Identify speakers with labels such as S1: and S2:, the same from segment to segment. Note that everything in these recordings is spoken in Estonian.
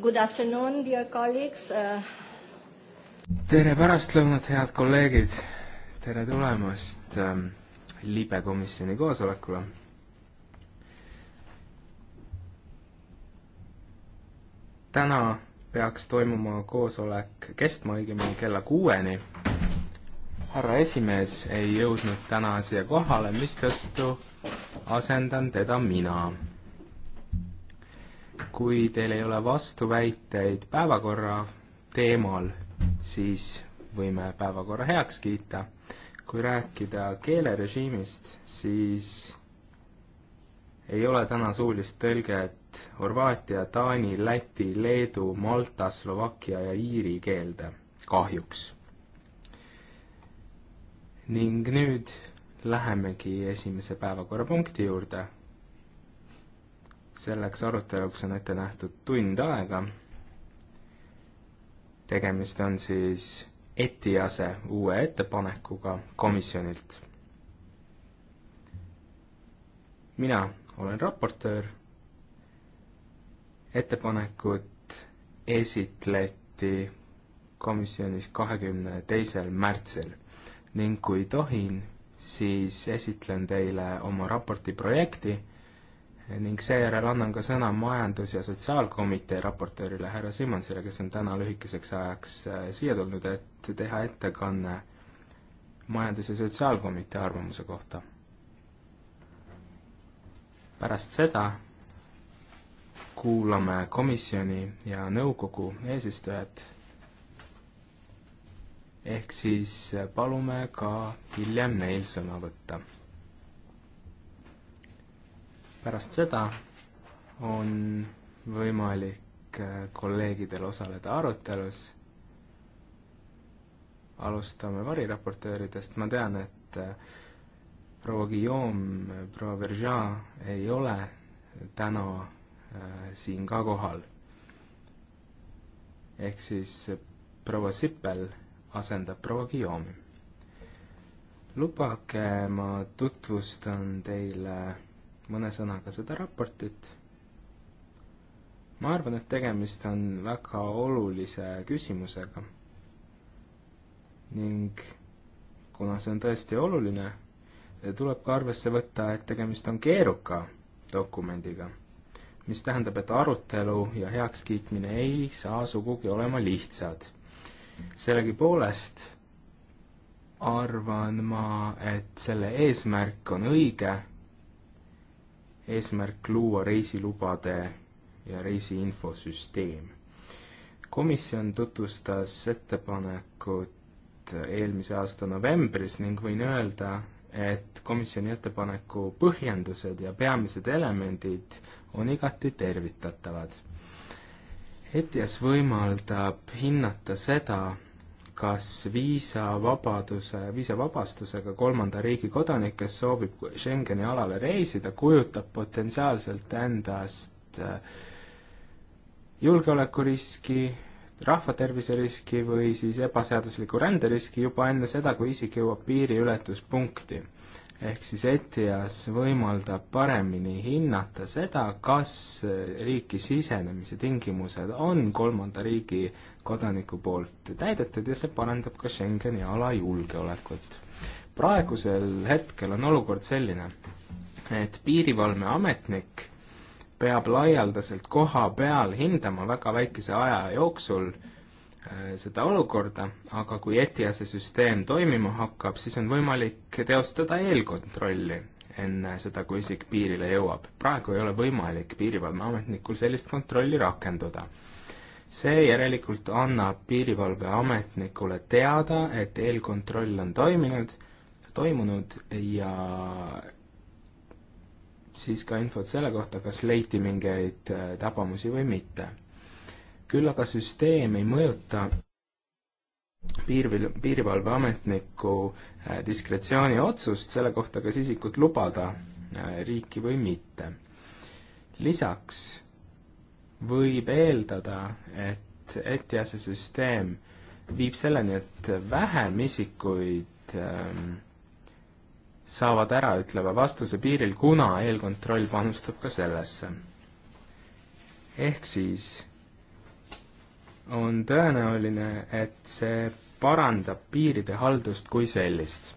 S1: Good afternoon, dear colleagues uh.... tere pärastlõunat, head kolleegid. tere tulemast ähm, libe komisjoni koosolekule. täna peaks toimuma koosolek kestma õigemini kella kuueni. härra esimees ei jõudnud täna siia kohale, mistõttu asendan teda mina kui teil ei ole vastuväiteid päevakorra teemal, siis võime päevakorra heaks kiita. kui rääkida keelerežiimist, siis ei ole täna suulist tõlget Horvaatia, Taani, Läti, Leedu, Malta, Slovakkia ja Iiri keelde, kahjuks. ning nüüd lähemegi esimese päevakorrapunkti juurde selleks aruteluks on ette nähtud tund aega. tegemist on siis ETIAS-e uue ettepanekuga komisjonilt. mina olen raportöör. ettepanekut esitleti komisjonis kahekümne teisel märtsil ning kui tohin, siis esitlen teile oma raporti projekti ning seejärel annan ka sõna Majandus- ja Sotsiaalkomitee raportöörile härra Simmonsile, kes on täna lühikeseks ajaks äh, siia tulnud, et teha ettekanne Majandus- ja Sotsiaalkomitee arvamuse kohta. pärast seda kuulame komisjoni ja nõukogu eesistujat, ehk siis palume ka hiljem neil sõna võtta pärast seda on võimalik äh, kolleegidel osaleda arutelus. alustame variraportööridest, ma tean, et äh, proua Guillaume, proua Verja ei ole äh, täna siin ka kohal. ehk siis proua Sippel asendab proua Guillaume'i. lubage, ma tutvustan teile mõne sõnaga seda raportit. ma arvan, et tegemist on väga olulise küsimusega. ning kuna see on tõesti oluline, tuleb ka arvesse võtta, et tegemist on keeruka dokumendiga, mis tähendab, et arutelu ja heakskiitmine ei saa sugugi olema lihtsad. sellegipoolest arvan ma, et selle eesmärk on õige eesmärk luua reisilubade ja reisiinfosüsteem. komisjon tutvustas ettepanekut eelmise aasta novembris ning võin öelda, et komisjoni ettepaneku põhjendused ja peamised elemendid on igati tervitatavad. ETIAS võimaldab hinnata seda, kas viisavabaduse, viisavabastusega kolmanda riigi kodanik, kes soovib Schengeni alale reisida, kujutab potentsiaalselt endast äh, julgeolekuriski, rahvatervise riski või siis ebaseadusliku ränderiski juba enne seda, kui isik jõuab piiriületuspunkti. ehk siis ETIAS võimaldab paremini hinnata seda, kas äh, riiki sisenemise tingimused on kolmanda riigi kodaniku poolt täidetud ja see parandab ka Schengeni ala julgeolekut. praegusel hetkel on olukord selline, et piirivalveametnik peab laialdaselt koha peal hindama väga väikese aja jooksul äh, seda olukorda, aga kui ETIAS-e süsteem toimima hakkab, siis on võimalik teostada eelkontrolli enne seda, kui isik piirile jõuab. praegu ei ole võimalik piirivalveametnikul sellist kontrolli rakendada see järelikult annab piirivalveametnikule teada, et eelkontroll on toiminud, toimunud ja siis ka infot selle kohta, kas leiti mingeid äh, tabamusi või mitte. küll aga süsteem ei mõjuta piirvil-, piirivalveametniku äh, diskretsiooni otsust selle kohta, kas isikut lubada äh, riiki või mitte. lisaks võib eeldada, et ETIAS-e süsteem viib selleni, et vähem isikuid ähm, saavad äraütleva vastuse piiril, kuna eelkontroll panustab ka sellesse. ehk siis on tõenäoline, et see parandab piiride haldust kui sellist.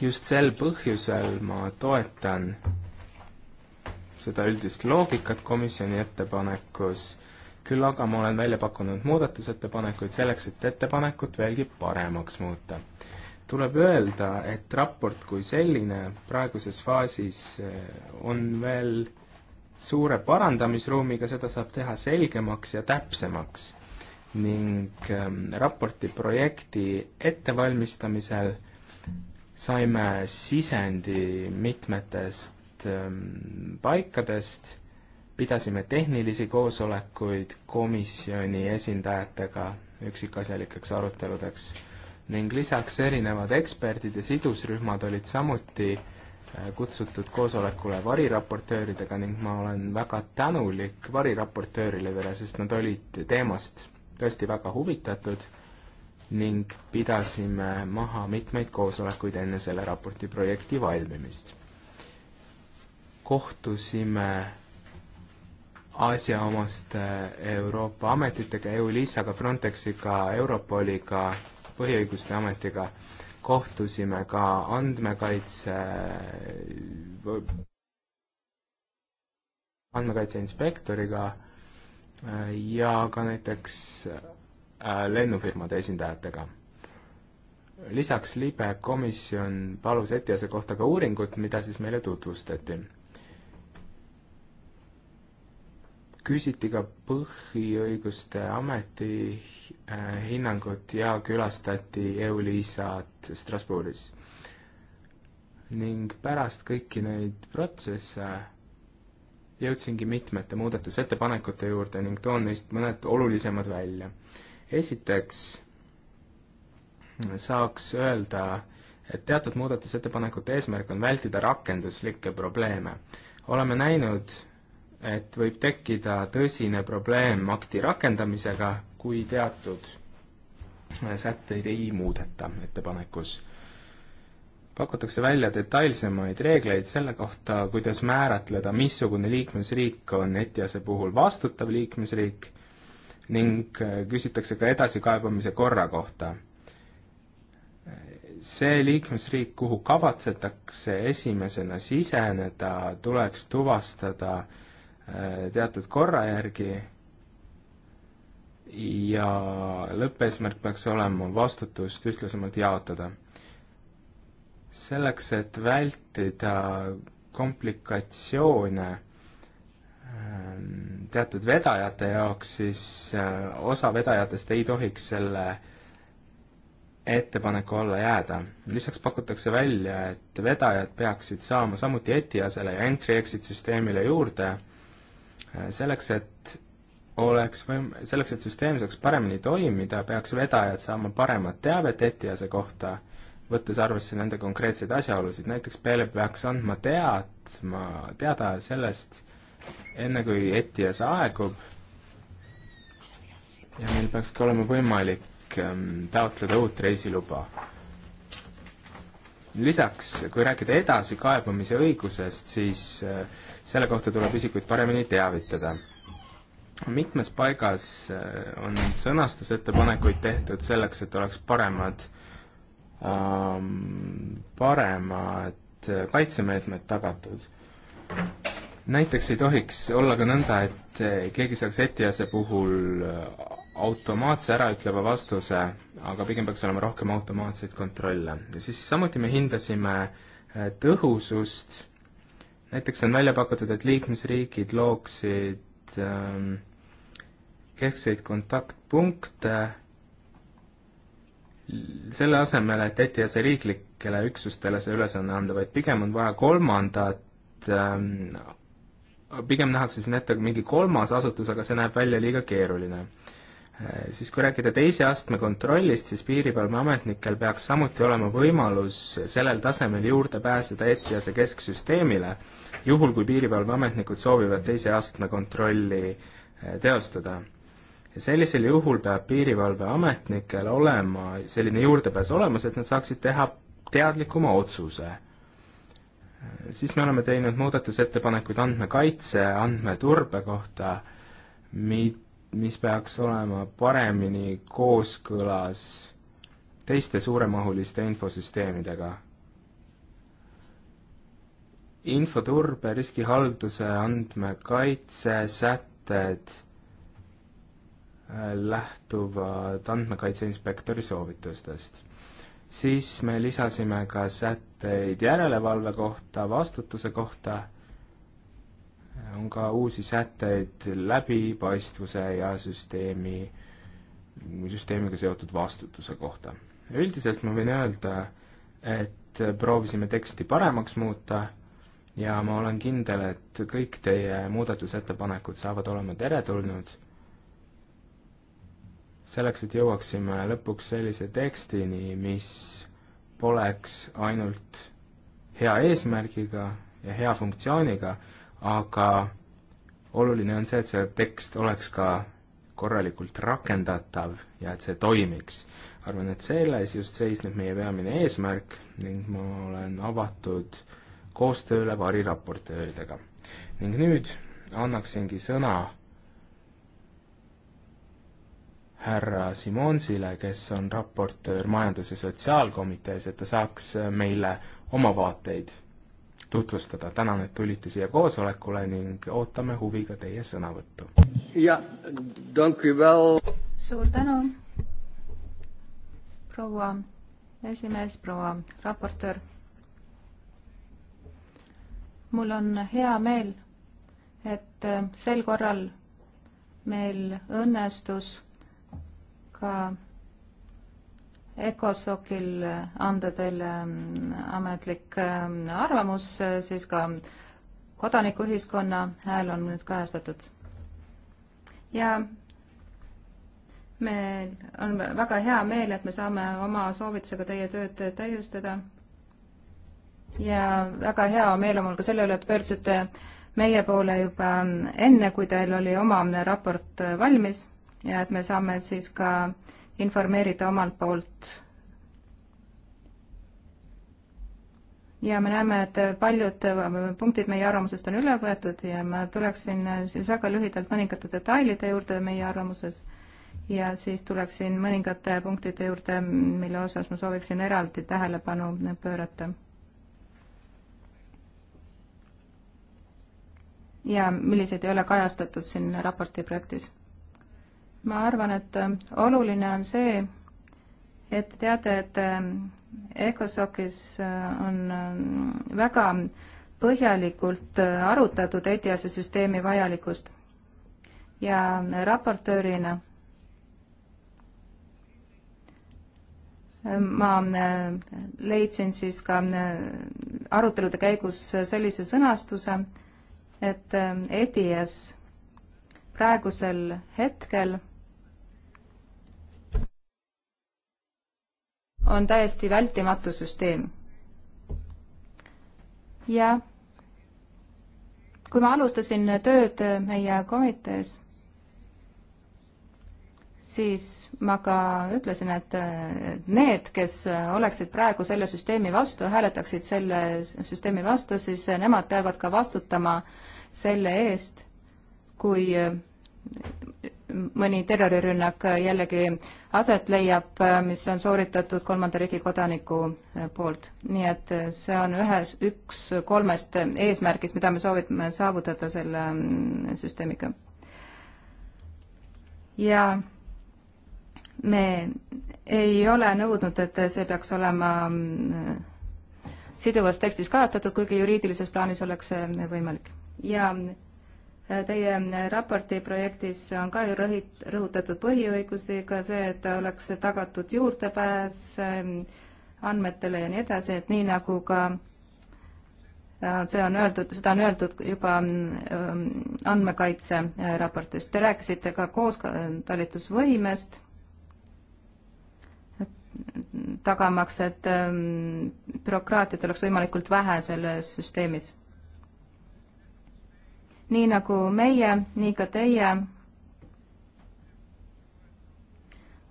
S1: just sel põhjusel ma toetan seda üldist loogikat komisjoni ettepanekus, küll aga ma olen välja pakkunud muudatusettepanekuid selleks, et ettepanekut veelgi paremaks muuta. tuleb öelda, et raport kui selline praeguses faasis eh, on veel suure parandamisruumiga, seda saab teha selgemaks ja täpsemaks. ning ehm, raporti projekti ettevalmistamisel saime sisendi mitmetest Ähm, paikadest, pidasime tehnilisi koosolekuid komisjoni esindajatega üksikasjalikeks aruteludeks ning lisaks erinevad eksperdid ja sidusrühmad olid samuti äh, kutsutud koosolekule variraportööridega ning ma olen väga tänulik variraportööridele, sest nad olid teemast tõesti väga huvitatud ning pidasime maha mitmeid koosolekuid enne selle raporti projekti valmimist kohtusime asjaomaste Euroopa ametitega, EULISAga, Frontexiga, Europoliga, Põhiõiguste Ametiga, kohtusime ka andmekaitse, andmekaitse inspektoriga äh, ja ka näiteks äh, lennufirmade esindajatega. lisaks libe komisjon palus ETIAS-e kohta ka uuringut, mida siis meile tutvustati küsiti ka Põhiõiguste Ameti äh, hinnangut ja külastati EULISA-d Strasbourgis. ning pärast kõiki neid protsesse jõudsingi mitmete muudatusettepanekute juurde ning toon neist mõned olulisemad välja. esiteks saaks öelda, et teatud muudatusettepanekute eesmärk on vältida rakenduslikke probleeme. oleme näinud, et võib tekkida tõsine probleem akti rakendamisega, kui teatud sätteid ei muudeta ettepanekus. pakutakse välja detailsemaid reegleid selle kohta, kuidas määratleda, missugune liikmesriik on ETIAS-e puhul vastutav liikmesriik ning küsitakse ka edasikaebamise korra kohta. see liikmesriik, kuhu kavatsetakse esimesena siseneda, tuleks tuvastada äh, Äh, teatud korra järgi ja lõppeesmärk peaks olema vastutust ühtlasemalt jaotada. selleks, et vältida komplikatsioone ähm, teatud vedajate jaoks, siis äh, osa vedajatest ei tohiks selle ettepaneku alla jääda. lisaks pakutakse välja, et vedajad peaksid saama samuti ETIAS-ele ja entry-exit süsteemile juurde Äh, selleks, et oleks võim-, selleks, et süsteem saaks paremini toimida, peaks vedajad saama paremat teavet ETIAS-e kohta, võttes arvesse nende konkreetseid asjaolusid, näiteks peale peaks andma teadma, teada sellest, enne kui ETIAS aegub, ja meil peaks ka olema võimalik ähm, taotleda uut reisiluba lisaks, kui rääkida edasikaebamise õigusest, siis äh, selle kohta tuleb isikuid paremini teavitada. mitmes paigas äh, on sõnastusettepanekuid tehtud selleks, et oleks paremad ähm,, paremad äh, kaitsemeetmed tagatud näiteks ei tohiks olla ka nõnda, et eh, keegi saaks ETIAS-e puhul eh, automaatse äraütleva vastuse, aga pigem peaks olema rohkem automaatseid kontrolle. ja siis samuti me hindasime eh, tõhusust, näiteks on välja pakutud, et liikmesriigid looksid ähm, keskseid kontaktpunkte selle asemel, et ETIAS-e riiklikele üksustele see ülesanne anda, vaid pigem on vaja kolmandat ähm, pigem nähakse siin ette mingi kolmas asutus, aga see näeb välja liiga keeruline. Äh, siis kui rääkida teise astme kontrollist, siis piirivalveametnikel peaks samuti olema võimalus sellel tasemel juurde pääseda ETIAS-e kesksüsteemile, juhul kui piirivalveametnikud soovivad teise astme kontrolli äh, teostada. ja sellisel juhul peab piirivalveametnikel olema selline juurdepääs olemas, et nad saaksid teha teadlikuma otsuse siis me oleme teinud muudatusettepanekuid andmekaitse, andmeturbe kohta, mi-, mis peaks olema paremini kooskõlas teiste suuremahuliste infosüsteemidega. infoturbe, riskihalduse, andmekaitse, sätted äh, lähtuvad andmekaitse inspektori soovitustest siis me lisasime ka sätteid järelevalve kohta, vastutuse kohta, on ka uusi sätteid läbipaistvuse ja süsteemi, süsteemiga seotud vastutuse kohta. üldiselt ma võin öelda, et proovisime teksti paremaks muuta ja ma olen kindel, et kõik teie muudatusettepanekud saavad olema teretulnud selleks, et jõuaksime lõpuks sellise tekstini, mis poleks ainult hea eesmärgiga ja hea funktsiooniga, aga oluline on see, et see tekst oleks ka korralikult rakendatav ja et see toimiks. arvan, et selles just seisneb meie peamine eesmärk ning ma olen avatud koostööle variraportööridega. ning nüüd annaksingi sõna härra Simonsile, kes on raportöör Majandus- ja Sotsiaalkomitees, et ta saaks äh, meile oma vaateid tutvustada. tänan, et tulite siia koosolekule ning ootame huviga teie sõnavõttu. jah, well.
S2: suur tänu, proua esimees, proua raportöör. mul on hea meel, et äh, sel korral meil õnnestus ka ECOSOC-il anda teile mm, ametlik mm, arvamus, siis ka kodanikuühiskonna hääl on nüüd kajastatud. ja meil on väga hea meel, et me saame oma soovitusega teie tööd täiustada. ja väga hea meel on mul ka selle üle, et pöördusite meie poole juba mm, enne, kui teil oli oma raport valmis ja et me saame siis ka informeerida omalt poolt. ja me näeme, et paljud punktid meie arvamusest on üle võetud ja ma tuleksin siis väga lühidalt mõningate detailide juurde meie arvamuses ja siis tuleksin mõningate punktide juurde, mille osas ma sooviksin eraldi tähelepanu pöörata. ja millised ei ole kajastatud siin raporti projektis ma arvan, et äh, oluline on see, et teate, et äh, ECOSOC-is äh, on väga põhjalikult arutatud ETIAS-e süsteemi vajalikkust ja raportöörina ma leidsin siis ka arutelude käigus sellise sõnastuse, et ETIAS praegusel hetkel on täiesti vältimatu süsteem. ja kui ma alustasin tööd meie komitees, siis ma ka ütlesin, et need, kes oleksid praegu selle süsteemi vastu, hääletaksid selle süsteemi vastu, siis nemad peavad ka vastutama selle eest, kui mõni terrorirünnak jällegi aset leiab, mis on sooritatud kolmanda riigi kodaniku eh, poolt. nii et eh, see on ühes, üks kolmest eesmärgist, mida me soovime saavutada selle mm, süsteemiga. ja me ei ole nõudnud, et see peaks olema mm, siduvas tekstis kajastatud, kuigi juriidilises plaanis oleks see võimalik. ja Teie raporti projektis on ka ju rõhit, rõhutatud põhiõigusi, ka see, et oleks tagatud juurdepääs ähm, andmetele ja nii edasi, et nii nagu ka äh, see on öeldud, seda on öeldud juba ähm, andmekaitse äh, raportis. Te rääkisite ka koostalitusvõimest, tagamaks, et ähm, bürokraatiat oleks võimalikult vähe selles süsteemis nii nagu meie, nii ka teie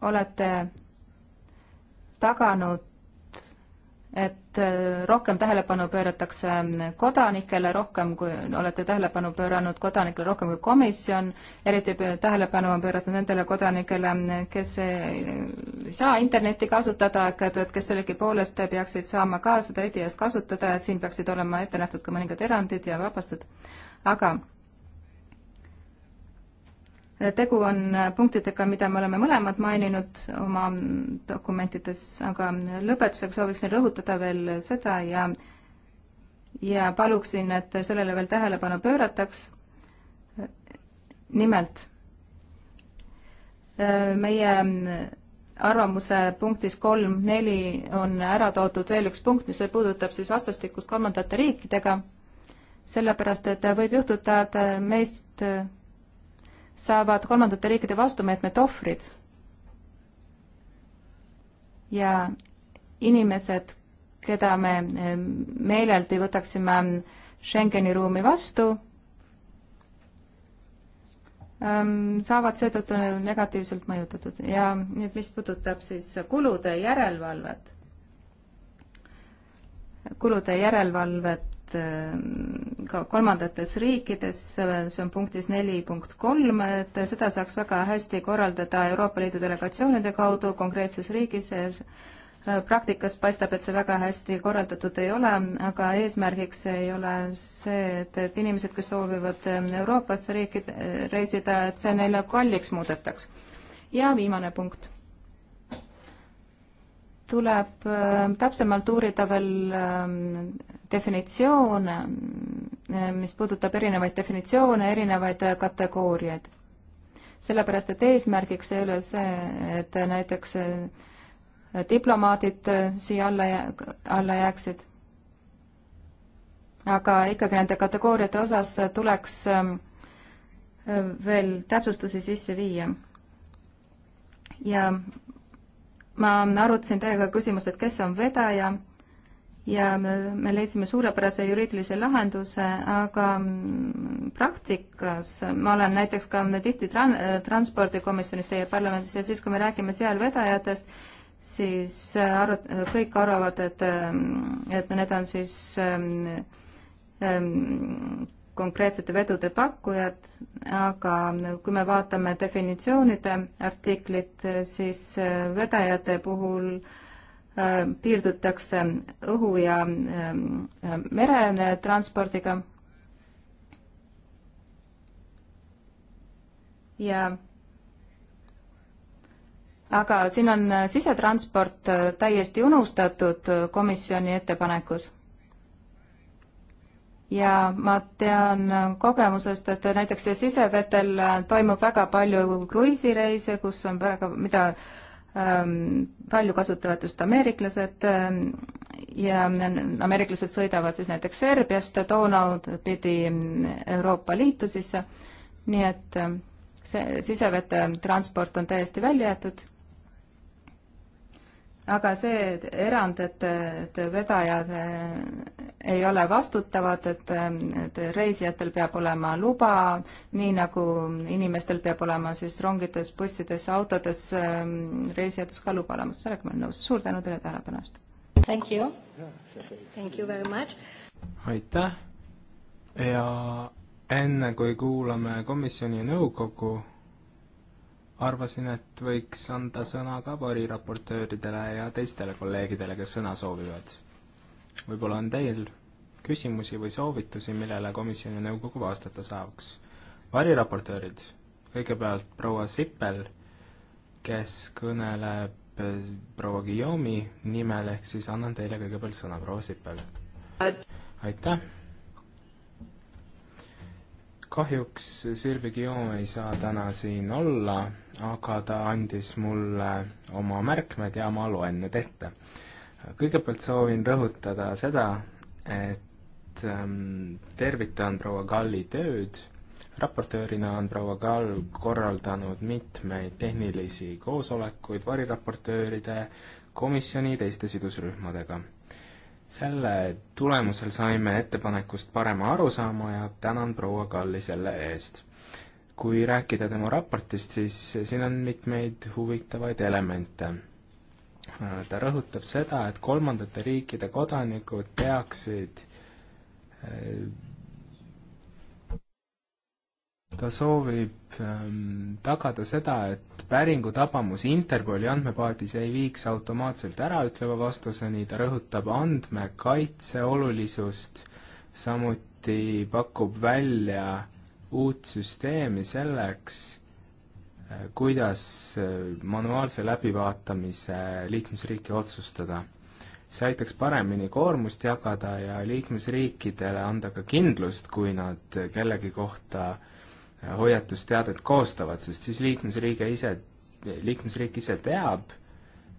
S2: olete taganud, et äh, rohkem tähelepanu pööratakse ähm, kodanikele, rohkem kui, olete tähelepanu pööranud kodanikele rohkem kui komisjon, eriti tähelepanu on pööratud nendele kodanikele, ähm, kes ei saa internetti kasutada, aga et kes sellegipoolest peaksid saama ka seda EDIAS kasutada, et siin peaksid olema ette nähtud ka mõningad erandid ja vabastused aga tegu on punktidega, mida me oleme mõlemad maininud oma dokumentides, aga lõpetuseks sooviksin rõhutada veel seda ja ja paluksin, et sellele veel tähelepanu pöörataks. nimelt, meie arvamuse punktis kolm, neli on ära toodud veel üks punkt, mis puudutab siis vastastikust kolmandate riikidega sellepärast et võib juhtuda, et meist saavad kolmandate riikide vastumeetmete ohvrid. ja inimesed, keda me eh, meeleldi võtaksime Schengeni ruumi vastu, ehm, saavad seetõttu negatiivselt mõjutatud ja nüüd, mis puudutab siis kulude järelevalvet, kulude järelevalvet et äh, ka kolmandates riikides, äh, see on punktis neli punkt kolm, et seda saaks väga hästi korraldada Euroopa Liidu delegatsioonide kaudu konkreetses riigis. Äh, praktikas paistab, et see väga hästi korraldatud ei ole, aga eesmärgiks ei ole see, et, et inimesed, kes soovivad Euroopasse riiki reisida, et see neile kalliks muudetaks. ja viimane punkt tuleb täpsemalt uurida veel ähm, definitsioon, mis puudutab erinevaid definitsioone, erinevaid kategooriaid. sellepärast, et eesmärgiks ei ole see, et näiteks eh, diplomaadid eh, siia alla, alla jääksid. aga ikkagi nende kategooriate osas tuleks eh, veel täpsustusi sisse viia. ja ma arutasin teiega küsimust, et kes on vedaja ja me, me leidsime suurepärase juriidilise lahenduse, aga mm, praktikas ma olen näiteks ka tihti tran-, transpordikomisjonis teie parlamendis ja siis, kui me räägime sealvedajatest, siis arvat-, kõik arvavad, et, mm, et need on siis ähm, ähm, konkreetsete vedude pakkujad, aga kui me vaatame definitsioonide artiklit, siis vedajate puhul äh, Äh, piirdutakse õhu- ja ähm, äh, meretranspordiga äh, ja aga siin on sisetransport täiesti unustatud komisjoni ettepanekus. ja ma tean kogemusest, et näiteks sisevetel toimub väga palju kruiisireise, kus on väga, mida äh, Ehm, palju kasutavad just ameeriklased ehm, ja ameeriklased sõidavad siis näiteks Serbiast Donau pidi ehm, Euroopa Liitu sisse, nii et see sisevete transport on täiesti välja jäetud aga see et erand, et, et vedajad eh, ei ole vastutavad, et, et reisijatel peab olema luba, nii nagu inimestel peab olema siis rongides, bussides, autodes ehm, reisijates ka luba olemas, sellega ma olen nõus. suur tänu teile tähelepanu eest! Thank you!
S3: Thank
S1: you very much! aitäh ja enne, kui kuulame komisjoni ja nõukogu arvasin, et võiks anda sõna ka variraportööridele ja teistele kolleegidele, kes sõna soovivad. võib-olla on teil küsimusi või soovitusi, millele komisjon ja nõukogu vastata saaks. variraportöörid, kõigepealt proua Sippel, kes kõneleb proua Guillaume'i nimel, ehk siis annan teile kõigepealt sõna, proua Sippel. aitäh kahjuks Sirvi Guillaume ei saa täna siin olla, aga ta andis mulle oma märkmed ja ma loen need ette. kõigepealt soovin rõhutada seda, et ähm, tervitan proua Kalli tööd, raportöörina on proua Kall korraldanud mitmeid tehnilisi koosolekuid variraportööride, komisjoni teiste sidusrühmadega selle tulemusel saime ettepanekust parema arusaama ja tänan proua Kalli selle eest. kui rääkida tema raportist, siis siin on mitmeid huvitavaid elemente. ta rõhutab seda, et kolmandate riikide kodanikud peaksid ta soovib ähm, tagada seda, et päringu tabamus Interpoli andmepaadis ei viiks automaatselt äraütleva vastuseni, ta rõhutab andmekaitse olulisust, samuti pakub välja uut süsteemi selleks, äh, kuidas äh, manuaalse läbivaatamise liikmesriiki otsustada. see aitaks paremini koormust jagada ja liikmesriikidele anda ka kindlust, kui nad kellegi kohta äh, hoiatusteadet koostavad, sest siis liikmesriige ise, liikmesriik ise teab,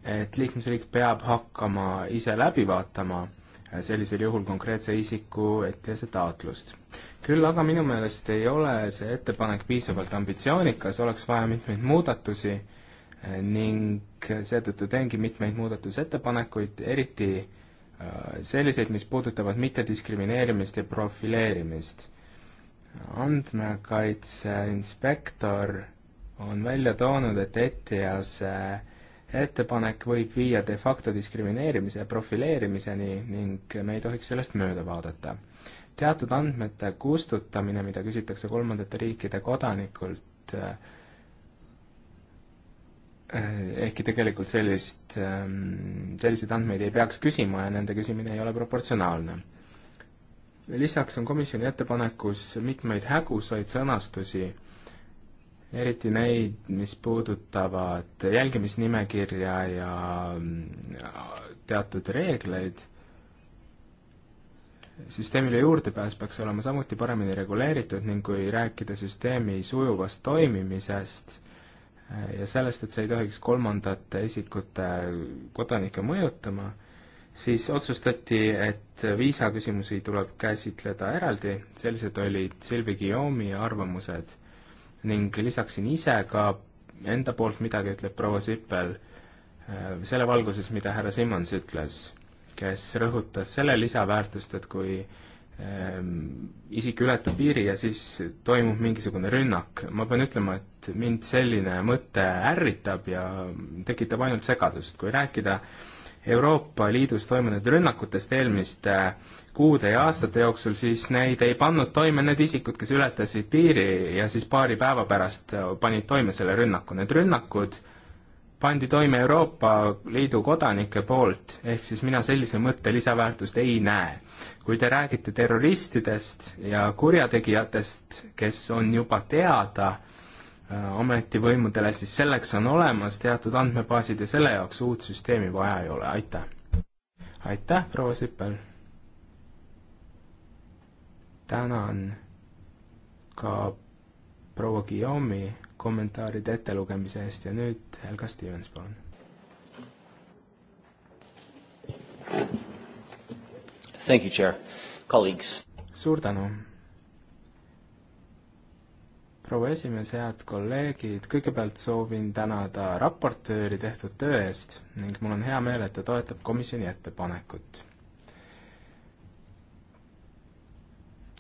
S1: et liikmesriik peab hakkama ise läbi vaatama sellisel juhul konkreetse isiku etteese taotlust. küll aga minu meelest ei ole see ettepanek piisavalt ambitsioonikas, oleks vaja mitmeid muudatusi ning seetõttu teengi mitmeid muudatusettepanekuid, eriti äh, selliseid, mis puudutavad mittediskrimineerimist ja profileerimist andmekaitse inspektor on välja toonud, et ETIAS-e ettepanek võib viia de facto diskrimineerimise ja profileerimiseni ning me ei tohiks sellest mööda vaadata. teatud andmete kustutamine, mida küsitakse kolmandate riikide kodanikult, eh, ehkki tegelikult sellist, ehm, selliseid andmeid ei peaks küsima ja nende küsimine ei ole proportsionaalne lisaks on komisjoni ettepanekus mitmeid hägusaid sõnastusi, eriti neid, mis puudutavad jälgimisnimekirja ja mm, teatud reegleid süsteemile juurdepääs peaks olema samuti paremini reguleeritud ning kui rääkida süsteemi sujuvast toimimisest äh, ja sellest, et see ei tohiks kolmandate isikute kodanikke mõjutama, siis otsustati, et viisaküsimusi tuleb käsitleda eraldi, sellised olid Silvi Guillaume'i arvamused ning lisaksin ise ka enda poolt midagi, ütleb proua Sippel, äh, selle valguses, mida härra Simmons ütles, kes rõhutas selle lisaväärtust, et kui ähm, isik ületab piiri ja siis toimub mingisugune rünnak. ma pean ütlema, et mind selline mõte ärritab ja tekitab ainult segadust, kui rääkida äh, Euroopa Liidus toimunud rünnakutest eelmiste kuude ja aastate jooksul, siis neid ei pannud toime need isikud, kes ületasid piiri ja siis paari päeva pärast panid toime selle rünnaku. Need rünnakud pandi toime Euroopa Liidu kodanike poolt, ehk siis mina sellise mõtte lisaväärtust ei näe. kui te räägite terroristidest ja kurjategijatest, kes on juba teada, Äh, ametivõimudele, siis selleks on olemas teatud andmebaasid ja selle jaoks uut süsteemi vaja ei ole, aitäh. aitäh, proua Sippel. tänan ka proua Guillaume'i kommentaaride ettelugemise eest ja nüüd Helga Stevens, palun. Thank you, chair, colleagues. suur tänu proua esimees, head kolleegid, kõigepealt soovin tänada raportööri tehtud töö eest ning mul on hea meel, et ta toetab komisjoni ettepanekut.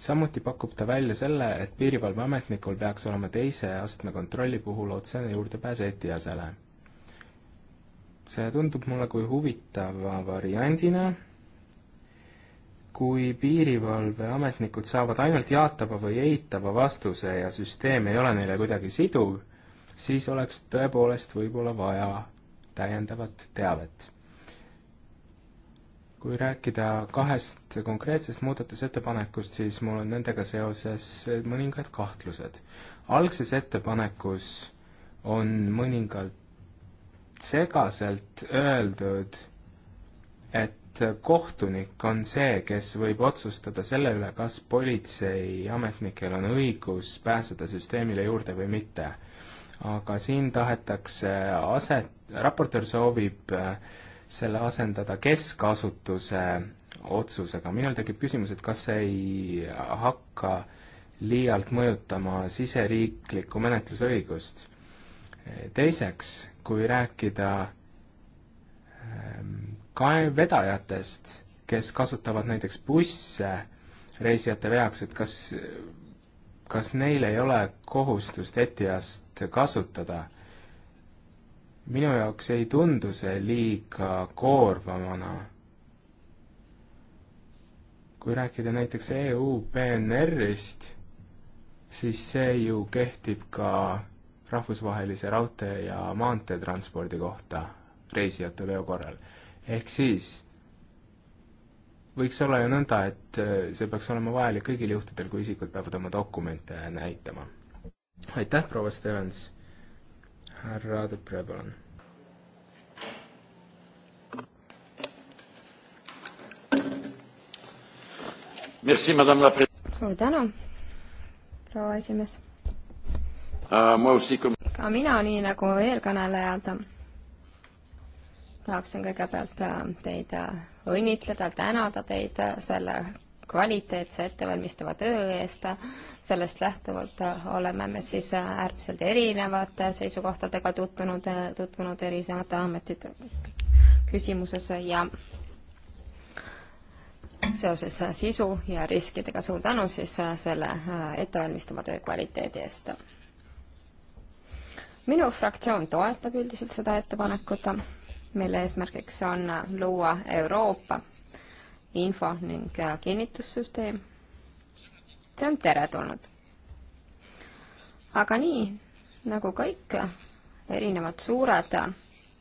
S1: samuti pakub ta välja selle, et piirivalveametnikul peaks olema teise astme kontrolli puhul otsene juurdepääs ETIAS-ele. see tundub mulle kui huvitava variandina kui piirivalveametnikud saavad ainult jaatava või eitava vastuse ja süsteem ei ole neile kuidagi siduv, siis oleks tõepoolest võib-olla vaja täiendavat teavet. kui rääkida kahest konkreetsest muudatusettepanekust, siis mul on nendega seoses mõningad kahtlused. algses ettepanekus on mõningalt segaselt öeldud, et et kohtunik on see, kes võib otsustada selle üle, kas politseiametnikel on õigus pääseda süsteemile juurde või mitte. aga siin tahetakse aset, raportöör soovib äh, selle asendada keskasutuse otsusega. minul tekib küsimus, et kas see ei hakka liialt mõjutama siseriiklikku menetlusõigust. teiseks, kui rääkida ähm, kaevvedajatest, kes kasutavad näiteks busse reisijate veaks, et kas, kas neil ei ole kohustust ETIAS-t kasutada? minu jaoks ei tundu see liiga koormavana. kui rääkida näiteks EU PNR-ist, siis see ju kehtib ka rahvusvahelise raudtee ja maanteetranspordi kohta reisijate veo korral ehk siis võiks olla ju nõnda, et äh, see peaks olema vajalik kõigil juhtudel, kui isikud peavad oma dokumente näitama. aitäh, proua Stevens. härra Depre, palun.
S3: suur tänu, proua esimees. Ah, ka mina, nii nagu eelkõnelejad tahaksin kõigepealt äh, teid äh, õnnitleda, tänada teid äh, selle kvaliteetse ettevalmistava töö eest. sellest lähtuvalt oleme me siis äärmiselt erinevate seisukohtadega tutvunud, tutvunud erinevate ametite küsimuses ja seoses sisu ja riskidega suur tänu siis selle ettevalmistava töö kvaliteedi eest. minu fraktsioon toetab üldiselt seda ettepanekut mille eesmärgiks on luua Euroopa info- ning äh, kinnitussüsteem. see on teretulnud. aga nii, nagu kõik erinevad suured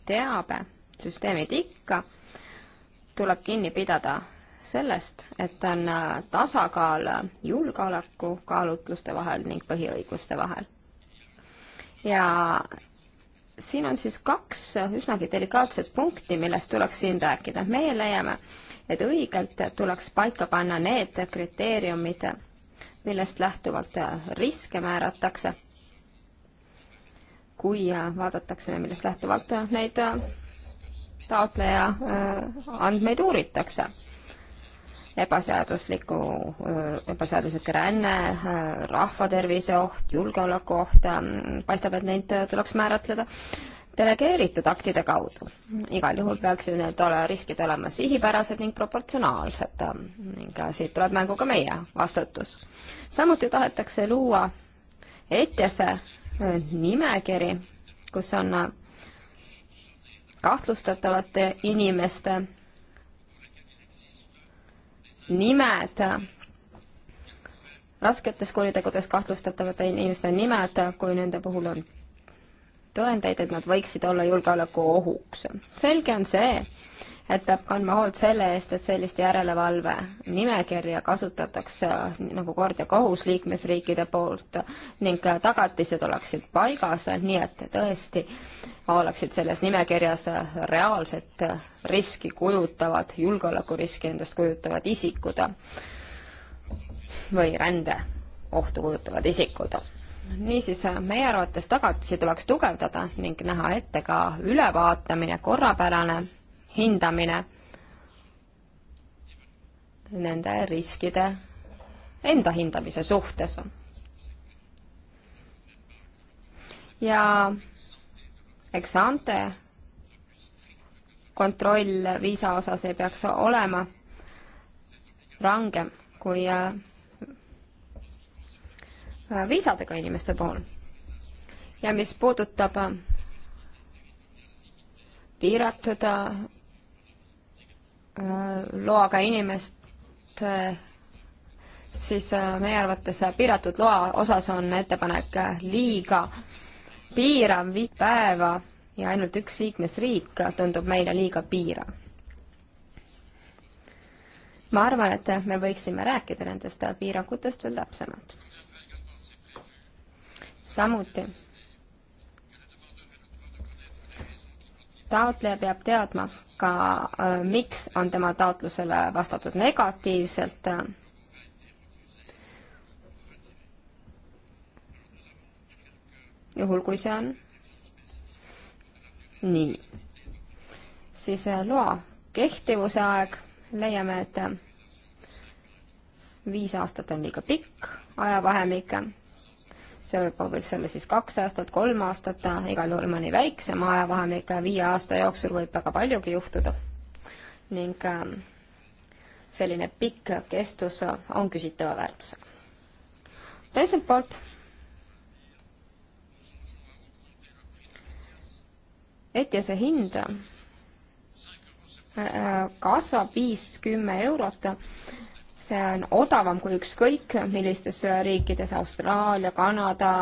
S3: teabesüsteemid ikka, tuleb kinni pidada sellest, et on äh, tasakaal julgeolekukaalutluste vahel ning põhiõiguste vahel. ja siin on siis kaks üsnagi delikaatset punkti, millest tuleks siin rääkida. meie leiame, et õigelt tuleks paika panna need kriteeriumid, millest lähtuvalt riske määratakse, kui vaadatakse, millest lähtuvalt neid taotleja äh, andmeid uuritakse ebaseadusliku, ebaseaduslik ränne, rahvatervise oht, julgeoleku oht, paistab, et neid tuleks määratleda delegeeritud aktide kaudu. igal juhul peaksid need ole, riskid olema sihipärased ning proportsionaalsed ning siit tuleb mängu ka meie vastutus. samuti tahetakse luua ETS-e e, nimekiri, kus on kahtlustatavate inimeste nimed, rasketes kuritegudes kahtlustatavate inimeste nimed, kui nende puhul on tõendeid, et nad võiksid olla julgeolekuohuks. selge on see, et peab kandma hoolt selle eest, et sellist järelevalve nimekirja kasutatakse nagu kord ja kohus liikmesriikide poolt ning tagatised oleksid paigas, nii et tõesti oleksid selles nimekirjas reaalset riski kujutavad, julgeolekuriski endast kujutavad isikud või rände ohtu kujutavad isikud. niisiis, meie arvates tagatisi tuleks tugevdada ning näha ette ka ülevaatamine, korrapärane hindamine nende riskide enda hindamise suhtes. ja eks ante kontroll viisa osas ei peaks olema rangem kui äh, viisadega inimeste puhul. ja mis puudutab äh, piiratud äh, Äh, loaga inimest, siis äh, meie arvates äh, piiratud loa osas on ettepanek liiga piirav, viis päeva ja ainult üks liikmesriik tundub meile liiga piirav. ma arvan, et me võiksime rääkida nendest piirangutest veel täpsemalt. samuti taotleja peab teadma ka, äh, miks on tema taotlusele vastatud negatiivselt. juhul, kui see on nii, siis äh, loa kehtivuse aeg leiame, et äh, viis aastat on liiga pikk ajavahemik see võib, võiks olla siis kaks aastat, kolm aastat, igal juhul mõni väiksem ajavahemik, viie aasta jooksul võib väga paljugi juhtuda. ning ähm, selline pikk kestus on küsitava väärtusega. teiselt poolt ETS-e hind äh, äh, kasvab viis-kümme eurot see on odavam kui ükskõik millistes riikides, Austraalia, Kanada,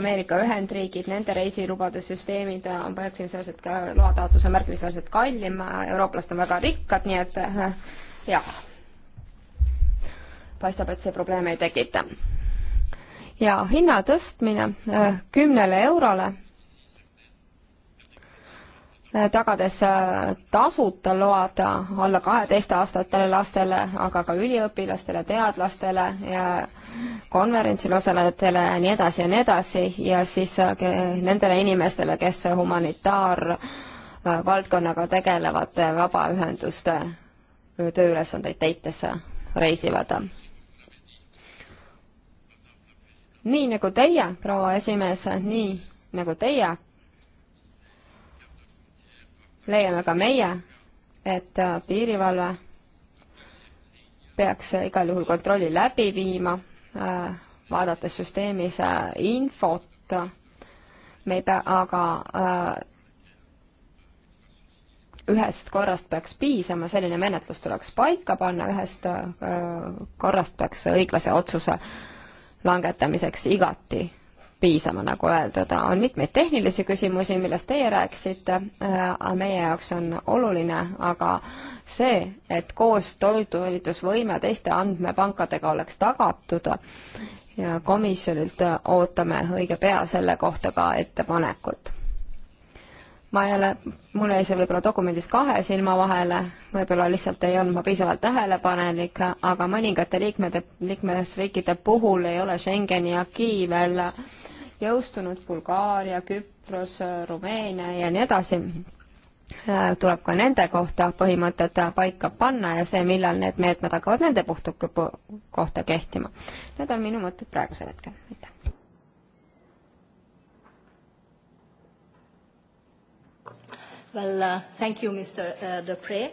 S3: Ameerika Ühendriigid, nende reisilubade süsteemid on märkimisväärselt ka, loataotlus on märkimisväärselt kallim, eurooplased on väga rikkad, nii et äh, jah, paistab, et see probleeme ei tekita. ja hinna tõstmine äh, kümnele eurole tagades äh, tasuta load alla kaheteistaastatele lastele, aga ka üliõpilastele, teadlastele ja konverentsil osalejatele ja nii edasi ja nii edasi ja siis äh, nendele inimestele, kes humanitaarvaldkonnaga äh, tegelevate vabaühenduste tööülesandeid täites reisivad. nii nagu teie, proua esimees, nii nagu teie leiame ka meie, et äh, piirivalve peaks äh, igal juhul kontrolli läbi viima, äh, vaadates süsteemis infot, me ei pea, aga ühest korrast peaks piisama, selline menetlus tuleks paika panna, ühest korrast peaks õiglase otsuse langetamiseks igati piisama, nagu öeldud. on mitmeid tehnilisi küsimusi, millest teie rääkisite, äh, meie jaoks on oluline aga see, et koos toiduõlitusvõime teiste andmepankadega oleks tagatud ja komisjonilt ootame õige pea selle kohta ka ettepanekut ma ei ole, mul jäi see võib-olla dokumendis kahe silma vahele, võib-olla lihtsalt ei olnud ma piisavalt tähelepanelik, aga mõningate liikmete, liikmesriikide puhul ei ole Schengeni akii veel jõustunud, Bulgaaria, Küpros, Rumeenia ja nii edasi. Äh, tuleb ka nende kohta põhimõtted paika panna ja see, millal need meetmed hakkavad nende puhtu kohta kehtima. Need on minu mõtted praegusel hetkel, aitäh. Well uh, thank you, Mr uh, Depre.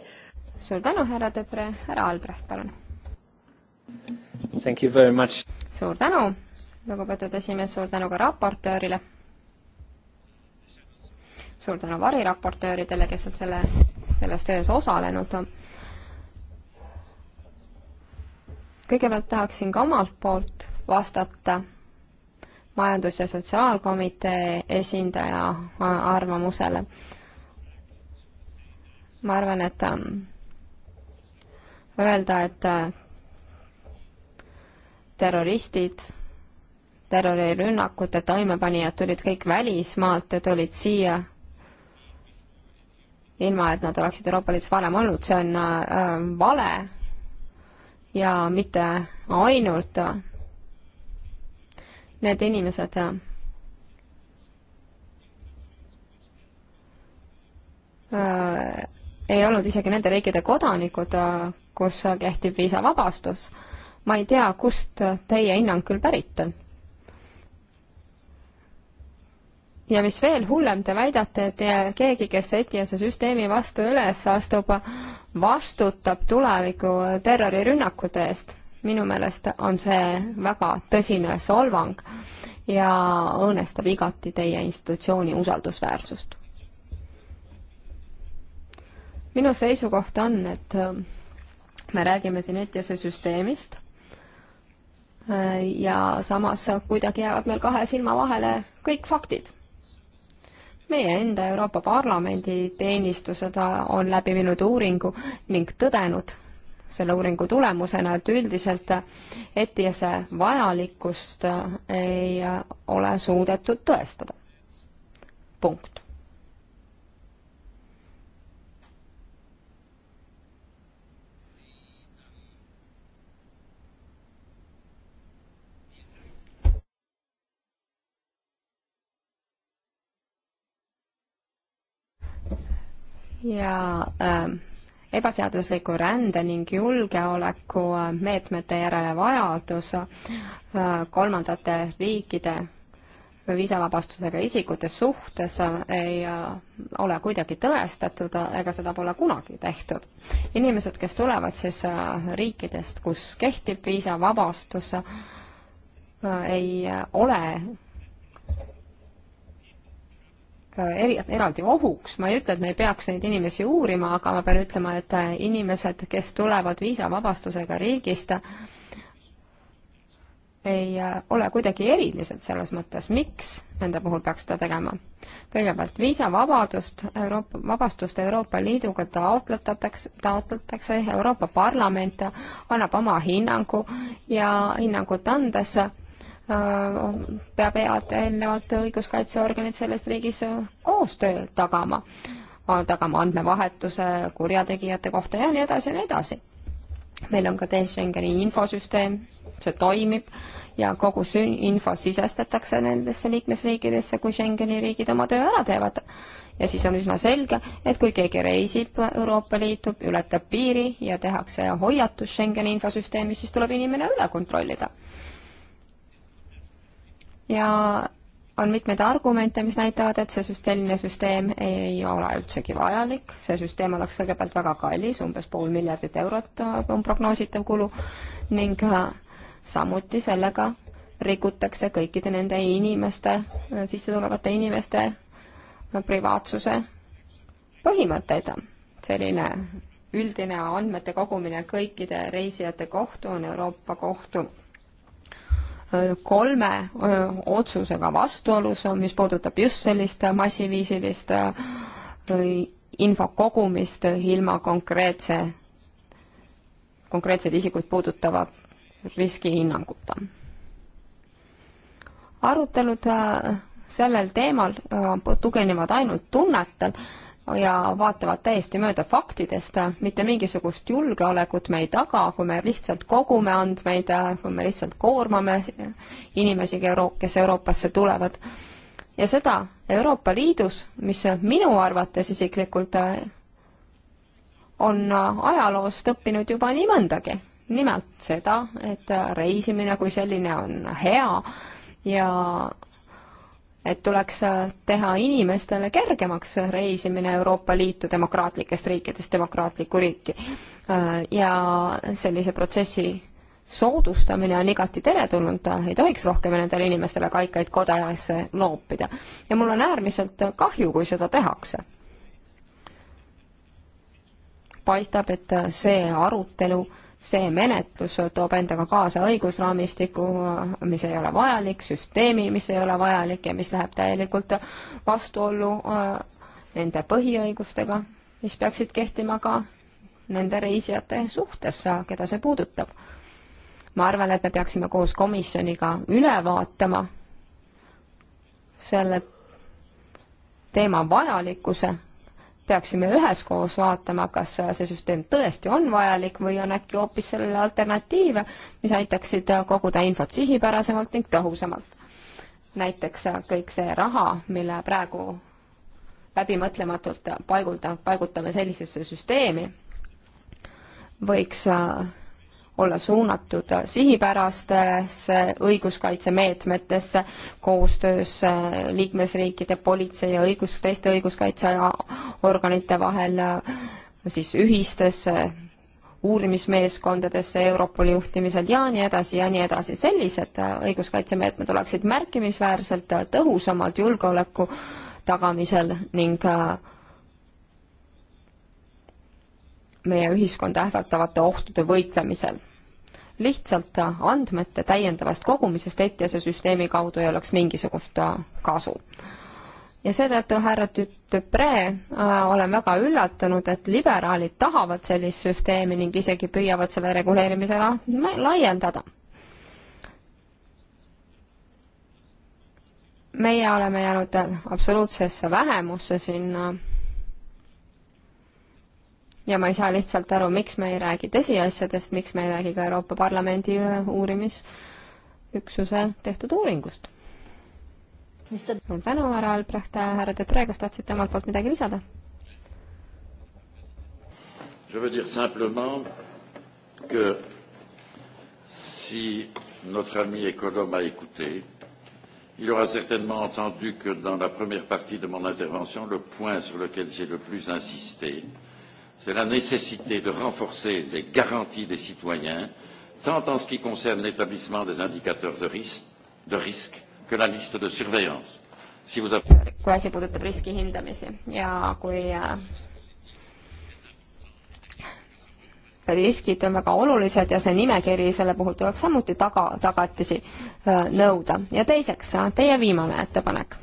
S3: suur tänu, härra Depre, härra Albrecht, palun.
S1: Thank you very much.
S3: suur tänu, lugupeetud esimees, suur tänu ka raportöörile. suur tänu variraportööridele, kes on selle, selles töös osalenud kõigepealt tahaksin ka omalt poolt vastata majandus- ja sotsiaalkomitee esindaja arvamusele ma arvan, et ähm, öelda, et äh, terroristid, terrorirünnakute toimepanijad tulid kõik välismaalt ja tulid siia, ilma et nad oleksid Euroopa Liidus varem olnud, see on äh, vale ja mitte ainult äh, need inimesed äh, äh ei olnud isegi nende riikide kodanikud, äh, kus äh, kehtib viisavabastus. ma ei tea, kust äh, teie hinnang küll pärit on. ja mis veel hullem, te väidate, et keegi, kes ETIAS-e süsteemi vastu üles astub, vastutab tuleviku terrorirünnakute eest. minu meelest on see väga tõsine solvang ja õõnestab igati teie institutsiooni usaldusväärsust minu seisukoht on, et äh, me räägime siin ETS-e süsteemist äh, ja samas kuidagi jäävad meil kahe silma vahele kõik faktid meie enda Euroopa Parlamendi teenistused äh, on läbi viinud uuringu ning tõdenud selle uuringu tulemusena, et üldiselt ETIAS-e vajalikkust ei ole suudetud tõestada. punkt. ja äh, ebaseadusliku rände ning julgeoleku äh, meetmete järele vajadus äh, kolmandate riikide viisavabastusega isikute suhtes äh, ei äh, ole kuidagi tõestatud ega seda pole kunagi tehtud. inimesed, kes tulevad siis riikidest, kus kehtib viisavabastus, ei ole Äh, eri, eraldi ohuks, ma ei ütle, et me ei peaks neid inimesi uurima, aga ma pean ütlema, et äh, inimesed, kes tulevad viisavabastusega riigist, ei äh, ole kuidagi erilised selles mõttes, miks nende puhul peaks seda tegema. kõigepealt viisavabadust Euroopa, vabastust Euroopa Liiduga taotletatakse, taotletakse, Euroopa Parlament annab oma hinnangu ja hinnangut andes Äh, peab eelnevalt õiguskaitseorganid selles riigis koostöö tagama, tagama andmevahetuse kurjategijate kohta ja nii edasi ja nii edasi. meil on ka Schengeni infosüsteem, see toimib ja kogu info sisestatakse nendesse liikmesriikidesse, kui Schengeni riigid oma töö ära teevad ja siis on üsna selge, et kui keegi reisib Euroopa Liitu, ületab piiri ja tehakse hoiatus Schengeni infosüsteemis, siis tuleb inimene üle kontrollida ja on mitmeid argumente, mis näitavad, et see selline süsteem ei ole üldsegi vajalik, see süsteem oleks kõigepealt väga kallis, umbes pool miljardit eurot on prognoositav kulu ning äh, samuti sellega rikutakse kõikide nende inimeste, äh, sisse tulevate inimeste äh, privaatsuse põhimõtteid. selline üldine andmete kogumine kõikide reisijate kohta on Euroopa Kohtu kolme otsusega vastuolus, mis puudutab just sellist massiviisilist info kogumist ilma konkreetse, konkreetseid isikuid puudutava riskihinnanguta. arutelud sellel teemal tuginevad ainult tunnetel ja vaatavad täiesti mööda faktidest, mitte mingisugust julgeolekut me ei taga, kui me lihtsalt kogume andmeid, kui me lihtsalt koormame inimesi, kes Euroopasse tulevad. ja seda Euroopa Liidus, mis minu arvates isiklikult on ajaloost õppinud juba nii mõndagi. nimelt seda, et reisimine kui selline on hea ja et tuleks äh, teha inimestele kergemaks reisimine Euroopa Liitu demokraatlikest riikidest demokraatlikku riiki. Äh, ja sellise protsessi soodustamine on igati teretulnud, ei tohiks rohkem nendele inimestele kaikaid kodajasse loopida. ja mul on äärmiselt kahju, kui seda tehakse. paistab, et see arutelu see menetlus toob endaga kaasa õigusraamistiku, mis ei ole vajalik, süsteemi, mis ei ole vajalik ja mis läheb täielikult vastuollu äh, nende põhiõigustega, mis peaksid kehtima ka nende reisijate suhtes, keda see puudutab. ma arvan, et me peaksime koos komisjoniga üle vaatama selle teema vajalikkuse peaksime üheskoos vaatama, kas see süsteem tõesti on vajalik või on äkki hoopis sellele alternatiive, mis aitaksid koguda infot sihipärasemalt ning tõhusamalt. näiteks kõik see raha, mille praegu läbimõtlematult paigulda, paigutame sellisesse süsteemi, võiks olla suunatud sihipärastesse õiguskaitsemeetmetesse koostöös äh, liikmesriikide politsei ja õigus, teiste õiguskaitseorganite vahel äh, siis ühistesse uurimismeeskondadesse Europoli juhtimisel ja nii edasi ja nii edasi. sellised äh, õiguskaitsemeetmed oleksid märkimisväärselt tõhusamad julgeoleku tagamisel ning äh, meie ühiskonda ähvardavate ohtude võitlemisel. lihtsalt andmete täiendavast kogumisest ETIAS-e süsteemi kaudu ei oleks mingisugust kasu. ja seetõttu, härra Dupree, äh, olen väga üllatunud, et liberaalid tahavad sellist süsteemi ning isegi püüavad selle reguleerimise laiendada meie oleme jäänud absoluutsesse vähemusse siin äh, ja ma ei saa lihtsalt aru, miks me ei räägi tõsiasjadest, miks me ei räägi ka Euroopa Parlamendi äh, uurimisüksuse tehtud uuringust. suur tänu, härra Albrecht, äh, härra Debre, kas tahtsite omalt poolt midagi lisada?
S2: Je veux dire simplement que si notre ami économe a écouté, il aura certainement entendu que dans la première partie de mon intervention, le point sur lequel j'ai le plus insisté, euh, c'est la nécessité de renforcer les garanties des citoyens, tant en ce qui concerne l'établissement des indicateurs de risque, de risque que la liste de surveillance. Si vous avez...
S3: kui asi puudutab riski hindamisi ja kui äh, riskid on väga olulised ja see nimekiri selle puhul tuleb samuti taga, tagatisi äh, nõuda. ja teiseks, äh, teie viimane ettepanek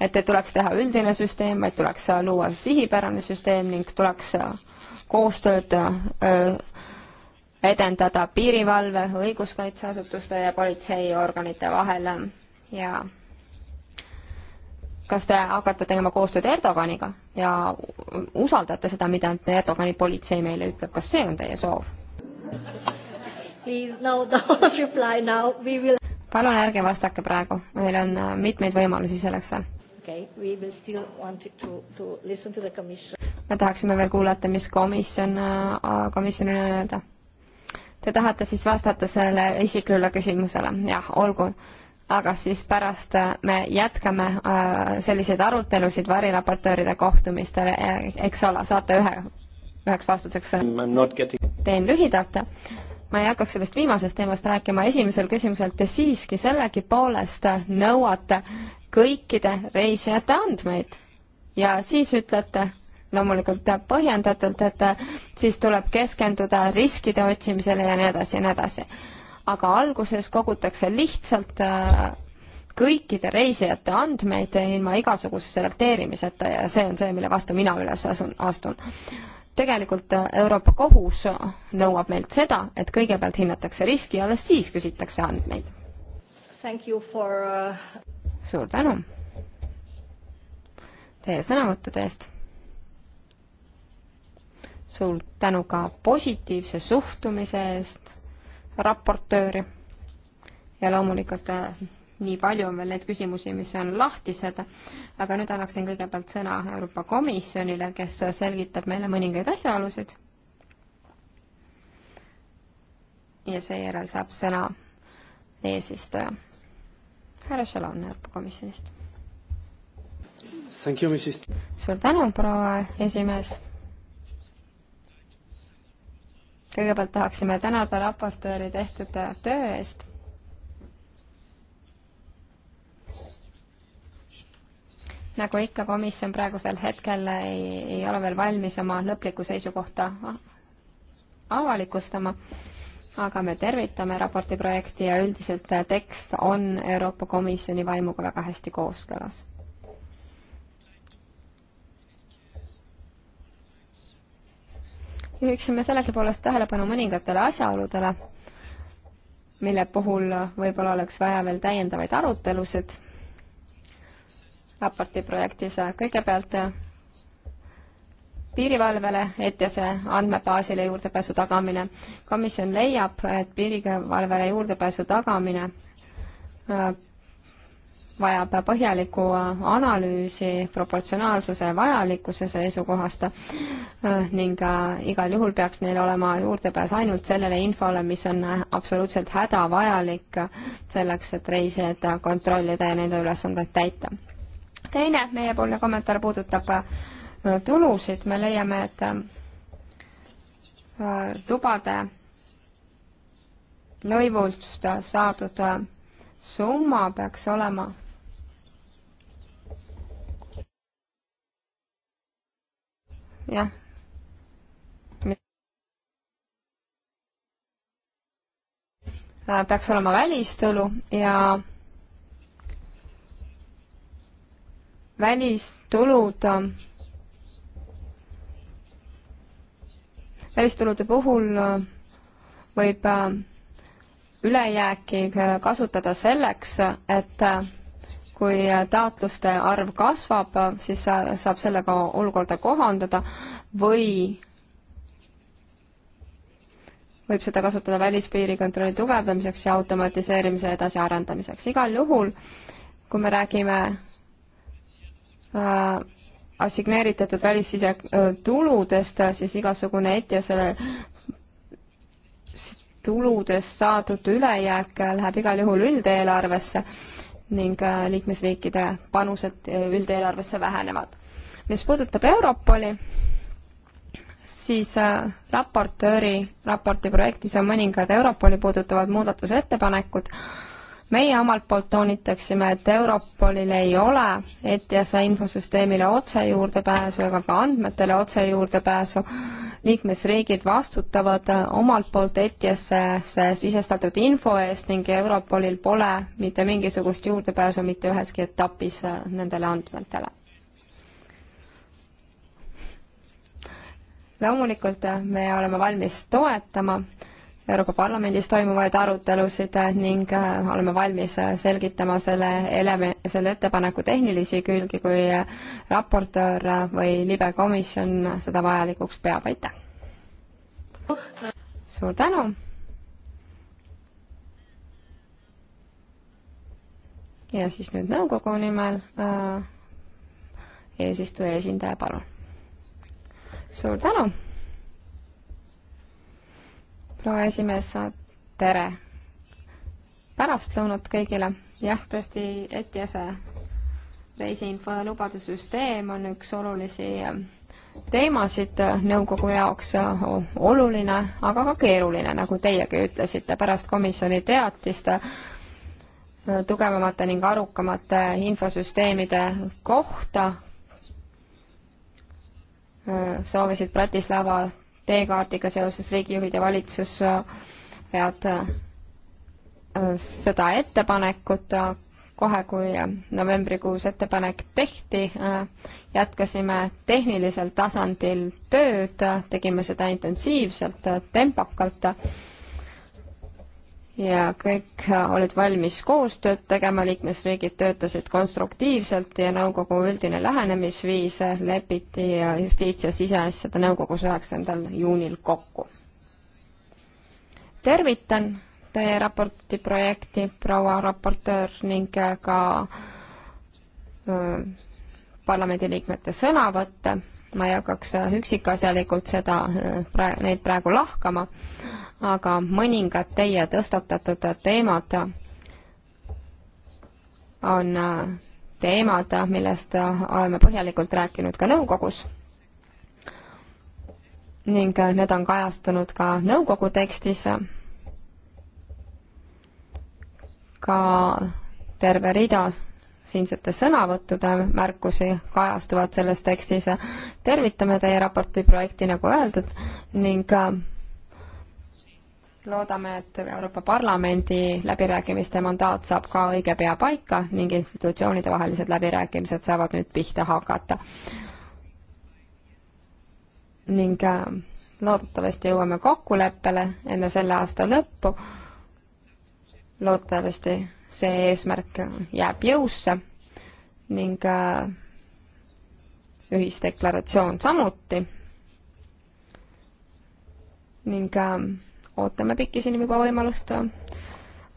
S3: et ei tuleks teha üldine süsteem, vaid tuleks luua sihipärane süsteem ning tuleks koostööd edendada piirivalve, õiguskaitseasutuste ja politseiorganite vahel ja kas te hakkate tegema koostööd Erdoganiga ja usaldate seda, mida Erdogani politsei meile ütleb, kas see on teie soov? palun ärge vastake praegu, meil on äh, mitmeid võimalusi selleks veel okay, we will still want to, to listen to the commission. me tahaksime veel kuulata, mis komisjon, äh, komisjonil on öelda. Te tahate siis vastata sellele isiklikule küsimusele? jah, olgu. aga siis pärast äh, me jätkame äh, selliseid arutelusid variraportööride kohtumistel, eks ole, saate ühe, üheks vastuseks getting.... teen lühidalt ma ei hakkaks sellest viimasest teemast rääkima, esimesel küsimusel te siiski sellegipoolest nõuate, kõikide reisijate andmeid ja siis ütlete, loomulikult põhjendatult, et siis tuleb keskenduda riskide otsimisele ja nii edasi ja nii edasi. aga alguses kogutakse lihtsalt äh, kõikide reisijate andmeid ilma igasuguse selekteerimiseta ja see on see, mille vastu mina üles asun, astun. tegelikult Euroopa Kohus nõuab meilt seda, et kõigepealt hinnatakse riski ja alles siis küsitakse andmeid.
S2: For... Uh,
S3: suur tänu teie sõnavõttude eest. suur tänu ka positiivse suhtumise eest raportööri ja loomulikult äh, nii palju on veel neid küsimusi, mis on lahtised, aga nüüd annaksin kõigepealt sõna Euroopa Komisjonile, kes selgitab meile mõningaid asjaolusid. ja seejärel saab sõna eesistuja härra Šalon Euroopa Komisjonist. suur tänu, proua esimees. kõigepealt tahaksime tänada raportööri tehtud töö eest nagu ikka, komisjon praegusel hetkel ei, ei ole veel valmis oma lõplikku seisukohta avalikustama aga me tervitame raporti projekti ja üldiselt tekst on Euroopa Komisjoni vaimuga väga hästi kooskõlas. juhiksime sellegipoolest tähelepanu mõningatele asjaoludele, mille puhul võib-olla oleks vaja veel täiendavaid arutelusid raporti projektis. kõigepealt piirivalvele, ETS-e andmebaasile juurdepääsu tagamine. komisjon leiab, et piirivalvele juurdepääsu tagamine äh, vajab põhjalikku analüüsi proportsionaalsuse vajalikkuse seisukohast äh, ning äh, igal juhul peaks neil olema juurdepääs ainult sellele infole, mis on absoluutselt hädavajalik selleks, et reisijad kontrollida ja nende ülesandeid täita. teine meiepoolne kommentaar puudutab tulusid, me leiame, et äh, lubade lõivust saadud äh, summa peaks olema jah. Äh, peaks olema välistulu ja välistulud välistulude puhul äh, võib äh, ülejääki äh, kasutada selleks, et kui taotluste arv kasvab, siis saab sellega olukorda kohandada või võib seda kasutada välispiirikontrolli tugevdamiseks ja automatiseerimise edasiarendamiseks. igal juhul, kui me räägime äh, assigneeritatud välissisetuludest, äh, siis igasugune ETIAS-ele tuludest saadud ülejääk läheb igal juhul üldeelarvesse ning äh, liikmesriikide panused äh, üldeelarvesse vähenevad. mis puudutab Europoli, siis raportööri raporti projektis on mõningad Europoli puudutavad muudatusettepanekud, meie omalt poolt toonitaksime, et Europolil ei ole ETIAS-e infosüsteemile otse juurdepääsu ega ka andmetele otse juurdepääsu. liikmesriigid vastutavad omalt poolt ETIAS-e sisestatud info eest ning Europolil pole mitte mingisugust juurdepääsu mitte üheski etapis nendele andmetele. loomulikult me oleme valmis toetama äh, Euroopa Parlamendis toimuvaid arutelusid ning äh, oleme valmis äh, selgitama selle eleme-, selle ettepaneku tehnilisi külgi, kui äh, raportöör või libe komisjon seda vajalikuks peab, aitäh! suur tänu! ja siis nüüd nõukogu nimel eesistuja esindaja, palun! suur tänu! proua esimees, tere! pärastlõunat kõigile. jah, tõesti, ETIAS-e reisiinfo ja lubade süsteem on üks olulisi ähm, teemasid äh, nõukogu jaoks äh, oluline, aga ka keeruline, nagu teiegi ütlesite, pärast komisjoni teatist äh, tugevamate ning arukamate infosüsteemide kohta soovisid Bratislava teekaardiga seoses riigijuhid ja valitsus äh, peavad äh, seda ettepanekut äh, kohe, kui novembrikuus ettepanek tehti, jätkasime tehnilisel tasandil tööd, tegime seda intensiivselt, tempokalt ja kõik äh, olid valmis koostööd tegema, liikmesriigid töötasid konstruktiivselt ja nõukogu üldine lähenemisviis lepiti justiits- ja siseasjade nõukogus üheksandal juunil kokku. tervitan teie raporti projekti, proua raportöör, ning äh, ka äh, parlamendiliikmete sõnavõtte, ma ei hakkaks üksikasjalikult seda, neid praegu lahkama aga mõningad teie tõstatatud teemad on äh, teemad, millest äh, oleme põhjalikult rääkinud ka nõukogus ning äh, need on kajastunud ka nõukogu tekstis, ka terve rida siinsete sõnavõttude märkusi kajastuvad selles tekstis. tervitame teie raporti projekti, nagu öeldud, ning loodame, et Euroopa Parlamendi läbirääkimiste mandaat saab ka õige pea paika ning institutsioonide vahelised läbirääkimised saavad nüüd pihta hakata. ning äh, loodetavasti jõuame kokkuleppele enne selle aasta lõppu. loodetavasti see eesmärk jääb jõusse ning äh, ühisdeklaratsioon samuti ning äh, ootame pikisilmi juba võimalust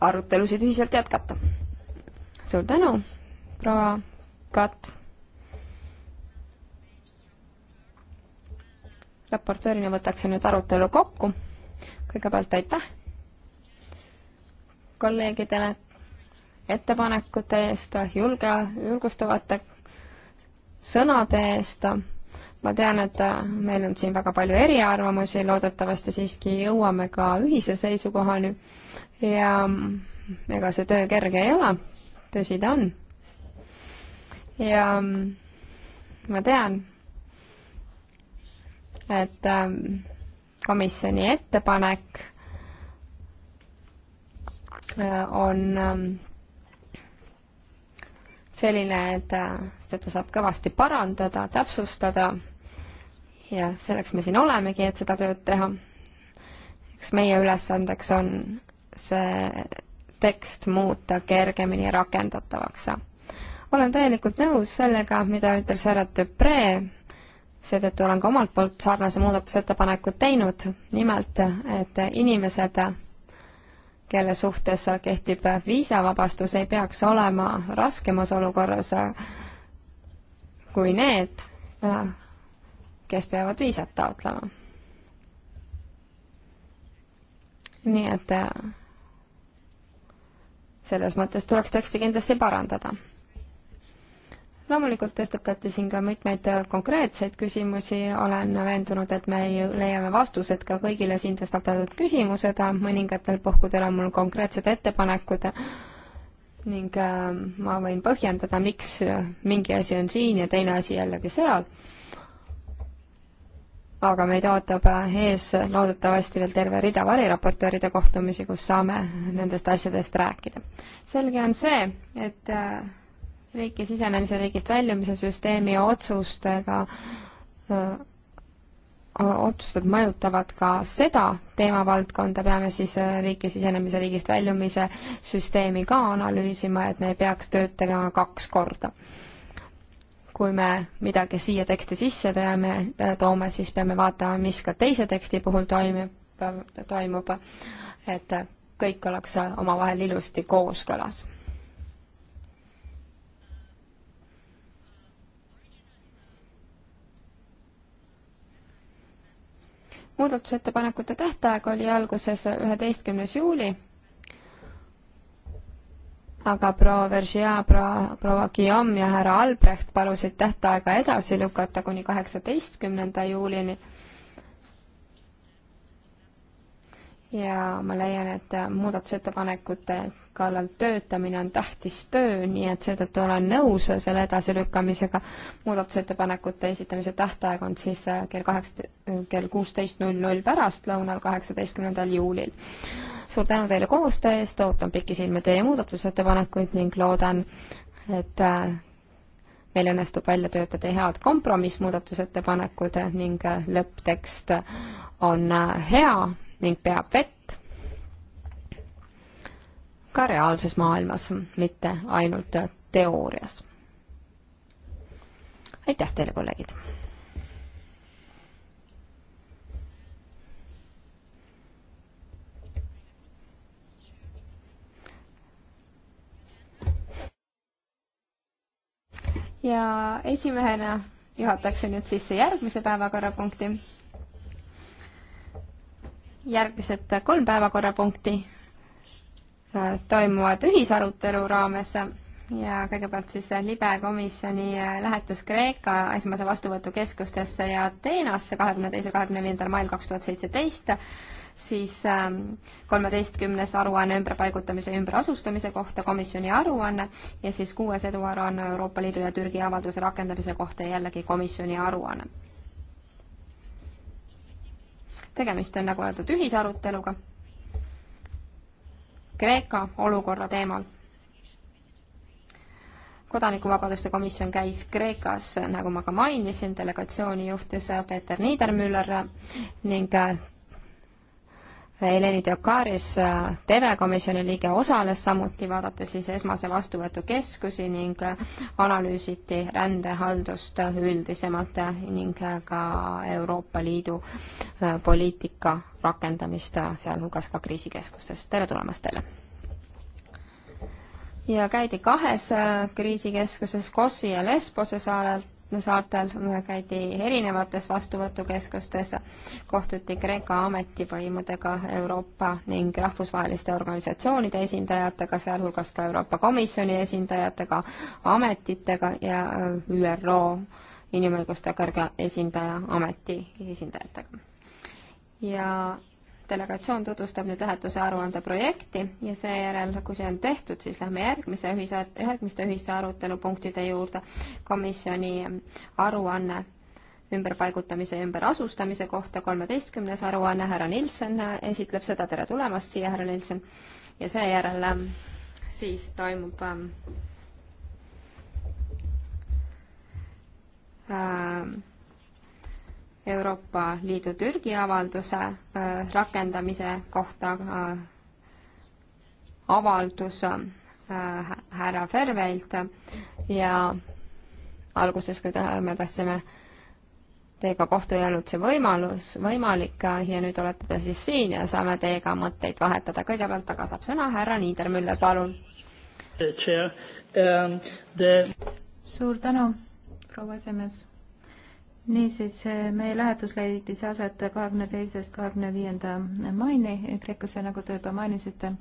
S3: arutelusid ühiselt jätkata. suur tänu, proua Kat. raportöörina võtaksin nüüd arutelu kokku. kõigepealt aitäh kolleegidele ettepanekute eest, julge, julgustavate sõnade eest ma tean, et äh, meil on siin väga palju eriarvamusi, loodetavasti siiski jõuame ka ühise seisukohani ja mm, ega see töö kerge ei ole, tõsi ta on. ja mm, ma tean, et ähm, komisjoni ettepanek äh, on ähm, selline, et äh, seda saab kõvasti parandada, täpsustada ja selleks me siin olemegi, et seda tööd teha. eks meie ülesandeks on see tekst muuta kergemini rakendatavaks. olen täielikult nõus sellega, mida ütles härra Dupre, seetõttu olen ka omalt poolt sarnase muudatusettepaneku teinud, nimelt et inimesed kelle suhtes kehtib viisavabastus, ei peaks olema raskemas olukorras kui need, kes peavad viisat taotlema. nii et äh, selles mõttes tuleks teksti kindlasti parandada loomulikult tõstatati siin ka mitmeid konkreetseid küsimusi, olen veendunud, et me leiame vastused ka kõigile siin tõstatatud küsimused, mõningatel puhkudel on mul konkreetsed ettepanekud ning äh, ma võin põhjendada, miks mingi asi on siin ja teine asi jällegi seal. aga meid ootab ees loodetavasti veel terve rida variraportööride kohtumisi, kus saame nendest asjadest rääkida. selge on see, et äh, riiki sisenemise, riigist väljumise süsteemi otsustega otsused mõjutavad ka seda teemavaldkonda, peame siis riiki sisenemise, riigist väljumise süsteemi ka analüüsima, et me ei peaks tööd tegema kaks korda. kui me midagi siia teksti sisse teeme, toome, siis peame vaatama, mis ka teise teksti puhul toimib, toimub, et kõik oleks omavahel ilusti kooskõlas muudatusettepanekute tähtaeg oli alguses üheteistkümnes juuli, aga proua Veržia, proua Guillaume ja härra Albrecht palusid tähtaega edasi lükata kuni kaheksateistkümnenda juulini ja ma leian, et muudatusettepanekute kallal töötamine on tähtis töö, nii et seetõttu olen nõus selle edasilükkamisega. muudatusettepanekute esitamise tähtaeg on siis äh, kell kaheksa, äh, kell kuusteist null null pärastlõunal, kaheksateistkümnendal juulil. suur tänu teile koostöö eest, ootan pikisilmi teie muudatusettepanekuid ning loodan, et äh, meil õnnestub välja töötada head kompromissmuudatusettepanekud ning lõpptekst on hea ning peab vett ka reaalses maailmas, mitte ainult teoorias. aitäh teile, kolleegid! ja esimehena juhatakse nüüd sisse järgmise päevakorrapunkti järgmised kolm päevakorrapunkti äh, toimuvad ühisarutelu raames ja kõigepealt siis libe komisjoni äh, lähetus Kreeka esmase vastuvõtu keskustesse ja Ateenasse kahekümne teise, kahekümne viiendal mail kaks tuhat seitseteist, siis ähm, kolmeteistkümnes aruanne ümberpaigutamise ja ümberasustamise kohta, komisjoni aruanne, ja siis kuues eduaruanne Euroopa Liidu ja Türgi avalduse rakendamise kohta ja jällegi komisjoni aruanne tegemist on, nagu öeldud, ühisaruteluga Kreeka olukorra teemal. kodanikuvabaduste komisjon käis Kreekas, nagu ma ka mainisin, delegatsiooni juhtis Peeter Niedermüller ning Heleni Teokaris, telekomisjoni liige, osales samuti, vaadates siis esmase vastuvõtu keskusi ning analüüsiti rändehaldust üldisemalt ning ka Euroopa Liidu poliitika rakendamist, sealhulgas ka kriisikeskustes. tere tulemast teile! ja käidi kahes kriisikeskuses Kossi ja Lesbose saarelt saartel käidi erinevates vastuvõtukeskustes, kohtuti Kreeka ametivõimudega, Euroopa ning rahvusvaheliste organisatsioonide esindajatega, sealhulgas ka Euroopa Komisjoni esindajatega, ametitega ja äh, ÜRO inimõiguste kõrge esindaja ameti esindajatega. ja delegatsioon tutvustab nüüd lähetuse aruande projekti ja seejärel, kui see on tehtud, siis lähme järgmise ühise, järgmiste ühiste arutelupunktide juurde. komisjoni aruanne ümberpaigutamise ja ümberasustamise kohta, kolmeteistkümnes aruanne, härra Nilsson esitleb seda, tere tulemast siia, härra Nilsson. ja seejärel ähm, siis toimub äh, Euroopa Liidu Türgi avalduse äh, rakendamise kohta äh, avaldus äh, härra Ferveilt ja alguses, kui ta, me tahtsime teiega kohtu ei olnud see võimalus, võimalik ja nüüd olete te siis siin ja saame teiega mõtteid vahetada. kõigepealt aga saab sõna härra Niidermüller, palun. Um,
S2: suur tänu, proua esimees niisiis, eh, meie lähetus leidis aset kahekümne teisest kahekümne viienda maini Kreekasse, nagu te juba mainisite,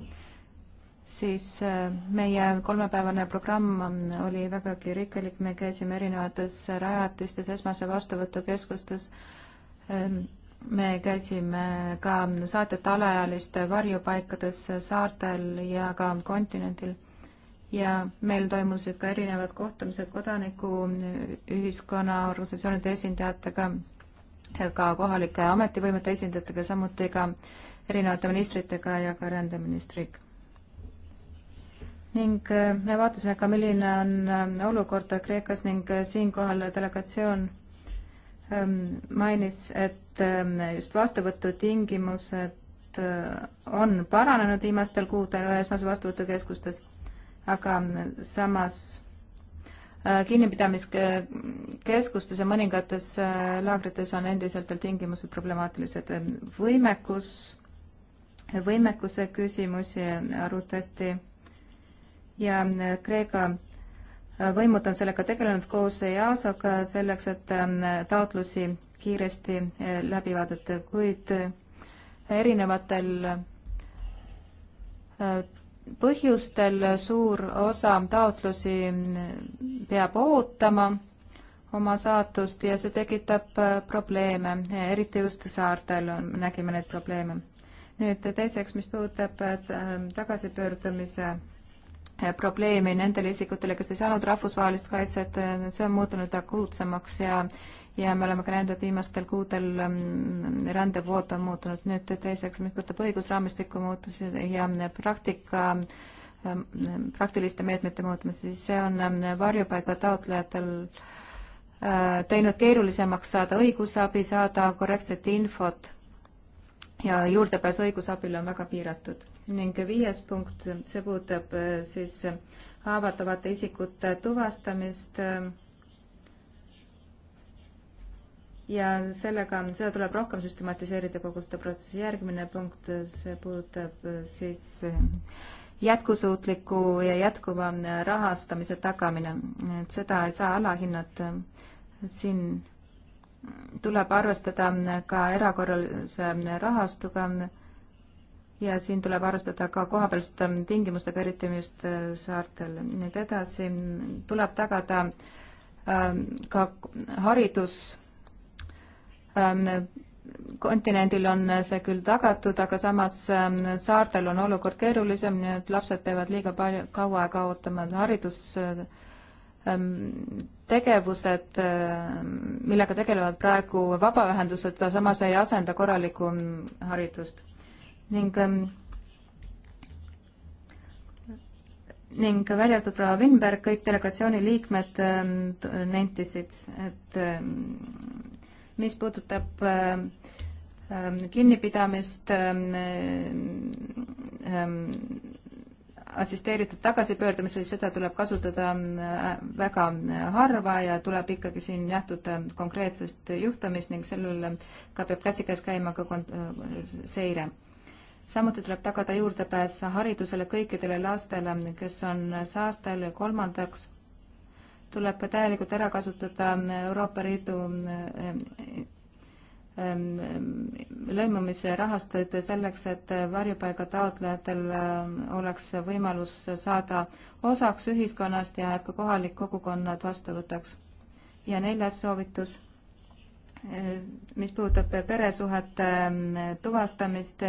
S2: siis eh, meie kolmepäevane programm oli vägagi rikkalik, me käisime erinevates rajatistes, esmase vastuvõtukeskustes, ehm, me käisime ka saatjate alaealiste varjupaikades saartel ja ka kontinentil ja meil toimusid ka erinevad kohtumised kodanikuühiskonna organisatsioonide esindajatega, ka kohalike ametivõimete esindajatega, samuti ka erinevate ministritega ja ka rändeministriga. ning äh, me vaatasime ka, milline on äh, olukord Kreekas ning äh, siinkohal delegatsioon ähm, mainis, et ähm, just vastuvõtutingimused on paranenud viimastel kuudel esmas vastuvõtukeskustes aga samas äh, kinnipidamiskeskustes ja mõningates äh, laagrites on endiselt veel tingimused problemaatilised. võimekus, võimekuse küsimusi arutati ja äh, Kreeka võimud on sellega tegelenud koos EASO-ga selleks, et ähm, taotlusi kiiresti läbi vaadata, kuid erinevatel põhjustel suur osa taotlusi peab ootama oma saatust ja see tekitab äh, probleeme, eriti just saartel on, nägime neid probleeme. nüüd teiseks, mis puudutab äh, äh, tagasipöördumise probleemi nendele isikutele, kes ei saanud rahvusvahelist kaitset, see on muutunud akuutsemaks ja ja me oleme ka näinud, et viimastel kuudel ähm, rändevood on muutunud. nüüd teiseks, mis puudutab õigusraamistiku muutusi ja praktika, ähm, praktiliste meetmete muutumist, siis see on ähm, varjupaiga taotlejatel äh, teinud keerulisemaks saada õigusabi, saada korrektset infot ja juurdepääs õigusabile on väga piiratud. ning viies punkt, see puudutab äh, siis haavatavate isikute tuvastamist äh, ja sellega, seda tuleb rohkem süstematiseerida, kogu seda protsessi. järgmine punkt, see puudutab äh, siis äh, jätkusuutliku ja jätkuva äh, rahastamise tagamine, et seda ei saa alahinnata. siin tuleb arvestada ka erakorralise rahastuga ja siin tuleb arvestada ka kohapealsete tingimustega, eriti just saartel. nüüd edasi tuleb tagada ka haridus Ähm, kontinendil on see küll tagatud, aga samas ähm, saartel on olukord keerulisem, nii et lapsed peavad liiga palju, kaua aega ootama haridustegevused, ähm, millega tegelevad praegu vabaühendused, samas ei asenda korralikku mm, haridust. ning ning välja arvatud proua Winberg, kõik delegatsiooni liikmed nentisid, et mis puudutab ähm, ähm, kinnipidamist, ähm, assisteeritud tagasipöördumist, siis seda tuleb kasutada väga harva ja tuleb ikkagi siin lähtuda konkreetsest juhtumist ning sellel ka peab käsikäes käima ka äh, seire. samuti tuleb tagada juurdepääs haridusele kõikidele lastele, kes on saartel ja kolmandaks tuleb täielikult ära kasutada Euroopa Liidu ähm, ähm, lõimumise rahastuid selleks, et varjupaiga taotlejatel ähm, oleks võimalus saada osaks ühiskonnast ja et ka kohalik kogukonnad vastu võtaks. ja neljas soovitus, äh, mis puudutab peresuhete tuvastamist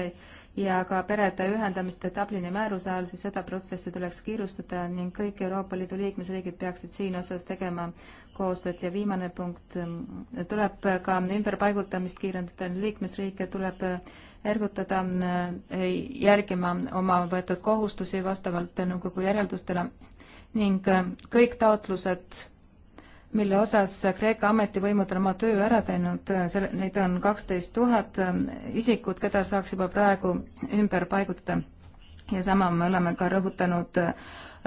S2: ja ka perede ühendamist Dublini määruse ajal, siis seda protsessi tuleks kiirustada ning kõik Euroopa Liidu liikmesriigid peaksid siin osas tegema koostööd ja viimane punkt, mm, tuleb ka ümberpaigutamist kiirendada, liikmesriike tuleb ergutada mm, järgima oma võetud kohustusi vastavalt nõukogu järeldustele ning kõik taotlused mille osas Kreeka ametivõimud on oma töö ära teinud, selle, neid on kaksteist tuhat äh, isikut, keda saaks juba praegu ümber paigutada. ja sama me oleme ka rõhutanud äh,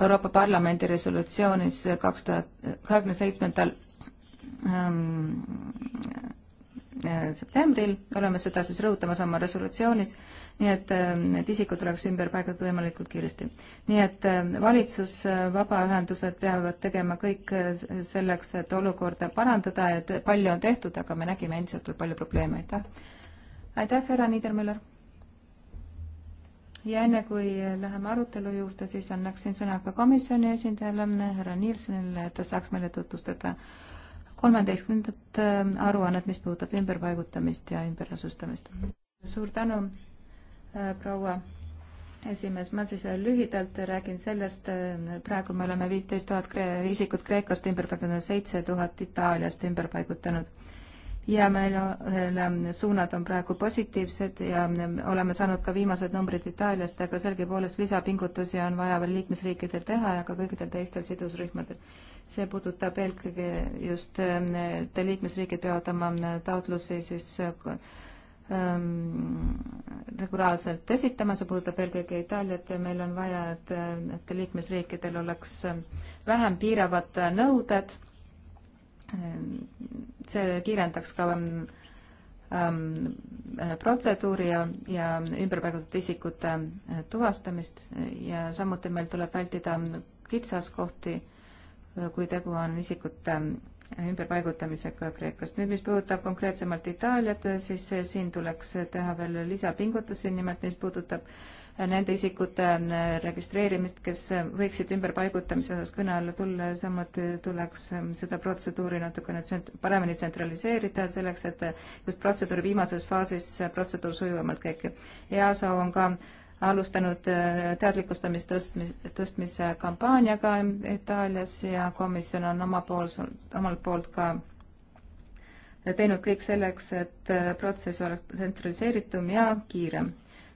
S2: Euroopa Parlamendi resolutsioonis kaks tuhat kahekümne seitsmendal ähm, Äh, septembril, oleme seda siis rõhutamas oma resolutsioonis, nii et äh, need isikud tuleks ümber paigata võimalikult kiiresti. nii et äh, valitsus, vabaühendused peavad tegema kõik selleks, et olukorda parandada, et palju on tehtud, aga me nägime endiselt veel palju probleeme, aitäh. aitäh, härra Niedermüller. ja enne, kui läheme arutelu juurde, siis annaksin sõna ka komisjoni esindajale, härra Nielsenile, et ta saaks meile tutvustada äh, kolmeteistkümnendat äh, aruannet, mis puudutab ümberpaigutamist ja ümberasustamist. suur tänu, äh, proua esimees, ma siis äh, lühidalt räägin sellest, praegu me oleme viisteist tuhat isikut Kreekast ümber paigutanud, seitse tuhat Itaaliast ümber paigutanud ja meil suunad on praegu positiivsed ja oleme saanud ka viimased numbrid Itaaliast, aga sellegipoolest lisapingutusi on vaja veel liikmesriikidel teha ja ka kõikidel teistel sidusrühmadel. see puudutab eelkõige just, et liikmesriigid peavad oma taotlusi siis ähm, regulaarselt esitama, see puudutab eelkõige Itaaliat ja meil on vaja, et, et liikmesriikidel oleks ähm, vähem piiravad äh, nõuded see kiirendaks ka ähm, ähm äh, protseduuri ja, ja ümberpaigutatud isikute äh, tuvastamist ja samuti meil tuleb vältida kitsaskohti, äh, kui tegu on isikute ümberpaigutamisega Kreekast. nüüd, mis puudutab konkreetsemalt Itaaliat, siis siin tuleks teha veel lisapingutusi, nimelt mis puudutab äh, nende isikute äh, registreerimist, kes äh, võiksid ümberpaigutamise osas kõne alla tulla ja samuti tuleks äh, seda protseduuri natukene tsent-, paremini tsentraliseerida, selleks et just protseduuri viimases faasis protseduur sujuvamalt käib. EASO on ka alustanud teadlikustamist tõstmi-, tõstmise kampaaniaga Itaalias ja komisjon on oma pool, omalt poolt ka teinud kõik selleks, et protsess oleks tsentraliseeritum ja kiirem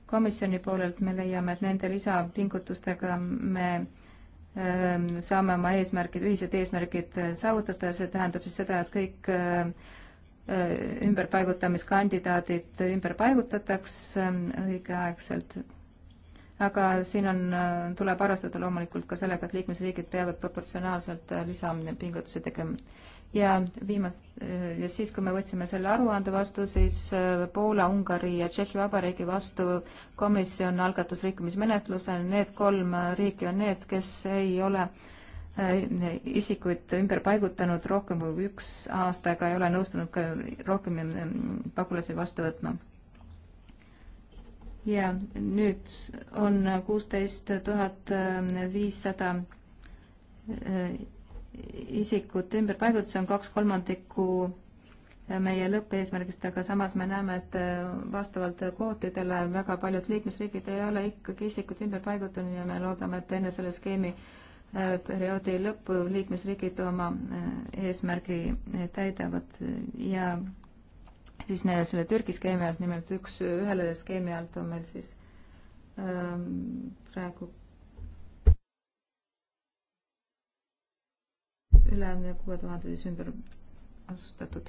S2: komisjoni poolelt me leiame, et nende lisapingutustega me ähm, saame oma eesmärgid, ühised eesmärgid äh, saavutada, see tähendab siis seda, et kõik äh, äh, ümberpaigutamiskandidaadid ümber paigutatakse ähm, õigeaegselt. aga siin on, tuleb arvestada loomulikult ka sellega, et liikmesriigid peavad proportsionaalselt lisapingutusi tegema ja viimast, ja siis, kui me võtsime selle aruande vastu, siis äh, Poola, Ungari ja Tšehhi Vabariigi vastu komisjon algatas rikkumismenetluse, need kolm äh, riiki on need, kes ei ole äh, isikuid ümber paigutanud rohkem kui üks aasta ega ei ole nõustunud ka rohkem ähm, pagulasi vastu võtma. ja nüüd on kuusteist tuhat viissada isikute ümberpaigutus on kaks kolmandikku äh, meie lõppeesmärgist, aga samas me näeme, et äh, vastavalt kvootidele väga paljud liikmesriigid ei ole ikkagi isikut ümber paigutanud ja me loodame, et enne selle skeemi äh, perioodi lõppu liikmesriigid oma eesmärgi täidavad ja siis selle Türgi skeemi alt, nimelt üks ühele skeemi alt on meil siis ähm, praegu üle kuue tuhandes ümber asustatud.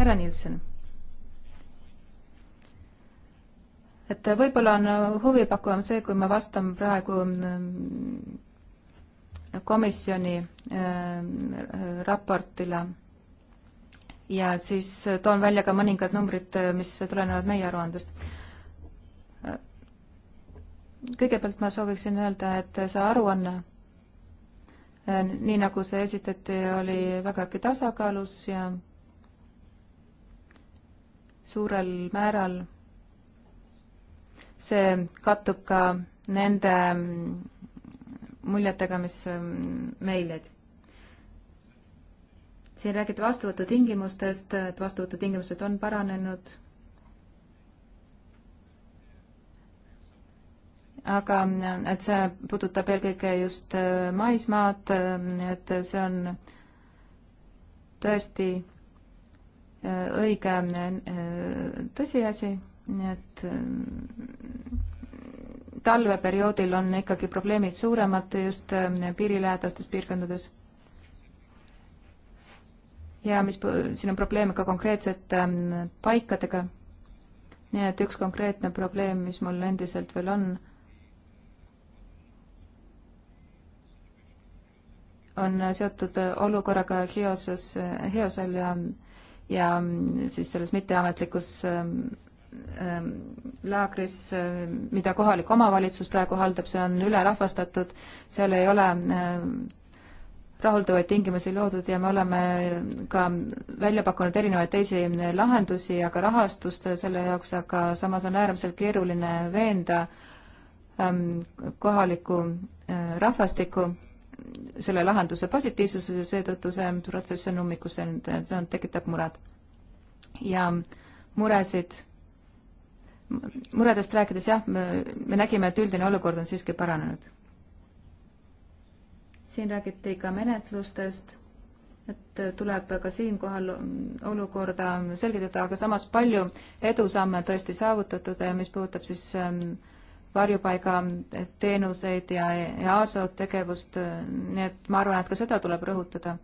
S2: härra Nilsson. et võib-olla on huvipakkuvam see, kui ma vastan praegu mm, komisjoni mm, raportile ja siis toon välja ka mõningad numbrid, mis tulenevad meie aruandest kõigepealt ma sooviksin öelda, et see aruanne, äh, nii nagu see esitati, oli vägagi tasakaalus ja suurel määral see kattub ka nende mm, muljetega, mis mm, meil jäid. siin räägiti vastuvõtutingimustest, et vastuvõtutingimused on paranenud aga et see puudutab eelkõige just äh, maismaad, äh, et see on tõesti äh, õige tõsiasi, nii et talveperioodil on ikkagi probleemid suuremad just piirilähedastes piirkondades. ja mis, siin on probleeme ka konkreetsete paikadega. nii et üks konkreetne probleem, mis mul endiselt veel on on seotud olukorraga Hioses, Hiosel ja, ja siis selles mitteametlikus ähm, ähm, laagris, äh, mida kohalik omavalitsus praegu haldab, see on ülerahvastatud, seal ei ole äh, rahuldavaid tingimusi loodud ja me oleme ka välja pakkunud erinevaid teisi lahendusi ja ka rahastust selle jaoks, aga samas on äärmiselt keeruline veenda ähm, kohalikku äh, rahvastikku selle lahenduse positiivsuse, seetõttu see protsess on ummikus, see tekitab mured. ja muresid, muredest rääkides jah, me nägime, et üldine olukord on siiski paranenud. siin räägiti ka menetlustest, et tuleb ka siinkohal olukorda selgitada, aga samas palju edusamme tõesti saavutatud, mis puudutab siis ähm, varjupaigateenuseid ja EASO tegevust, nii et ma arvan, et ka seda tuleb rõhutada.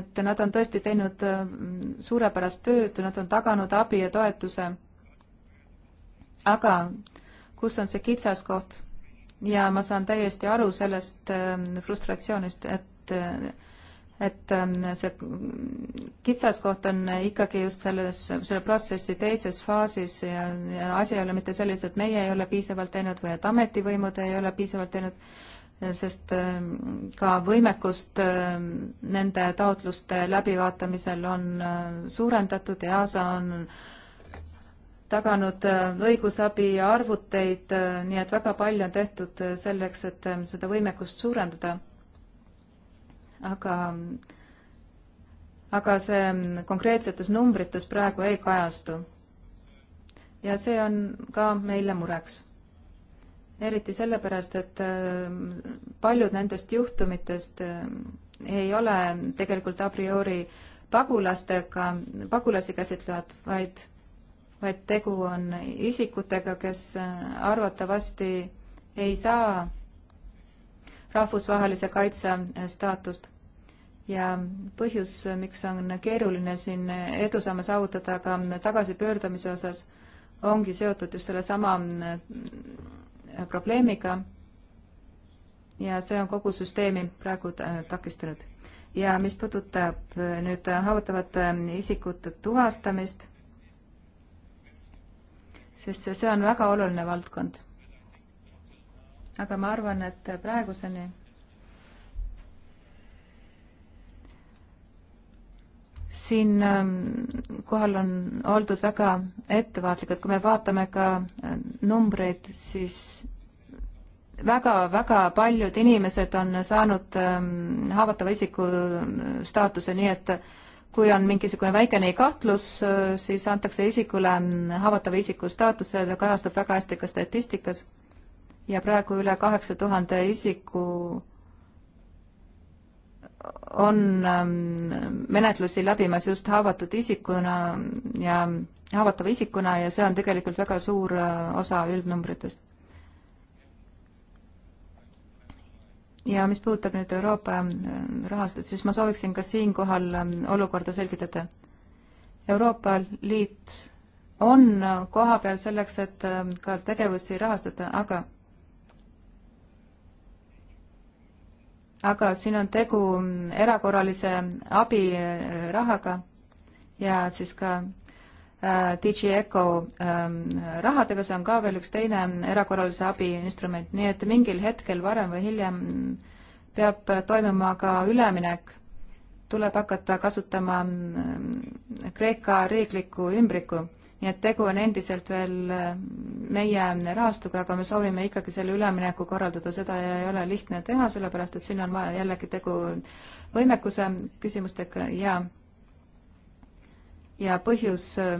S2: et nad on tõesti teinud mm, suurepärast tööd, nad on taganud abi ja toetuse, aga kus on see kitsaskoht? ja ma saan täiesti aru sellest mm, frustratsioonist, et et ähm, see kitsaskoht on ikkagi just selles, selle protsessi teises faasis ja, ja asi ei ole mitte selles, et meie ei ole piisavalt teinud või et ametivõimud ei ole piisavalt teinud, sest ähm, ka võimekust ähm, nende taotluste läbivaatamisel on äh, suurendatud ja EASA on taganud äh, õigusabi ja arvuteid, äh, nii et väga palju on tehtud selleks, et seda võimekust suurendada aga aga see konkreetsetes numbrites praegu ei kajastu. ja see on ka meile mureks. eriti sellepärast, et äh, paljud nendest juhtumitest äh, ei ole tegelikult a priori pagulastega, pagulasi käsitlevad, vaid, vaid tegu on isikutega, kes äh, arvatavasti ei saa rahvusvahelise kaitse staatust ja põhjus, miks on keeruline siin edusamme saavutada ka tagasipöördamise osas, ongi seotud just sellesama äh, probleemiga. ja see on kogu süsteemi praegu äh, takistanud. ja mis puudutab äh, nüüd haavatavate isikute tuvastamist, sest see on väga oluline valdkond. aga ma arvan, et praeguseni siin ähm, kohal on oldud väga ettevaatlikud, kui me vaatame ka äh, numbreid, siis väga-väga paljud inimesed on saanud ähm, haavatava isiku äh, staatuse, nii et kui on mingisugune väikene kahtlus, äh, siis antakse isikule mm, haavatava isiku staatuse, ta kajastub väga hästi ka statistikas. ja praegu üle kaheksa tuhande isiku on ähm, menetlusi läbimas just haavatud isikuna ja haavatava isikuna ja see on tegelikult väga suur äh, osa üldnumbritest. ja mis puudutab nüüd Euroopa äh, rahastust, siis ma sooviksin ka siinkohal ähm, olukorda selgitada. Euroopa Liit on äh, kohapeal selleks, et ka tegevusi rahastada, aga aga siin on tegu erakorralise abirahaga äh, ja siis ka äh, DG Eco äh, rahadega, see on ka veel üks teine erakorralise abi instrument, nii et mingil hetkel varem või hiljem peab toimuma ka üleminek, tuleb hakata kasutama ähm, Kreeka riiklikku ümbrikku nii et tegu on endiselt veel äh, meie rahastuga, aga me soovime ikkagi selle ülemineku korraldada, seda ei ole lihtne teha, sellepärast et siin on vaja jällegi tegu võimekuse küsimustega ja ja põhjus, äh,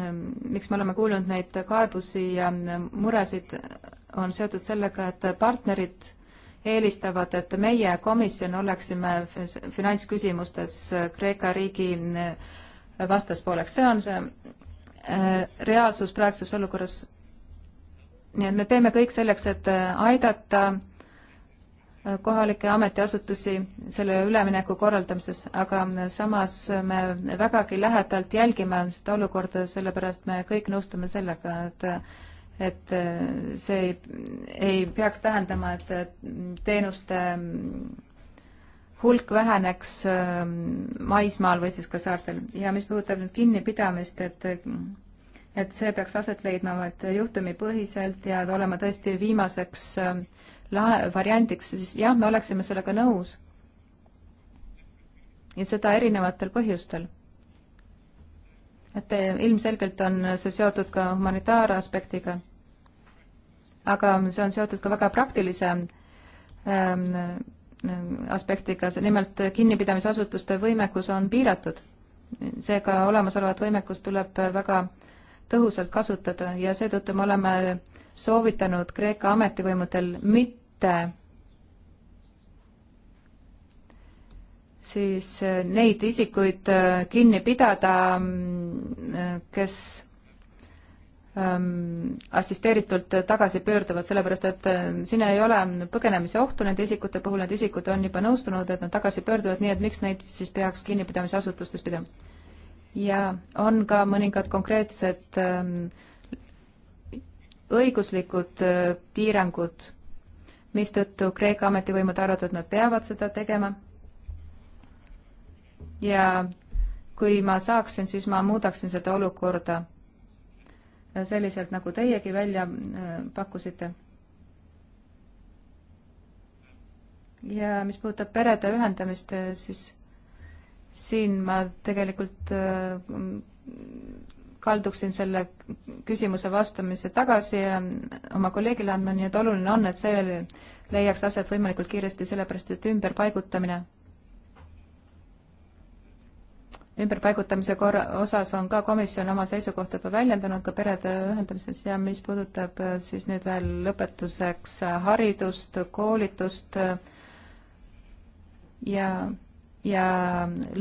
S2: äh, miks me oleme kuulnud neid kaebusi ja muresid, on seotud sellega, et partnerid eelistavad, et meie komisjon oleksime finantsküsimustes Kreeka riigi vastaspooleks, see on see Äh, reaalsus praeguses olukorras. nii et me teeme kõik selleks, et äh, aidata äh, kohalikke ametiasutusi selle ülemineku korraldamises, aga samas me vägagi lähedalt jälgime seda olukorda, sellepärast me kõik nõustume sellega, et et see ei, ei peaks tähendama, et teenuste hulk väheneks ähm, maismaal või siis ka saartel. ja mis puudutab nüüd kinnipidamist, et et see peaks aset leidma et juhtumipõhiselt ja olema tõesti viimaseks ähm, lahe, variandiks, siis jah, me oleksime sellega nõus. ja seda erinevatel põhjustel. et äh, ilmselgelt on see seotud ka humanitaaraspektiga. aga see on seotud ka väga praktilise ähm, aspektiga, nimelt kinnipidamisasutuste võimekus on piiratud. seega olemasolevat võimekust tuleb väga tõhusalt kasutada ja seetõttu me oleme soovitanud Kreeka ametivõimudel mitte siis neid isikuid kinni pidada, kes Ähm, assisteeritult tagasi pöörduvad, sellepärast et äh, siin ei ole põgenemise ohtu nende isikute puhul, need isikud on juba nõustunud, et nad tagasi pöörduvad, nii et miks neid siis peaks kinnipidamisasutustes pidama? ja on ka mõningad konkreetsed ähm, õiguslikud äh, piirangud, mistõttu Kreeka ametivõimud arvavad, et nad peavad seda tegema. ja kui ma saaksin, siis ma muudaksin seda olukorda selliselt, nagu teiegi välja äh, pakkusite. ja mis puudutab perede ühendamist, äh, siis siin ma tegelikult äh, kalduksin selle küsimuse vastamise tagasi oma kolleegile andma, nii et oluline on, et see leiaks aset võimalikult kiiresti, sellepärast et ümberpaigutamine ümberpaigutamise korra, osas on ka komisjon oma seisukohta juba väljendanud ka perede ühendamises ja mis puudutab äh, siis nüüd veel lõpetuseks äh, haridust, koolitust äh, ja, ja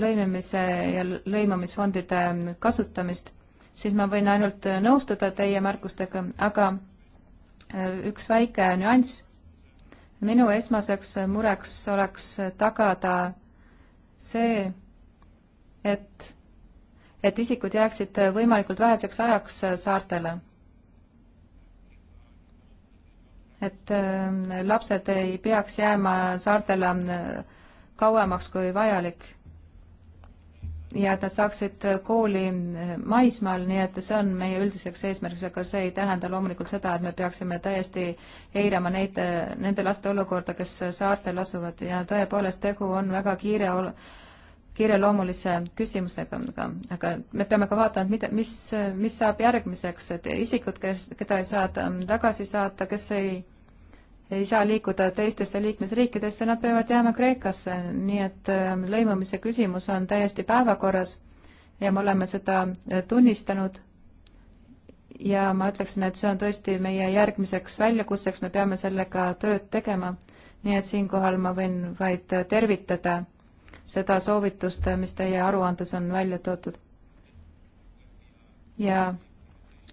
S2: lõimimise ja lõimumisfondide kasutamist, siis ma võin ainult nõustuda teie märkustega, aga üks väike nüanss. minu esmaseks mureks oleks tagada see, et, et isikud jääksid võimalikult väheseks ajaks saartele. et ähm, lapsed ei peaks jääma saartele äh, kauemaks kui vajalik. ja et nad saaksid kooli äh, maismaal, nii et see on meie üldiseks eesmärgiks, aga see ei tähenda loomulikult seda, et me peaksime täiesti eirama neid, äh, nende laste olukorda, kes saartel asuvad ja tõepoolest, tegu on väga kiire ol-, kiireloomulise küsimusega, aga, aga me peame ka vaatama, et mida, mis, mis saab järgmiseks, et isikud, kes, keda ei saa ähm, tagasi saata, kes ei, ei saa liikuda teistesse liikmesriikidesse, nad peavad jääma Kreekasse, nii et ähm, lõimumise küsimus on täiesti päevakorras ja me oleme seda äh, tunnistanud. ja ma ütleksin, et see on tõesti meie järgmiseks väljakutseks, me peame sellega tööd tegema. nii et siinkohal ma võin vaid tervitada seda soovitust, mis teie aruandes on välja toodud. ja,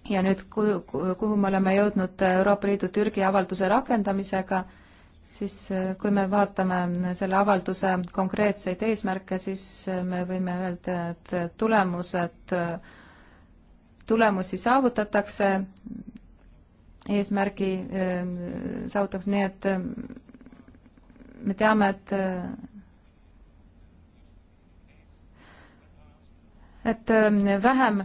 S2: ja nüüd, kuhu, kuhu me oleme jõudnud Euroopa Liidu Türgi avalduse rakendamisega, siis kui me vaatame selle avalduse konkreetseid eesmärke, siis me võime öelda, et tulemused, tulemusi saavutatakse, eesmärgi saavutatakse, nii et me teame, et et ähm, vähem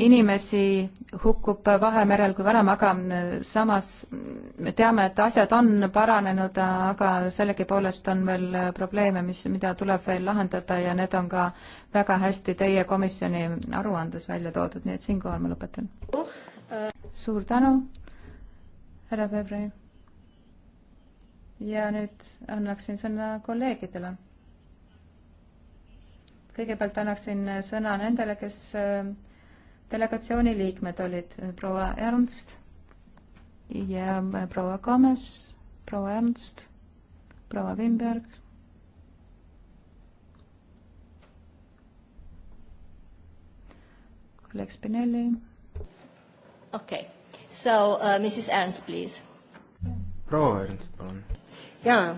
S2: inimesi hukkub Vahemerel kui varem, aga äh, samas me teame, et asjad on paranenud, aga sellegipoolest on veel äh, probleeme, mis, mida tuleb veel lahendada ja need on ka väga hästi teie komisjoni aruandes välja toodud, nii et siinkohal ma lõpetan. suur tänu, härra Pevri. ja nüüd annaksin sõna kolleegidele kõigepealt annaksin sõna nendele, kes äh, delegatsiooni liikmed olid, proua Ernst ja äh, proua Gomes, proua Ernst, proua Wimberg Colleague Spinelli.
S1: Okay. So, uh, Mrs. Ernst, please. proua Ernst, palun.
S2: jaa,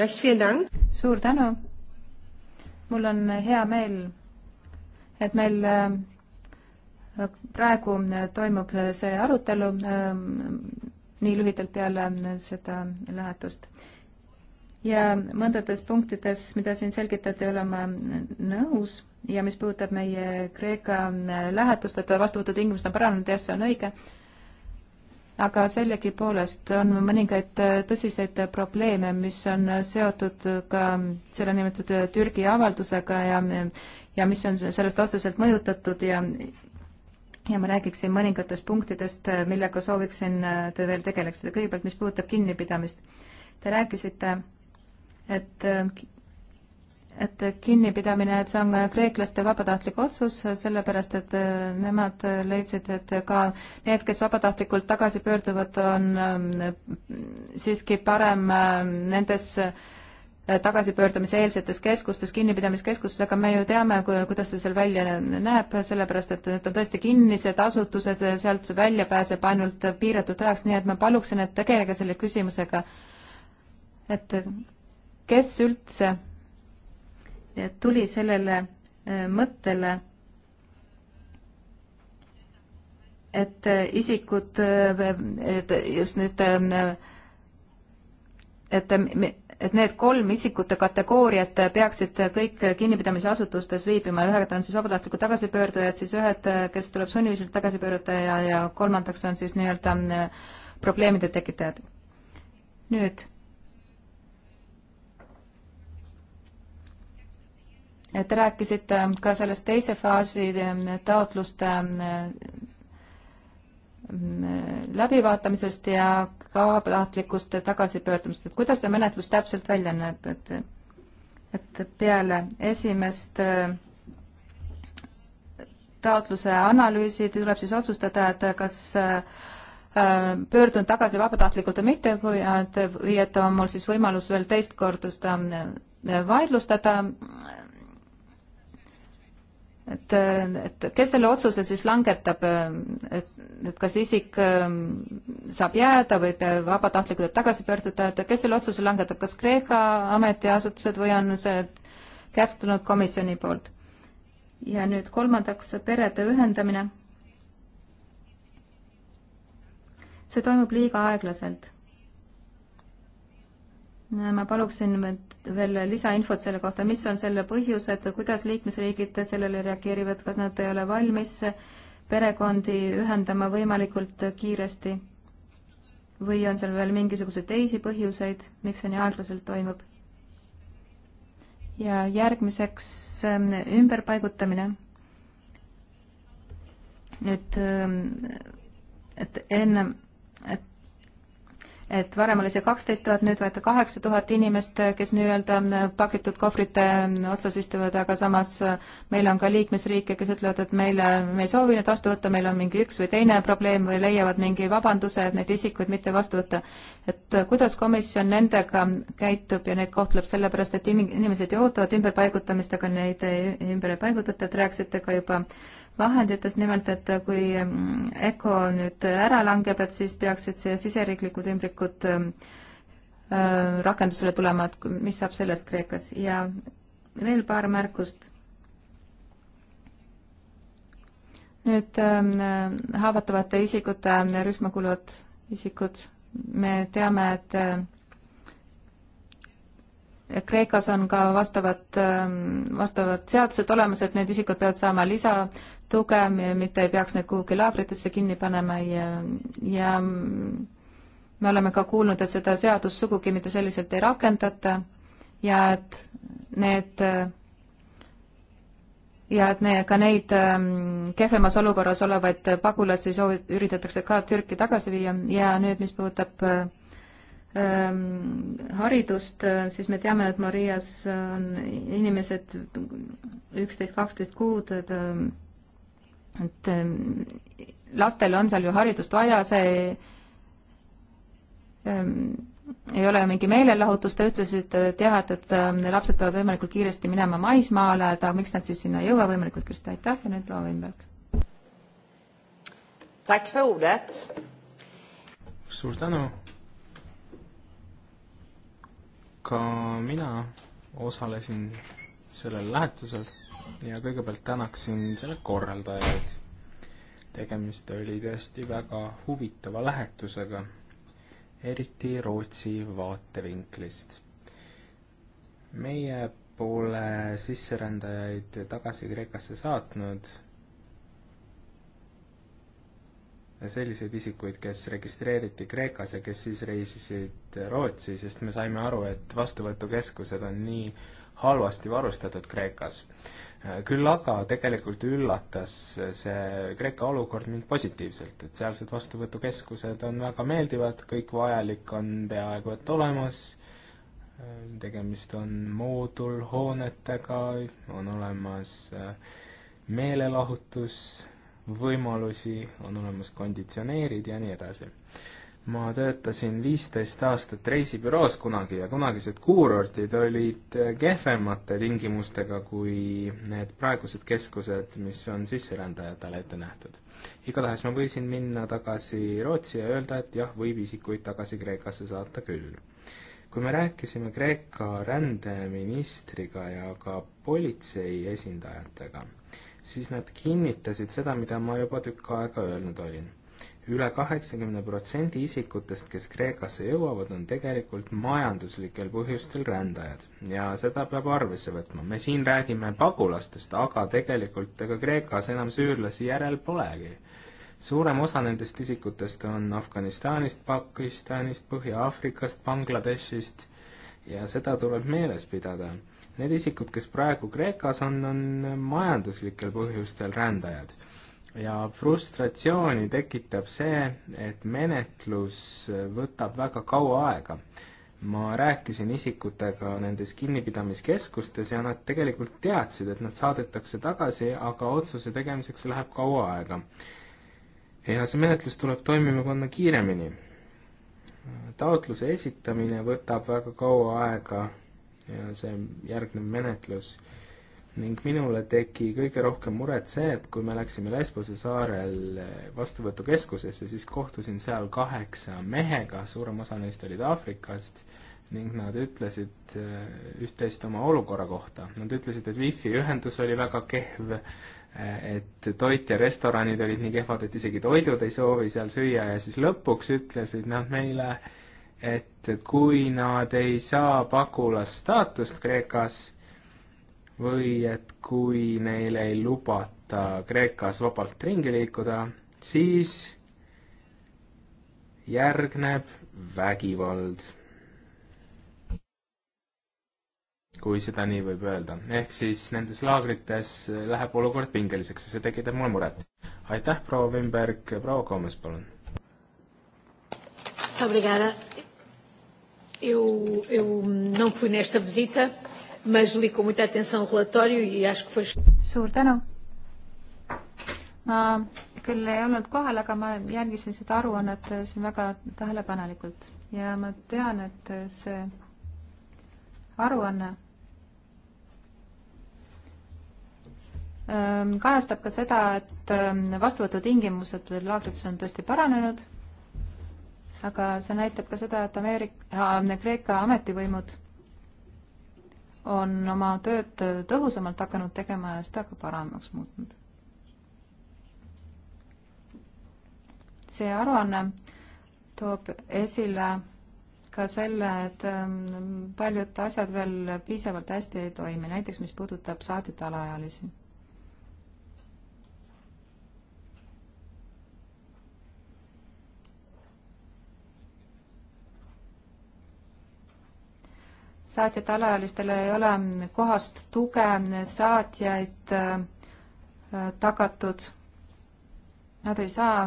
S2: recht vielen Dank. suur tänu mul on hea meel, et meil äh, praegu äh, toimub äh, see arutelu nii lühidalt peale seda lähetust. ja mõndades punktides, mida siin selgitati, olen ma nõus ja mis puudutab meie Kreeka lähetust, et vastuvõtutingimused on paranenud, jah, see on õige aga sellegipoolest on mõningaid äh, tõsiseid probleeme, mis on seotud ka selle nimetatud Türgi avaldusega ja, ja mis on sellest otseselt mõjutatud ja ja ma räägiksin mõningatest punktidest, äh, millega sooviksin äh, te veel tegeleksite. kõigepealt, mis puudutab kinnipidamist. Te rääkisite, et et kinnipidamine, et see on kreeklaste vabatahtlik otsus, sellepärast et äh, nemad äh, leidsid, et ka need, kes vabatahtlikult tagasi pöörduvad, on ähm, siiski parem äh, nendes tagasipöördumise eelsetes keskustes, kinnipidamiskeskustes, aga me ju teame, kuidas see seal välja näeb, sellepärast et need on tõesti kinnised asutused, sealt see välja pääseb ainult piiratud ajaks, nii et ma paluksin, et tegelege selle küsimusega. et kes üldse tuli sellele äh, mõttele, et äh, isikud, äh, et just nüüd, et, et need kolm isikute kategooriat peaksid kõik kinnipidamise asutustes viibima, ühed on siis vabatahtlikud tagasipöördujad, siis ühed, kes tuleb sunniviisiliselt tagasi pöörduda ja, ja kolmandaks on siis nii-öelda probleemide tekitajad. nüüd Te rääkisite ka sellest teise faasi eh, taotluste eh, läbivaatamisest ja vabatahtlikust tagasipöördumist, et kuidas see menetlus täpselt välja näeb, et et peale esimest eh, taotluse analüüsi tuleb siis otsustada, et kas pöördun tagasi vabatahtlikult või mitte, kui, et või et on mul siis võimalus veel teist korda seda vaidlustada et, et kes selle otsuse siis langetab, et, et kas isik ähm, saab jääda või vabatahtlikult tagasi pöörduda, et kes selle otsuse langetab, kas Kreeka ametiasutused või on see käsk tulnud komisjoni poolt? ja nüüd kolmandaks, perede ühendamine. see toimub liiga aeglaselt ma paluksin veel lisainfot selle kohta, mis on selle põhjused, kuidas liikmesriigid sellele reageerivad, kas nad ei ole valmis perekondi ühendama võimalikult kiiresti? või on seal veel mingisuguseid teisi põhjuseid, miks see nii aeglaselt toimub? ja järgmiseks ähm, ümberpaigutamine. nüüd, ähm, et ennem et varem oli see kaksteist tuhat, nüüd võeti kaheksa tuhat inimest, kes nii-öelda pakitud kohvrite otsas istuvad, aga samas meil on ka liikmesriike, kes ütlevad, et meile, me ei soovi neid vastu võtta, meil on mingi üks või teine probleem või leiavad mingi vabanduse, et neid isikuid mitte vastu võtta. et kuidas komisjon nendega käitub ja neid kohtleb, sellepärast et inimesed ju ootavad ümberpaigutamist, aga neid ümber ei paigutata, et rääkisite ka juba vahenditest, nimelt et kui mm, ECO nüüd ära langeb, et siis peaksid see siseriiklikud ümbrikud mm, äh, rakendusele tulema, et mis saab sellest Kreekas ja veel paar märkust. nüüd mm, haavatavate isikute rühma kuuluvad isikud, me teame, et äh, Kreekas on ka vastavad, ähm, vastavad seadused olemas, et need isikud peavad saama lisatuge, mitte ei peaks neid kuhugi laagritesse kinni panema ja, ja me oleme ka kuulnud, et seda seadust sugugi mitte selliselt ei rakendata ja et need ja et ne, ka neid ähm, kehvemas olukorras olevaid pagulasi soovi-, üritatakse ka Türki tagasi viia ja nüüd, mis puudutab äh, Ehm, haridust, ehm, siis me teame, et Marias on inimesed üksteist, kaksteist kuud, et ehm, et lastel on seal ju haridust vaja, see ei, ei ole mingi meelelahutus, te ütlesite, et jah, et, et lapsed peavad võimalikult kiiresti minema maismaale, et aga miks nad siis sinna ei jõua võimalikult kiiresti, aitäh ja nüüd proua Wimberg.
S3: tack för ordet!
S1: suur tänu! ka mina osalesin sellel lähetusel ja kõigepealt tänaksin selle korraldajaid. tegemist oli tõesti väga huvitava lähetusega, eriti Rootsi vaatevinklist. meie pole sisserändajaid tagasi Kreekasse saatnud selliseid isikuid, kes registreeriti Kreekas ja kes siis reisisid Rootsi, sest me saime aru, et vastuvõtukeskused on nii halvasti varustatud Kreekas. küll aga tegelikult üllatas see Kreeka olukord mind positiivselt, et sealsed vastuvõtukeskused on väga meeldivad, kõik vajalik on peaaegu et olemas, tegemist on moodulhoonetega, on olemas meelelahutus, võimalusi, on olemas konditsioneerid ja nii edasi. ma töötasin viisteist aastat reisibüroos kunagi ja kunagised kuurordid olid kehvemate tingimustega kui need praegused keskused, mis on sisserändajatele ette nähtud. igatahes ma võisin minna tagasi Rootsi ja öelda, et jah, võib isikuid tagasi Kreekasse saata küll kui me rääkisime Kreeka rändeministriga ja ka politsei esindajatega siis nad kinnitasid seda, mida ma juba tükk aega öelnud olin üle. üle kaheksakümne protsendi isikutest, kes Kreekasse jõuavad, on tegelikult majanduslikel põhjustel rändajad ja seda peab arvesse võtma. me siin räägime pagulastest, aga tegelikult ega Kreekas enam süürlasi järel polegi. suurem osa nendest isikutest on Afganistanist, Pakistanist, Põhja-Aafrikast, Bangladeshist ja seda tuleb meeles pidada Need isikud, kes praegu Kreekas on, on majanduslikel põhjustel rändajad. ja frustratsiooni tekitab see, et menetlus võtab väga kaua aega. ma rääkisin isikutega nendes kinnipidamiskeskustes ja nad tegelikult teadsid, et nad saadetakse tagasi, aga otsuse tegemiseks läheb kaua aega. ja see menetlus tuleb toimima panna kiiremini taotluse esitamine võtab väga kaua aega ja see järgnev menetlus. ning minule tegi kõige rohkem muret see, et kui me läksime Lesbose saarel vastuvõtukeskusesse, siis kohtusin seal kaheksa mehega, suurem osa neist olid Aafrikast, ning nad ütlesid äh, üht-teist oma olukorra kohta. Nad ütlesid, et wifi ühendus oli väga kehv, äh, et toit ja restoranid olid nii kehvad, et isegi toidud ei soovi seal süüa ja siis lõpuks ütlesid nad noh, meile äh, et kui nad ei saa pagulasstaatust Kreekas või et kui neil ei lubata Kreekas vabalt ringi liikuda, siis järgneb vägivald. kui seda nii võib öelda, ehk siis nendes laagrites läheb olukord pingeliseks ja see tekitab mulle muret. aitäh, proua Wimberg, proua Koomes, palun.
S2: Obrigada Eu, eu não fui nesta visita, mas li com muita atenção o relatório e acho que foi. suur tänu. ma küll ei olnud kohal, aga ma jälgisin seda aruannet siin väga tähelepanelikult ja ma tean, et see aruanne ähm, kajastab ka seda, et ähm, vastuvõtutingimused laagrites on tõesti paranenud aga see näitab ka seda, et Ameerika, äh, Kreeka ametivõimud on oma tööd tõhusamalt hakanud tegema ja seda ka paremaks muutnud. see aruanne toob esile ka selle, et ähm, paljud asjad veel piisavalt hästi ei toimi, näiteks mis puudutab saadete alaealisi saatjate alaealistele ei ole kohast tuge, saatjaid äh, tagatud, nad ei saa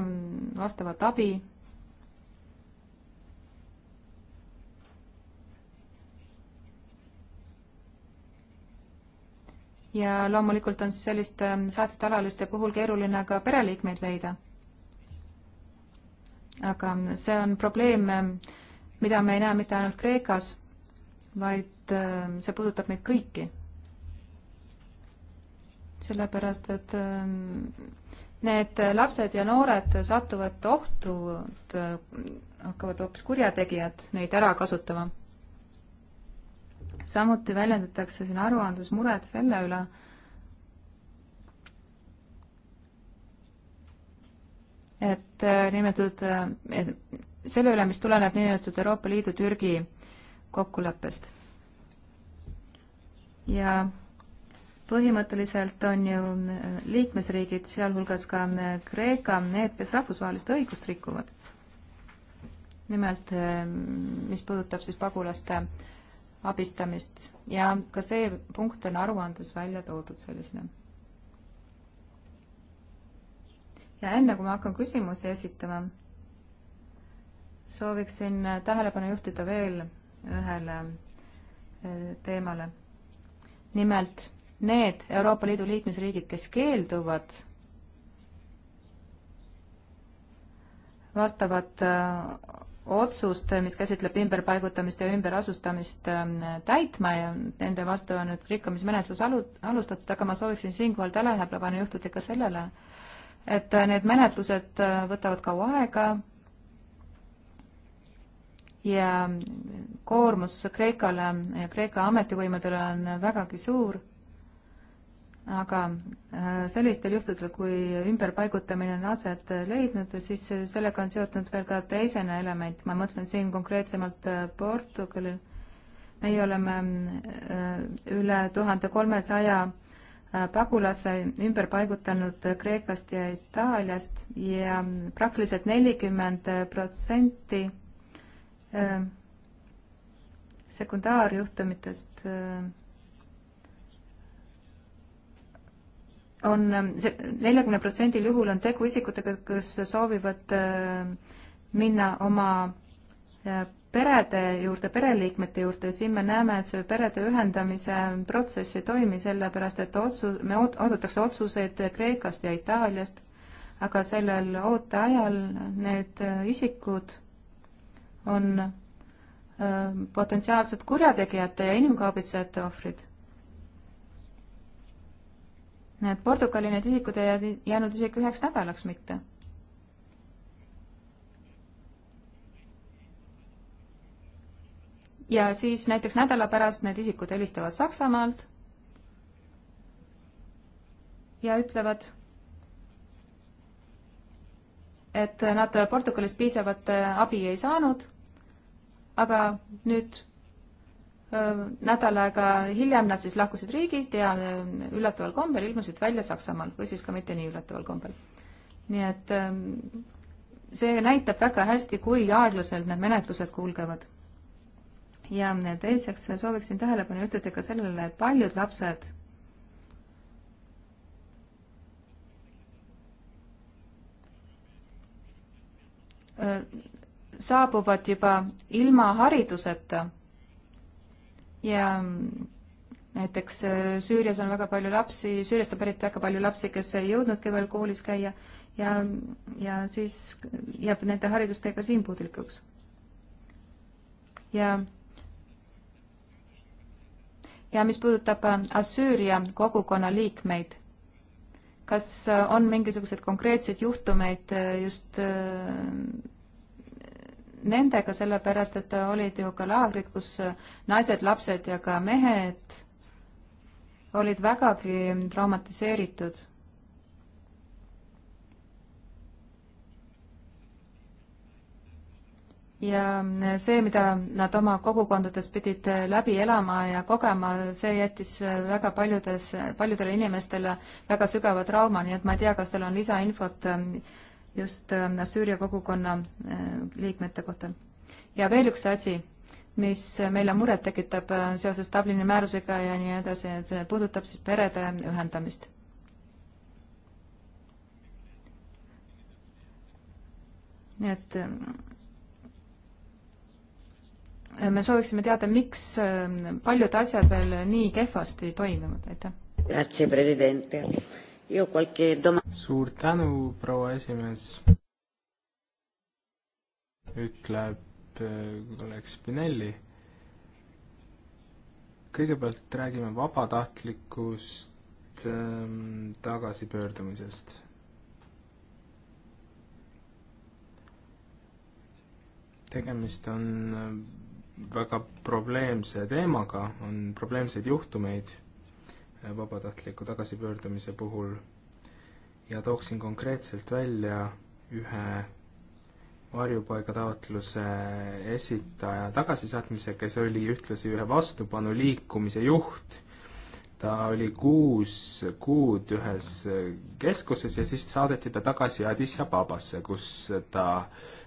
S2: vastavat abi ja loomulikult on selliste äh, saatjate alaliste puhul keeruline ka pereliikmeid leida. aga see on probleem, äh, mida me ei näe mitte ainult Kreekas, vaid ähm, see puudutab meid kõiki. sellepärast, et ähm, need lapsed ja noored satuvad ohtu, äh, hakkavad hoopis kurjategijad neid ära kasutama. samuti väljendatakse siin aruandes muret selle üle, et äh, niinimetatud, äh, selle üle, mis tuleneb niinimetatud Euroopa Liidu Türgi kokkuleppest. ja põhimõtteliselt on ju äh, liikmesriigid, sealhulgas ka äh, Kreeka, need, kes rahvusvahelist õigust rikuvad. nimelt, äh, mis puudutab siis pagulaste abistamist ja ka see punkt on aruandes välja toodud sellisena. ja enne, kui ma hakkan küsimusi esitama, sooviksin tähelepanu juhtida veel ühele e, teemale. nimelt need Euroopa Liidu liikmesriigid, kes keelduvad vastavat e, otsust, mis käsitleb ümberpaigutamist ja ümberasustamist e, täitma ja nende vastu on nüüd rikkumismenetlus alu-, alustatud, aga ma sooviksin siinkohal tähelepanu juhtida ka sellele, et need menetlused võtavad kaua aega, ja koormus Kreekale ja Kreeka ametivõimedele on vägagi suur, aga äh, sellistel juhtudel, kui ümberpaigutamine on aset leidnud, siis sellega on seotud veel ka teisene element, ma mõtlen siin konkreetsemalt äh, Portugali. meie oleme äh, üle tuhande kolmesaja pagulase ümber paigutanud Kreekast ja Itaaliast ja praktiliselt nelikümmend protsenti Äh, sekundaarjuhtumitest äh, on, äh, neljakümne protsendil juhul on tegu isikutega, kes soovivad minna oma perede juurde, pereliikmete juurde, siin me näeme, et see perede ühendamise protsess ei toimi, sellepärast et otsu-, me oot-, oodatakse otsuseid Kreekast ja Itaaliast, aga sellel ooteajal need isikud on äh, potentsiaalsed kurjategijate ja inimkaubitsejate ohvrid. Need Portugali need isikud ei jäänud isegi üheks nädalaks mitte. ja siis näiteks nädala pärast need isikud helistavad Saksamaalt ja ütlevad, et nad Portugalist piisavat äh, abi ei saanud aga nüüd nädal aega hiljem nad siis lahkusid riigist ja üllataval kombel ilmusid välja Saksamaal või siis ka mitte nii üllataval kombel. nii et see näitab väga hästi, kui aeglaselt need menetlused kulgevad. ja teiseks sooviksin tähelepanu juhtida ka sellele, et paljud lapsed saabuvad juba ilma hariduseta ja näiteks äh, Süürias on väga palju lapsi, Süüriast on pärit väga palju lapsi, kes ei jõudnudki veel koolis käia ja, ja siis jääb nende haridustega siin puudulikuks. ja, ja mis puudutab äh, Assüüria kogukonna liikmeid, kas äh, on mingisuguseid konkreetseid juhtumeid just nendega, sellepärast et olid ju ka laagrid, kus naised, lapsed ja ka mehed olid vägagi traumatiseeritud. ja see, mida nad oma kogukondades pidid läbi elama ja kogema, see jättis väga paljudes, paljudele inimestele väga sügava trauma, nii et ma ei tea, kas teil on lisainfot äh, just äh, Süüria kogukonna äh, liikmete kohta. ja veel üks asi, mis äh, meile muret tekitab seoses Dublini määrusega ja nii edasi, et see puudutab siis perede ühendamist. nii et me sooviksime teada, miks paljud asjad veel nii kehvasti toimivad, aitäh.
S1: Grazie, president suur tänu, proua esimees, ütleb kolleeg äh, Spinelli. kõigepealt räägime vabatahtlikust ähm, tagasipöördumisest tegemist on äh, väga probleemse teemaga, on probleemseid juhtumeid vabatahtliku tagasipöördumise puhul ja tooksin konkreetselt välja ühe varjupaigataotluse esitaja tagasisaatmise, kes oli ühtlasi ühe vastupanuliikumise juht. ta oli kuus kuud ühes keskuses ja siis saadeti ta tagasi Addis Ababasse, kus ta,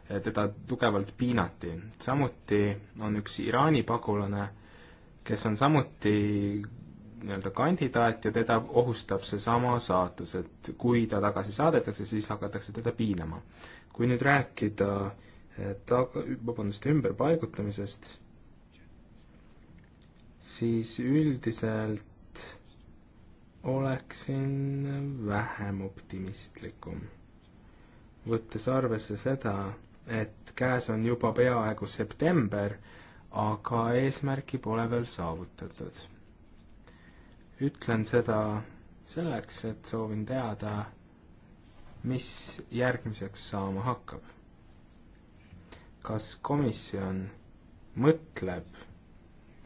S1: teda tugevalt piinati. samuti on üks Iraani pagulane, kes on samuti nii-öelda kandidaat ja teda ohustab seesama saatus, et kui ta tagasi saadetakse, siis hakatakse teda piinama. kui nüüd rääkida eh, taga, vabandust, ümberpaigutamisest, siis üldiselt oleksin vähem optimistlikum, võttes arvesse seda, et käes on juba peaaegu september, aga eesmärki pole veel saavutatud ütlen seda selleks, et soovin teada, mis järgmiseks saama hakkab. kas komisjon mõtleb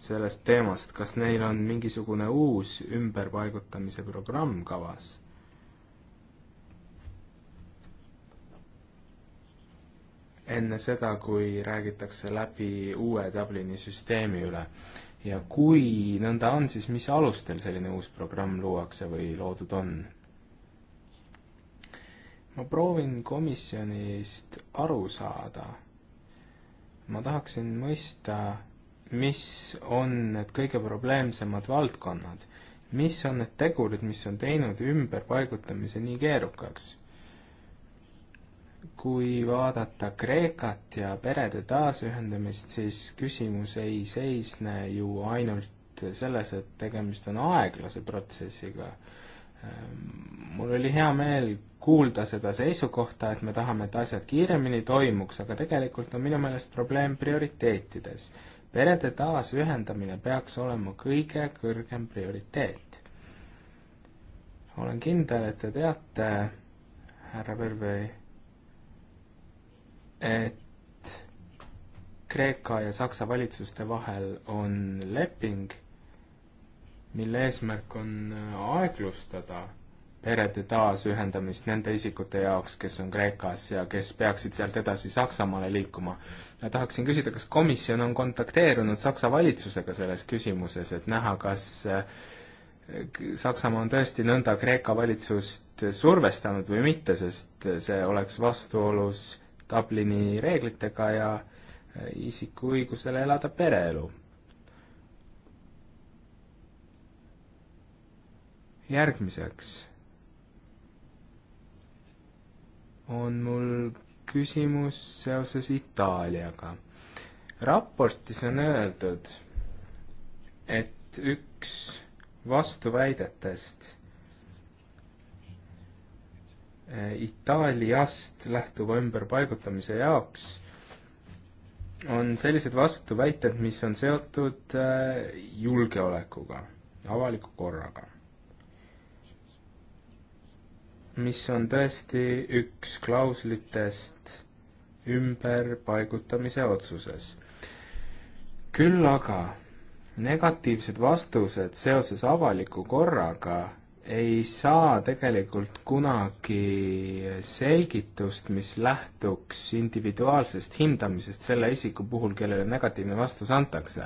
S1: sellest teemast, kas neil on mingisugune uus ümberpaigutamise programm kavas? enne seda, kui räägitakse läbi uue Dublini süsteemi üle ja kui nõnda on, siis mis alustel selline uus programm luuakse või loodud on? ma proovin komisjonist aru saada. ma tahaksin mõista, mis on need kõige probleemsemad valdkonnad, mis on need tegurid, mis on teinud ümberpaigutamise nii keerukaks kui vaadata Kreekat ja perede taasühendamist, siis küsimus ei seisne ju ainult selles, et tegemist on aeglase protsessiga. Ehm, mul oli hea meel kuulda seda seisukohta, et me tahame, et asjad kiiremini toimuks, aga tegelikult on minu meelest probleem prioriteetides. perede taasühendamine peaks olema kõige kõrgem prioriteet. olen kindel, et te teate, härra Põlvõi et Kreeka ja Saksa valitsuste vahel on leping, mille eesmärk on äh, aeglustada perede taasühendamist nende isikute jaoks, kes on Kreekas ja kes peaksid sealt edasi Saksamaale liikuma. ja tahaksin küsida, kas komisjon on kontakteerunud Saksa valitsusega selles küsimuses, et näha, kas äh, Saksamaa on tõesti nõnda Kreeka valitsust survestanud või mitte, sest see oleks vastuolus Dublini reeglitega ja äh, isiku õigusele elada pereelu. järgmiseks on mul küsimus seoses Itaaliaga. raportis on öeldud, et üks vastuväidetest Äh, Itaaliast lähtuva ümberpaigutamise jaoks on sellised vastuväited, mis on seotud äh, julgeolekuga, avaliku korraga. mis on tõesti üks klauslitest ümberpaigutamise otsuses. küll aga negatiivsed vastused seoses avaliku korraga ei saa tegelikult kunagi selgitust, mis lähtuks individuaalsest hindamisest selle isiku puhul, kellele negatiivne vastus antakse.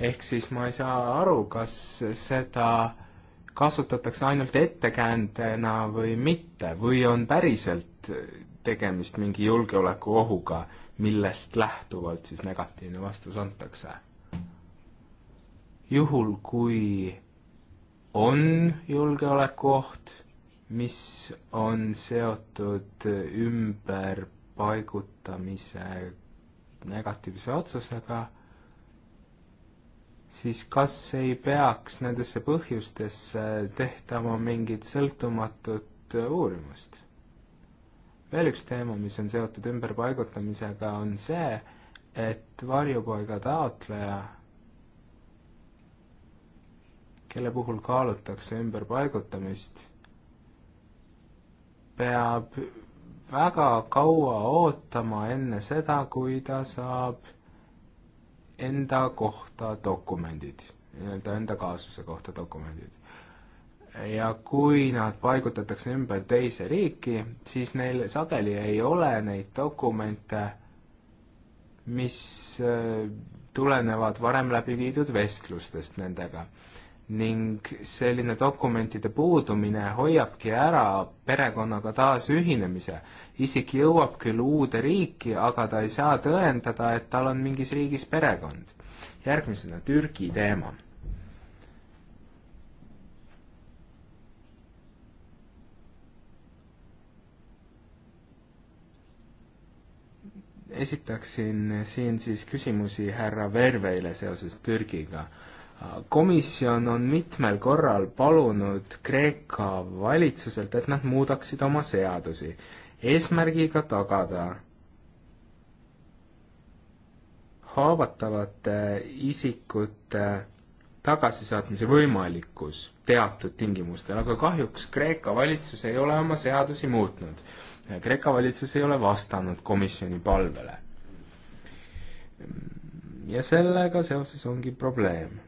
S1: ehk siis ma ei saa aru, kas seda kasutatakse ainult ettekäändena või mitte või on päriselt tegemist mingi julgeolekuohuga, millest lähtuvalt siis negatiivne vastus antakse. juhul, kui on julgeolekuoht, mis on seotud ümberpaigutamise negatiivse otsusega, siis kas ei peaks nendesse põhjustesse tehtama mingit sõltumatut uurimust? veel üks teema, mis on seotud ümberpaigutamisega, on see, et varjupaiga taotleja kelle puhul kaalutakse ümberpaigutamist, peab väga kaua ootama enne seda, kui ta saab enda kohta dokumendid, nii-öelda enda kaasuse kohta dokumendid. ja kui nad paigutatakse ümber teise riiki, siis neil sageli ei ole neid dokumente, mis äh, tulenevad varem läbi viidud vestlustest nendega ning selline dokumentide puudumine hoiabki ära perekonnaga taasühinemise. isik jõuab küll uude riiki, aga ta ei saa tõendada, et tal on mingis riigis perekond. järgmisena Türgi teema. esitaksin siin siis küsimusi härra Verveile seoses Türgiga komisjon on mitmel korral palunud Kreeka valitsuselt, et nad muudaksid oma seadusi, eesmärgiga tagada haavatavate isikute tagasisaatmise võimalikkus teatud tingimustel, aga kahjuks Kreeka valitsus ei ole oma seadusi muutnud. Kreeka valitsus ei ole vastanud komisjoni palvele. ja sellega seoses ongi probleem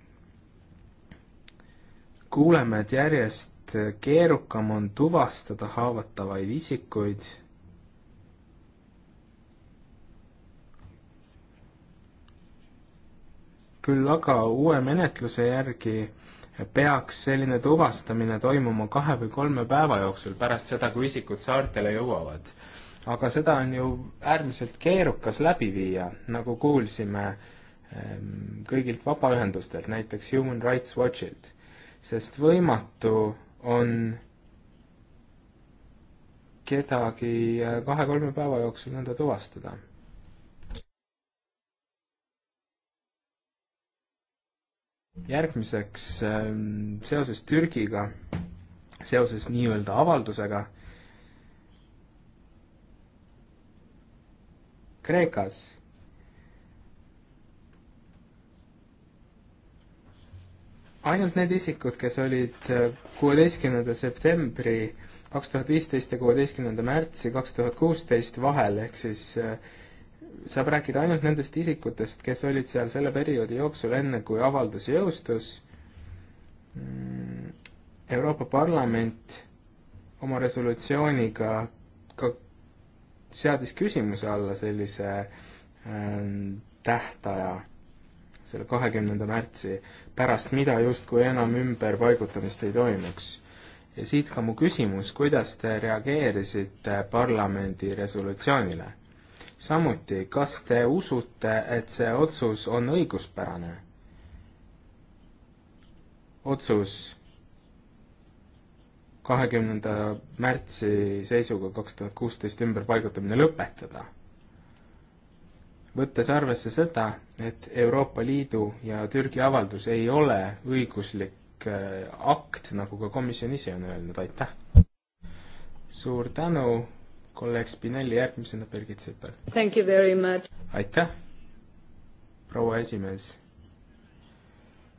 S1: kuuleme, et järjest keerukam on tuvastada haavatavaid isikuid. küll aga uue menetluse järgi peaks selline tuvastamine toimuma kahe või kolme päeva jooksul pärast seda, kui isikud saartele jõuavad. aga seda on ju äärmiselt keerukas läbi viia, nagu kuulsime ehm, kõigilt vabaühendustelt, näiteks Human Rights Watchilt sest võimatu on kedagi äh, kahe-kolme päeva jooksul nõnda tuvastada järgmiseks ähm, seoses Türgiga, seoses nii-öelda avaldusega. Kreekas ainult need isikud, kes olid äh, kuueteistkümnenda septembri kaks tuhat viisteist ja kuueteistkümnenda märtsi kaks tuhat kuusteist vahel, ehk siis äh, saab rääkida ainult nendest isikutest, kes olid seal selle perioodi jooksul, enne kui avaldus jõustus. Mm, Euroopa Parlament oma resolutsiooniga ka seadis küsimuse alla sellise äh, tähtaja selle kahekümnenda märtsi, pärast mida justkui enam ümberpaigutamist ei toimuks. ja siit ka mu küsimus, kuidas te reageerisite parlamendi resolutsioonile? samuti, kas te usute, et see otsus on õiguspärane? otsus kahekümnenda märtsi seisuga kaks tuhat kuusteist ümberpaigutamine lõpetada võttes arvesse seda, et Euroopa Liidu ja Türgi avaldus ei ole õiguslik äh, akt, nagu ka komisjon ise on öelnud, aitäh! suur tänu, kolleeg Spinelli, järgmisena Birgit Sipel. aitäh, proua esimees!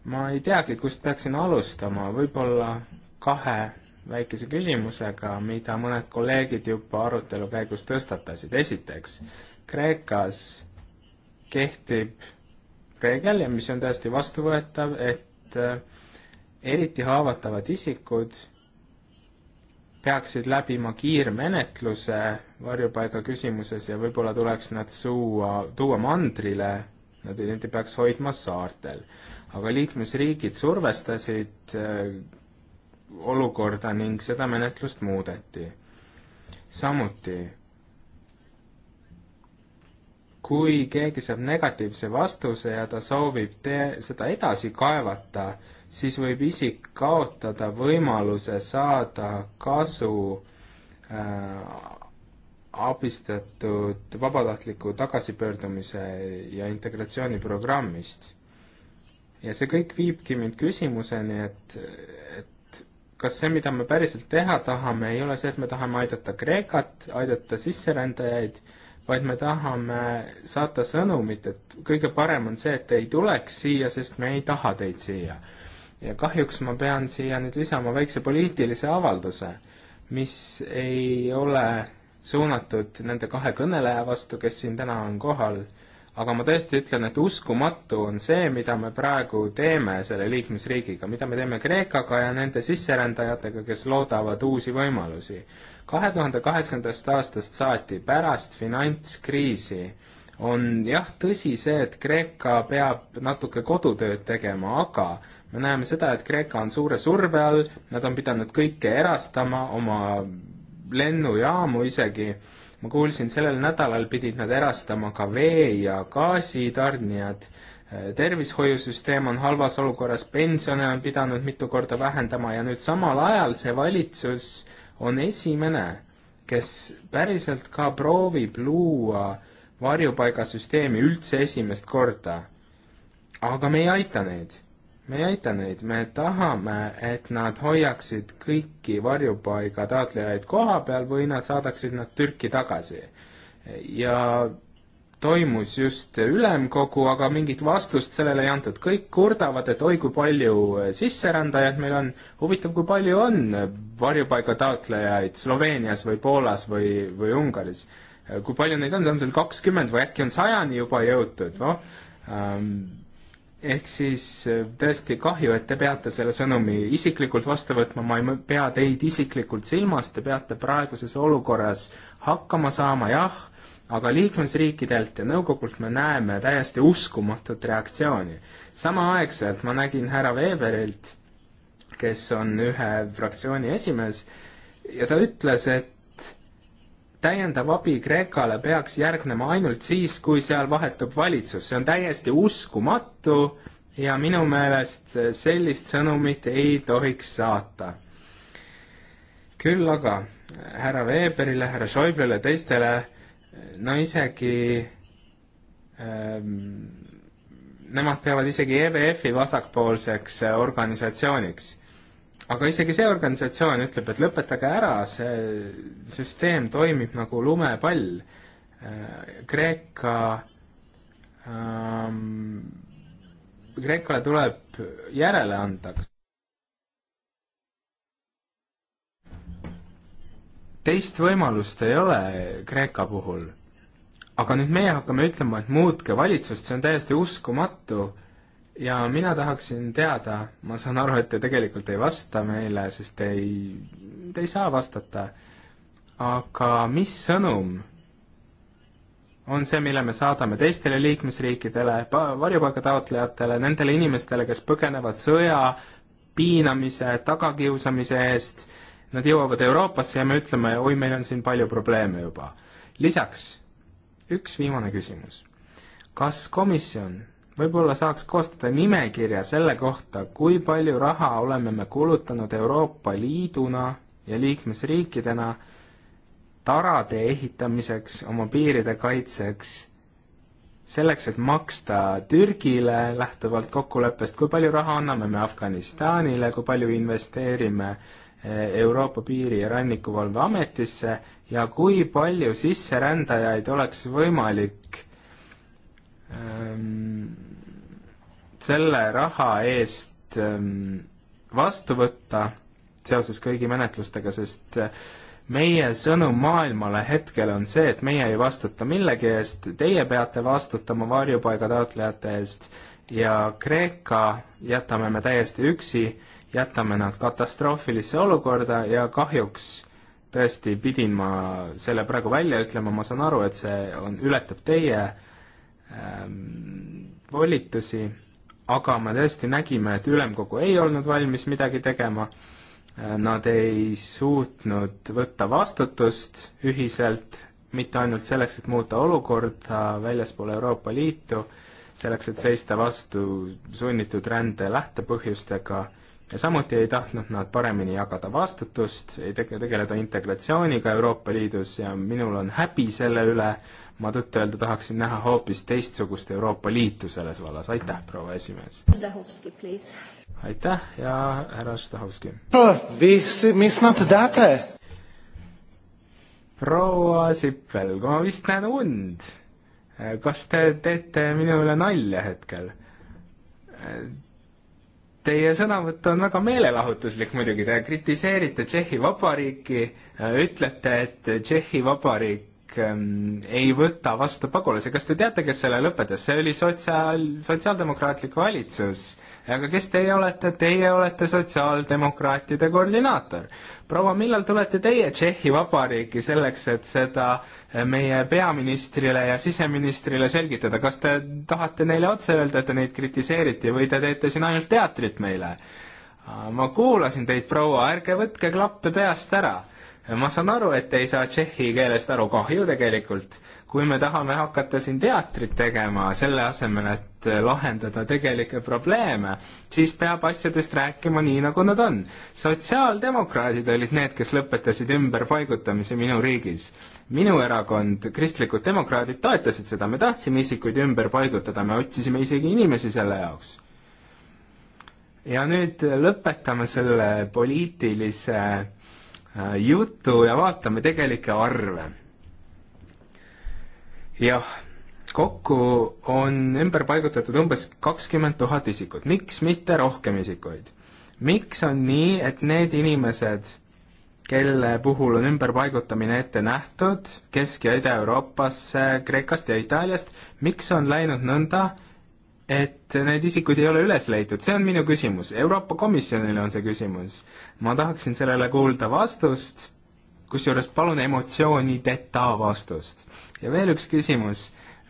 S1: ma ei teagi, kust peaksin alustama, võib-olla kahe väikese küsimusega, mida mõned kolleegid juba arutelu käigus tõstatasid. esiteks, Kreekas kehtib reegel ja mis on täiesti vastuvõetav, et äh, eriti haavatavad isikud peaksid läbima kiirmenetluse varjupaiga küsimuses ja võib-olla tuleks nad suua, tuua mandrile, nad ei peaks hoidma saartel. aga liikmesriigid survestasid äh, olukorda ning seda menetlust muudeti. samuti kui keegi saab negatiivse vastuse ja ta soovib te-, seda edasi kaevata, siis võib isik kaotada võimaluse saada kasu äh, abistatud vabatahtliku tagasipöördumise ja integratsiooniprogrammist. ja see kõik viibki mind küsimuseni, et, et kas see, mida me päriselt teha tahame, ei ole see, et me tahame aidata Kreekat, aidata sisserändajaid, vaid me tahame saata sõnumit, et kõige parem on see, et te ei tuleks siia, sest me ei taha teid siia. ja kahjuks ma pean siia nüüd lisama väikse poliitilise avalduse, mis ei ole suunatud nende kahe kõneleja vastu, kes siin täna on kohal, aga ma tõesti ütlen, et uskumatu on see, mida me praegu teeme selle liikmesriigiga, mida me teeme Kreekaga ja nende sisserändajatega, kes loodavad uusi võimalusi kahe tuhande kaheksandast aastast saati, pärast finantskriisi, on jah, tõsi see, et Kreeka peab natuke kodutööd tegema, aga me näeme seda, et Kreeka on suure surve all, nad on pidanud kõike erastama, oma lennujaamu isegi, ma kuulsin, sellel nädalal pidid nad erastama ka vee- ja gaasitarnijad, tervishoiusüsteem on halvas olukorras, pensione on pidanud mitu korda vähendama ja nüüd samal ajal see valitsus äh, on esimene, kes päriselt ka proovib luua varjupaigasüsteemi üldse esimest korda. aga me ei aita neid, me ei aita neid, me tahame, et nad hoiaksid kõiki varjupaiga taotlejaid koha peal või nad saadaksid nad Türki tagasi. ja toimus just ülemkogu, aga mingit vastust sellele ei antud. kõik kurdavad, et oi kui palju eh, sisserändajaid meil on. huvitav, kui palju on eh, varjupaiga taotlejaid Sloveenias või Poolas või, või Ungaris? Eh, kui palju neid on, on seal kakskümmend või äkki on sajani juba jõutud, noh ähm,. ehk siis tõesti kahju, et te peate selle sõnumi isiklikult vastu võtma, ma ei pea teid isiklikult silmas, te peate praeguses olukorras hakkama saama, jah aga liikmesriikidelt ja nõukogult me näeme täiesti uskumatut reaktsiooni. samaaegselt ma nägin härra Weberilt, kes on ühe fraktsiooni esimees, ja ta ütles, et täiendav abi Kreekale peaks järgnema ainult siis, kui seal vahetub valitsus, see on täiesti uskumatu ja minu meelest sellist sõnumit ei tohiks saata küll aga härra Weberile, härra Schäublele, teistele no isegi ähm, nemad peavad isegi EVF-i vasakpoolseks äh, organisatsiooniks. aga isegi see organisatsioon ütleb, et lõpetage ära, see süsteem toimib nagu lumepall. Äh, Kreeka ähm,, Kreekale tuleb järele anda teist võimalust ei ole Kreeka puhul. aga nüüd meie hakkame ütlema, et muutke valitsust, see on täiesti uskumatu ja mina tahaksin teada, ma saan aru, et te tegelikult ei vasta meile, sest te ei, te ei saa vastata, aga mis sõnum on see, mille me saadame teistele liikmesriikidele, varjupaiga taotlejatele, nendele inimestele, kes põgenevad sõja, piinamise, tagakiusamise eest nad jõuavad Euroopasse ja me ütleme, oi, meil on siin palju probleeme juba. lisaks üks viimane küsimus. kas komisjon võib-olla saaks koostada nimekirja selle kohta, kui palju raha oleme me kulutanud Euroopa Liiduna ja liikmesriikidena tarade ehitamiseks, oma piiride kaitseks, selleks, et maksta Türgile lähtuvalt kokkuleppest, kui palju raha anname me Afganistanile, kui palju investeerime äh, Euroopa Piiri- ja Rannikuvalveametisse ja kui palju sisserändajaid oleks võimalik ähm, selle raha eest ähm, vastu võtta seoses kõigi menetlustega, sest äh, meie sõnum maailmale hetkel on see, et meie ei vastuta millegi eest, teie peate vastutama varjupaiga taotlejate eest ja Kreeka jätame me täiesti üksi äh, jätame nad katastroofilisse olukorda ja kahjuks tõesti pidin ma selle praegu välja ütlema, ma saan aru, et see on, ületab teie ähm, volitusi, aga me tõesti nägime, et ülemkogu ei olnud valmis midagi tegema, äh, nad ei suutnud võtta vastutust ühiselt, mitte ainult selleks, et muuta olukorda väljaspool Euroopa Liitu, selleks, et seista vastu sunnitud rände lähtepõhjustega ja samuti ei tahtnud nad paremini jagada vastutust, ei tege-, tegeleda integratsiooniga Euroopa Liidus ja minul on häbi selle üle, ma tõtt-öelda tahaksin näha hoopis teistsugust Euroopa Liitu selles vallas, aitäh, proua esimees! aitäh ja härra Stahovski! proua Sippel, ma vist näen und. kas te teete minu üle nalja hetkel? Teie sõnavõtt on väga meelelahutuslik muidugi, te kritiseerite Tšehhi Vabariiki, ütlete, et Tšehhi Vabariik ähm, ei võta vastu pagulasi, kas te teate, kes selle lõpetas, see oli sotsiaal, sotsiaaldemokraatlik valitsus aga kes teie olete? Teie olete sotsiaaldemokraatide koordinaator. proua, millal tulete teie Tšehhi Vabariiki selleks, et seda meie peaministrile ja siseministrile selgitada, kas te tahate neile otse öelda, et te neid kritiseeriti või te teete siin ainult teatrit meile? ma kuulasin teid, proua, ärge võtke klappe peast ära ma saan aru, et ei saa tšehhi keelest aru, kahju tegelikult. kui me tahame hakata siin teatrit tegema selle asemel, et eh, lahendada tegelikke probleeme, siis peab asjadest rääkima nii, nagu nad on. sotsiaaldemokraadid olid need, kes lõpetasid ümberpaigutamise minu riigis. minu erakond, kristlikud demokraadid, toetasid seda, me tahtsime isikuid ümber paigutada, me otsisime isegi inimesi selle jaoks ja nüüd lõpetame selle poliitilise Äh, juttu ja vaatame tegelikke arve. jah, kokku on ümber paigutatud umbes kakskümmend tuhat isikut, miks mitte rohkem isikuid? miks on nii, et need inimesed, kelle puhul on ümberpaigutamine ette nähtud Kesk- ja Ida-Euroopasse, Kreekast ja Itaaliast, miks on läinud nõnda, et neid isikuid ei ole üles leitud, see on minu küsimus, Euroopa Komisjonile on see küsimus. ma tahaksin sellele kuulda vastust, kusjuures palun emotsioonideta vastust. ja veel üks küsimus,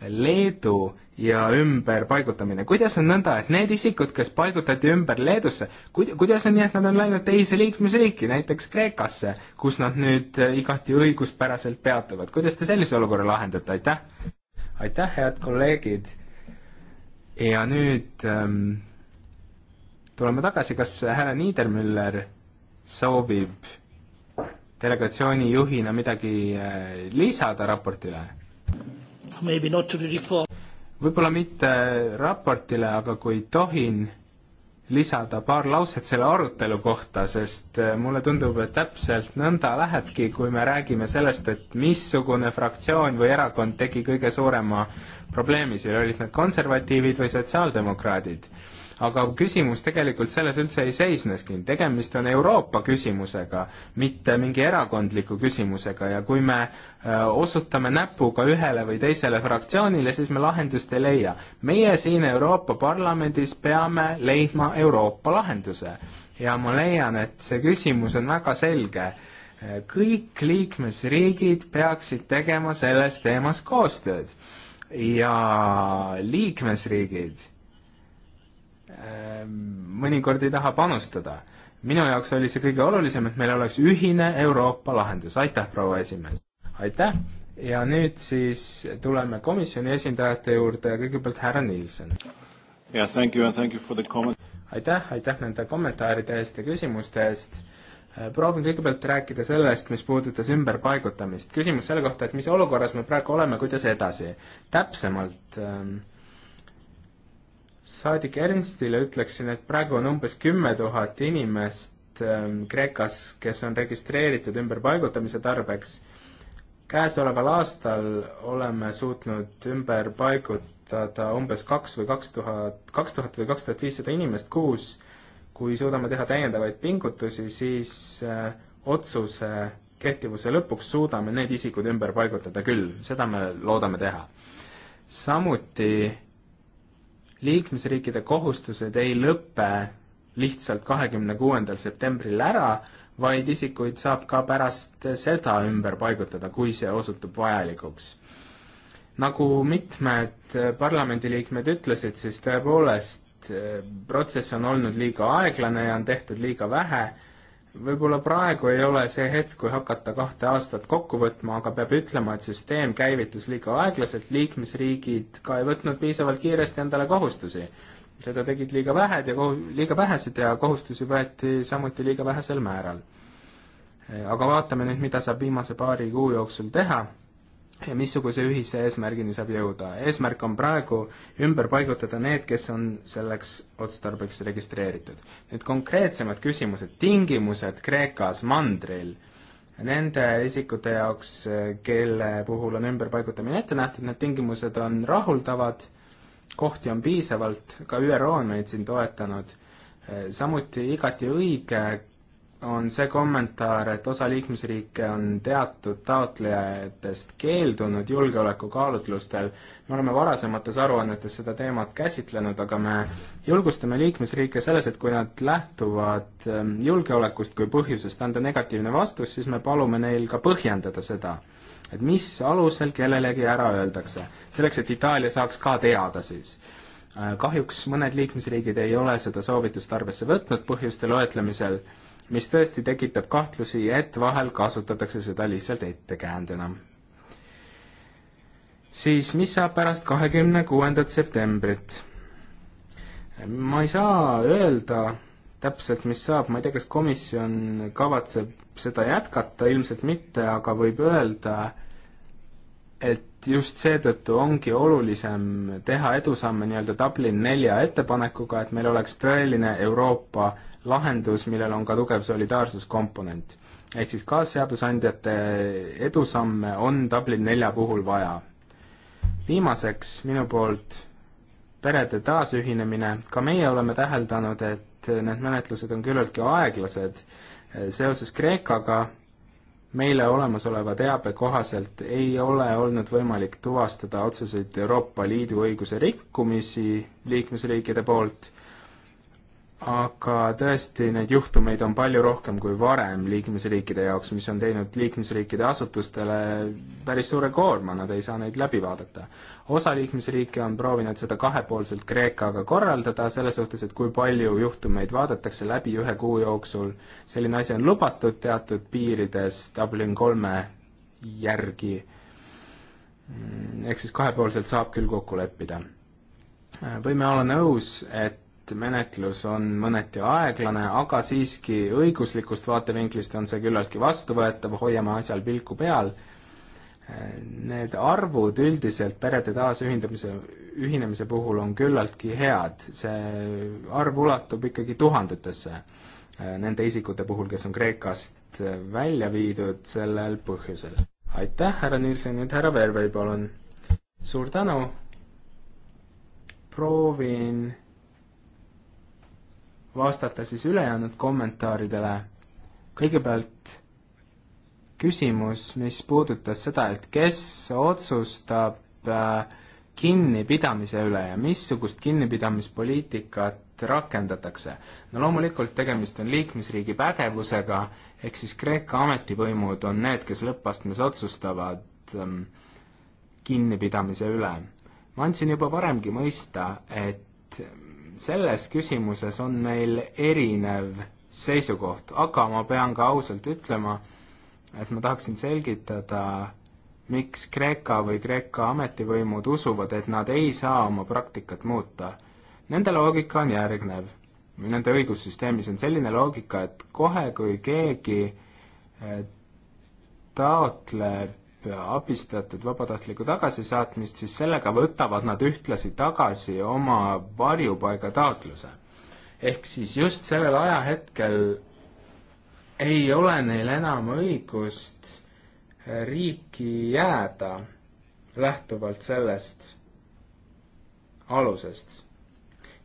S1: Leedu ja ümberpaigutamine, kuidas on nõnda, et need isikud, kes paigutati ümber Leedusse, kuid-, kuidas on nii, et nad on läinud teise liikmesriiki, näiteks Kreekasse, kus nad nüüd äh, igati õiguspäraselt peatuvad, kuidas te sellise olukorra lahendate, aitäh! aitäh, head kolleegid! ja nüüd ähm, tuleme tagasi, kas härra Niedermüller soovib delegatsiooni juhina midagi äh, lisada raportile? võib-olla mitte raportile, aga kui tohin lisada paar lauset selle arutelu kohta, sest äh, mulle tundub, et täpselt nõnda lähebki, kui me räägime sellest, et missugune fraktsioon või erakond tegi kõige suurema probleemi, seal olid need konservatiivid või sotsiaaldemokraadid aga küsimus tegelikult selles üldse ei seisneski, tegemist on Euroopa küsimusega, mitte mingi erakondliku küsimusega ja kui me äh, osutame näpuga ühele või teisele fraktsioonile, siis me lahendust ei leia. meie siin Euroopa Parlamendis peame leidma Euroopa lahenduse ja ma leian, et see küsimus on väga selge äh, kõik liikmesriigid peaksid tegema selles teemas koostööd ja liikmesriigid Ehm, mõnikord ei taha panustada. minu jaoks oli see kõige olulisem, et meil oleks ühine Euroopa lahendus, aitäh, proua esimees! aitäh ja nüüd siis tuleme komisjoni esindajate juurde, kõigepealt härra Nilsson.
S3: jah, thank you and thank
S1: you for the comment. aitäh, aitäh nende kommentaaride eest ja küsimuste eest äh, proovin kõigepealt rääkida sellest, mis puudutas ümberpaigutamist. küsimus selle kohta, et mis olukorras me praegu oleme, kuidas edasi. täpsemalt ähm, saadik Ernstile ütleksin, et praegu on umbes kümme tuhat inimest ähm, Kreekas, kes on registreeritud ümberpaigutamise tarbeks. käesoleval aastal oleme suutnud ümber paigutada umbes kaks või kaks tuhat, kaks tuhat või kaks tuhat viissada inimest kuus. kui suudame teha täiendavaid pingutusi, siis äh, otsuse kehtivuse lõpuks suudame need isikud ümber paigutada küll, seda me loodame teha. samuti liikmesriikide kohustused ei lõpe lihtsalt kahekümne kuuendal septembril ära, vaid isikuid saab ka pärast seda ümber paigutada, kui see osutub vajalikuks. nagu mitmed parlamendiliikmed ütlesid, siis tõepoolest eh, protsess on olnud liiga aeglane ja on tehtud liiga vähe võib-olla praegu ei ole see hetk, kui hakata kahte aastat kokku võtma, aga peab ütlema, et süsteem käivitus liiga aeglaselt, liikmesriigid ka ei võtnud piisavalt kiiresti endale kohustusi. seda tegid liiga vähed ja kohu-, liiga vähesed ja kohustusi võeti samuti liiga vähesel määral. aga vaatame nüüd, mida saab viimase paari kuu jooksul teha ja missuguse ühise eesmärgini saab jõuda. eesmärk on praegu ümber paigutada need, kes on selleks otstarbeks registreeritud. nüüd konkreetsemad küsimused, tingimused Kreekas mandril, nende isikute jaoks, kelle puhul on ümberpaigutamine ette nähtud, need tingimused on rahuldavad, kohti on piisavalt, ka ÜRO on meid siin toetanud, samuti igati õige on see kommentaar, et osa liikmesriike on teatud taotlejatest keeldunud julgeolekukaalutlustel. me oleme varasemates aruannetes seda teemat käsitlenud, aga me julgustame liikmesriike selles, et kui nad lähtuvad ähm, julgeolekust kui põhjusest anda negatiivne vastus, siis me palume neil ka põhjendada seda, et mis alusel kellelegi ära öeldakse, selleks et Itaalia saaks ka teada siis äh, kahjuks mõned liikmesriigid ei ole seda soovitust arvesse võtnud põhjuste loetlemisel mis tõesti tekitab kahtlusi, et vahel kasutatakse seda lihtsalt ettekäändena. siis, mis saab pärast kahekümne kuuendat septembrit? ma ei saa öelda täpselt, mis saab, ma ei tea, kas komisjon kavatseb seda jätkata, ilmselt mitte, aga võib öelda, et just seetõttu ongi olulisem teha edusamme nii-öelda Dublin nelja ettepanekuga, et meil oleks tõeline Euroopa lahendus, millel on ka tugev solidaarsuskomponent. ehk siis ka seadusandjate edusamme on Dublin nelja puhul vaja. viimaseks minu poolt perede taasühinemine, ka meie oleme täheldanud, et need menetlused on küllaltki aeglased. seoses Kreekaga meile olemasoleva teabe kohaselt ei ole olnud võimalik tuvastada otseseid Euroopa Liidu õiguse rikkumisi liikmesriikide poolt aga tõesti, neid juhtumeid on palju rohkem kui varem liikmesriikide jaoks, mis on teinud liikmesriikide asutustele päris suure koorma, nad ei saa neid läbi vaadata. osa liikmesriike on proovinud seda kahepoolselt Kreekaga korraldada, selles suhtes, et kui palju juhtumeid vaadatakse läbi ühe kuu jooksul, selline asi on lubatud teatud piirides Dublin kolme järgi. Mm, ehk siis kahepoolselt saab küll kokku leppida. võime olla nõus, et et menetlus on mõneti aeglane, aga siiski õiguslikust vaatevinklist on see küllaltki vastuvõetav, hoiame asjal pilku peal. Need arvud üldiselt perede taasühindamise, ühinemise puhul on küllaltki head, see arv ulatub ikkagi tuhandetesse nende isikute puhul, kes on Kreekast välja viidud sellel põhjusel. aitäh, härra Nilsen, nüüd härra Vervei, palun. suur tänu. proovin vastata siis ülejäänud kommentaaridele. kõigepealt küsimus, mis puudutas seda, et kes otsustab äh, kinnipidamise üle ja missugust kinnipidamispoliitikat rakendatakse. no loomulikult tegemist on liikmesriigi pädevusega, ehk siis Kreeka ametivõimud on need, kes lõppastmes otsustavad ähm, kinnipidamise üle. ma andsin juba varemgi mõista, et selles küsimuses on meil erinev seisukoht, aga ma pean ka ausalt ütlema, et ma tahaksin selgitada, miks Kreeka või Kreeka ametivõimud usuvad, et nad ei saa oma praktikat muuta. Nende loogika on järgnev või nende õigussüsteemis on selline loogika, et kohe, kui keegi eh, taotleb abistatud vabatahtlikku tagasisaatmist, siis sellega võtavad nad ühtlasi tagasi oma varjupaiga taotluse. ehk siis just sellel ajahetkel ei ole neil enam õigust riiki jääda lähtuvalt sellest alusest.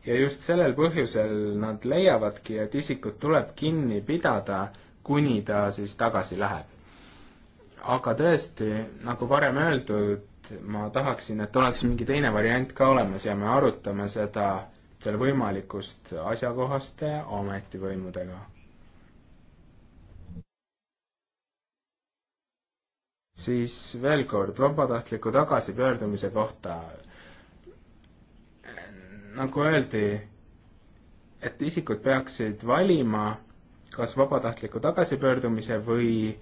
S1: ja just sellel põhjusel nad leiavadki, et isikut tuleb kinni pidada, kuni ta siis tagasi läheb aga tõesti, nagu varem öeldud, ma tahaksin, et oleks mingi teine variant ka olemas ja me arutame seda selle võimalikust asjakohaste ametivõimudega. siis veel kord vabatahtliku tagasipöördumise kohta. nagu öeldi, et isikud peaksid valima kas vabatahtliku tagasipöördumise või äh,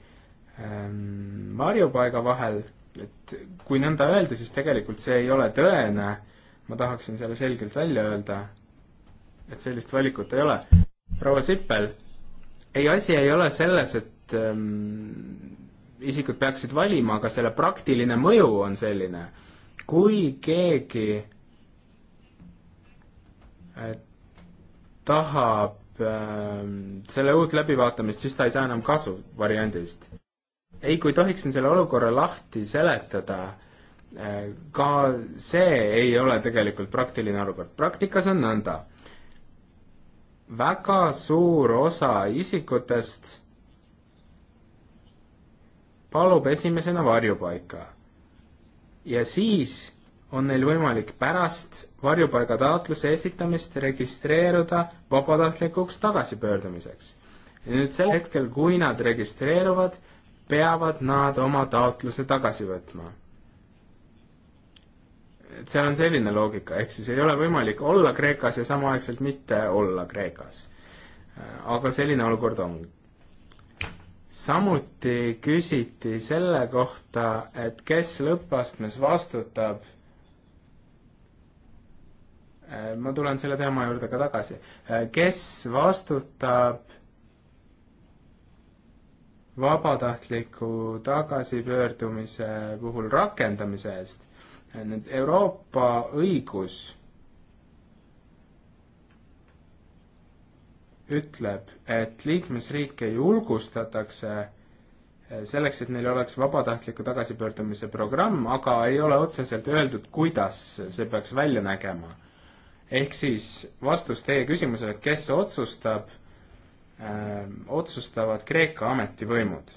S1: Ähm, varjupaiga vahel, et kui nõnda öelda, siis tegelikult see ei ole tõene, ma tahaksin selle selgelt välja öelda, et sellist valikut ei ole. proua Sippel, ei, asi ei ole selles, et ähm, isikud peaksid valima, aga selle praktiline mõju on selline. kui keegi äh, tahab äh, selle uut läbivaatamist, siis ta ei saa enam kasu variandist ei, kui tohiksin selle olukorra lahti seletada, äh, ka see ei ole tegelikult praktiline olukord, praktikas on nõnda. väga suur osa isikutest palub esimesena varjupaika ja siis on neil võimalik pärast varjupaigataotluse esitamist registreeruda vabatahtlikuks tagasipöördumiseks. ja nüüd sel hetkel, kui nad registreeruvad, peavad nad oma taotluse tagasi võtma. et seal on selline loogika, ehk siis ei ole võimalik olla Kreekas ja samaaegselt mitte olla Kreekas. aga selline olukord on. samuti küsiti selle kohta, et kes lõppastmes vastutab. ma tulen selle teema juurde ka tagasi. kes vastutab vabatahtliku tagasipöördumise puhul rakendamise eest. nüüd Euroopa õigus ütleb, et liikmesriike julgustatakse selleks, et neil oleks vabatahtliku tagasipöördumise programm, aga ei ole otseselt öeldud, kuidas see peaks välja nägema. ehk siis vastus teie küsimusele, kes otsustab Ähm, otsustavad Kreeka ametivõimud.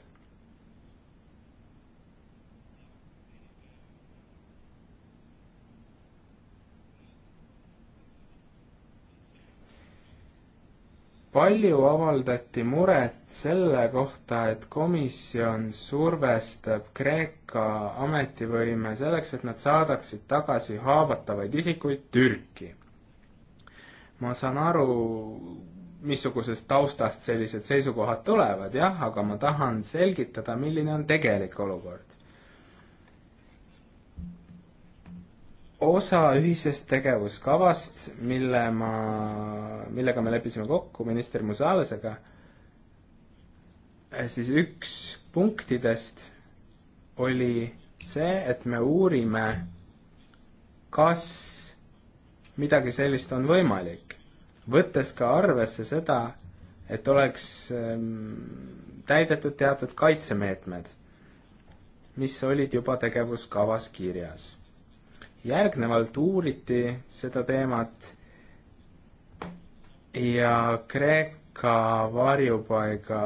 S1: palju avaldati muret selle kohta, et komisjon survestab Kreeka ametivõime selleks, et nad saadaksid tagasi haavatavaid isikuid Türki. ma saan aru missugusest taustast sellised seisukohad tulevad, jah, aga ma tahan selgitada, milline on tegelik olukord. osa ühisest tegevuskavast, mille ma, millega me leppisime kokku minister Musalesega, siis üks punktidest oli see, et me uurime, kas midagi sellist on võimalik võttes ka arvesse seda, et oleks ehm, täidetud teatud kaitsemeetmed, mis olid juba tegevuskavas kirjas. järgnevalt uuriti seda teemat ja Kreeka varjupaiga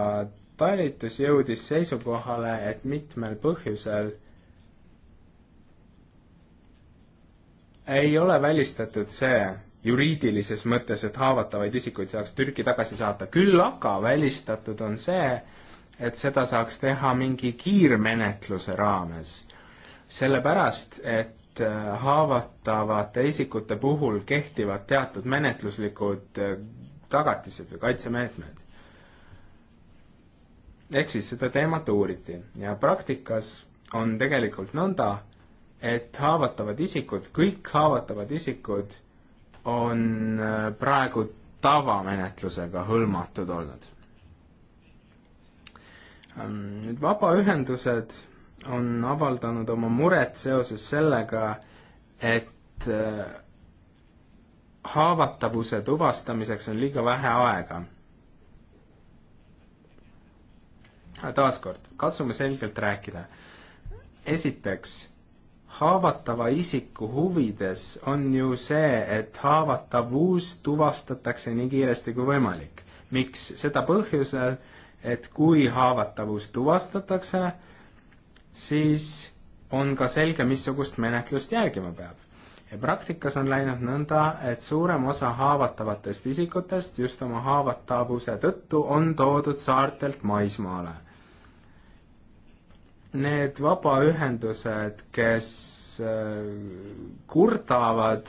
S1: talitus jõudis seisukohale, et mitmel põhjusel ei ole välistatud see, juriidilises mõttes, et haavatavaid isikuid saaks Türki tagasi saata, küll aga välistatud on see, et seda saaks teha mingi kiirmenetluse raames. sellepärast, et äh, haavatavate isikute puhul kehtivad teatud menetluslikud äh, tagatised või kaitsemeetmed. ehk siis seda teemat uuriti ja praktikas on tegelikult nõnda, et haavatavad isikud, kõik haavatavad isikud on äh, praegu tavamenetlusega hõlmatud olnud. Ähm, nüüd vabaühendused on avaldanud oma muret seoses sellega, et äh, haavatavuse tuvastamiseks on liiga vähe aega. taaskord, katsume selgelt rääkida. esiteks haavatava isiku huvides on ju see, et haavatavus tuvastatakse nii kiiresti kui võimalik. miks? seda põhjusel, et kui haavatavus tuvastatakse, siis on ka selge, missugust menetlust järgima peab. ja praktikas on läinud nõnda, et suurem osa haavatavatest isikutest just oma haavatavuse tõttu on toodud saartelt maismaale need vabaühendused, kes äh, kurdavad,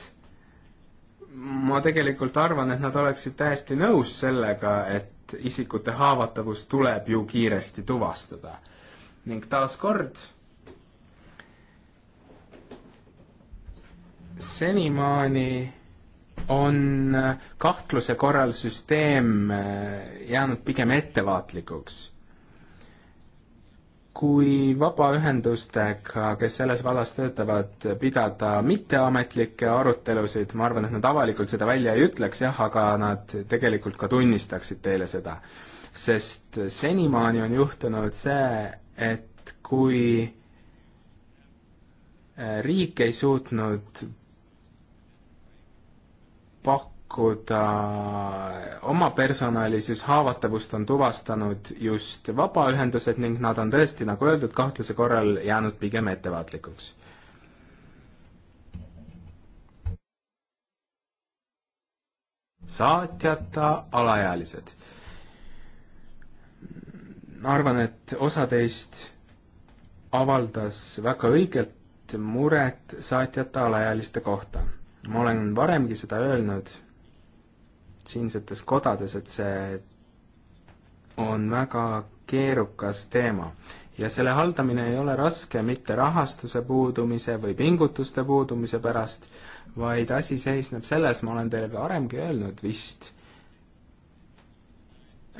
S1: ma tegelikult arvan, et nad oleksid täiesti nõus sellega, et isikute haavatavus tuleb ju kiiresti tuvastada. ning taaskord, senimaani on kahtluse korral süsteem äh, jäänud pigem ettevaatlikuks kui vabaühendustega, kes selles vallas töötavad, pidada mitteametlikke arutelusid, ma arvan, et nad avalikult seda välja ei ütleks jah, aga nad tegelikult ka tunnistaksid teile seda. sest senimaani on juhtunud see, et kui eh, riik ei suutnud pak-, pakkuda äh, oma personali, siis haavatavust on tuvastanud just vabaühendused ning nad on tõesti, nagu öeldud, kahtluse korral jäänud pigem ettevaatlikuks. saatjata alaealised. arvan, et osa teist avaldas väga õigelt muret saatjata alaealiste kohta ma olen varemgi seda öelnud, siinsetes kodades, et see on väga keerukas teema ja selle haldamine ei ole raske mitte rahastuse puudumise või pingutuste puudumise pärast, vaid asi seisneb selles, ma olen teile ka varemgi öelnud vist,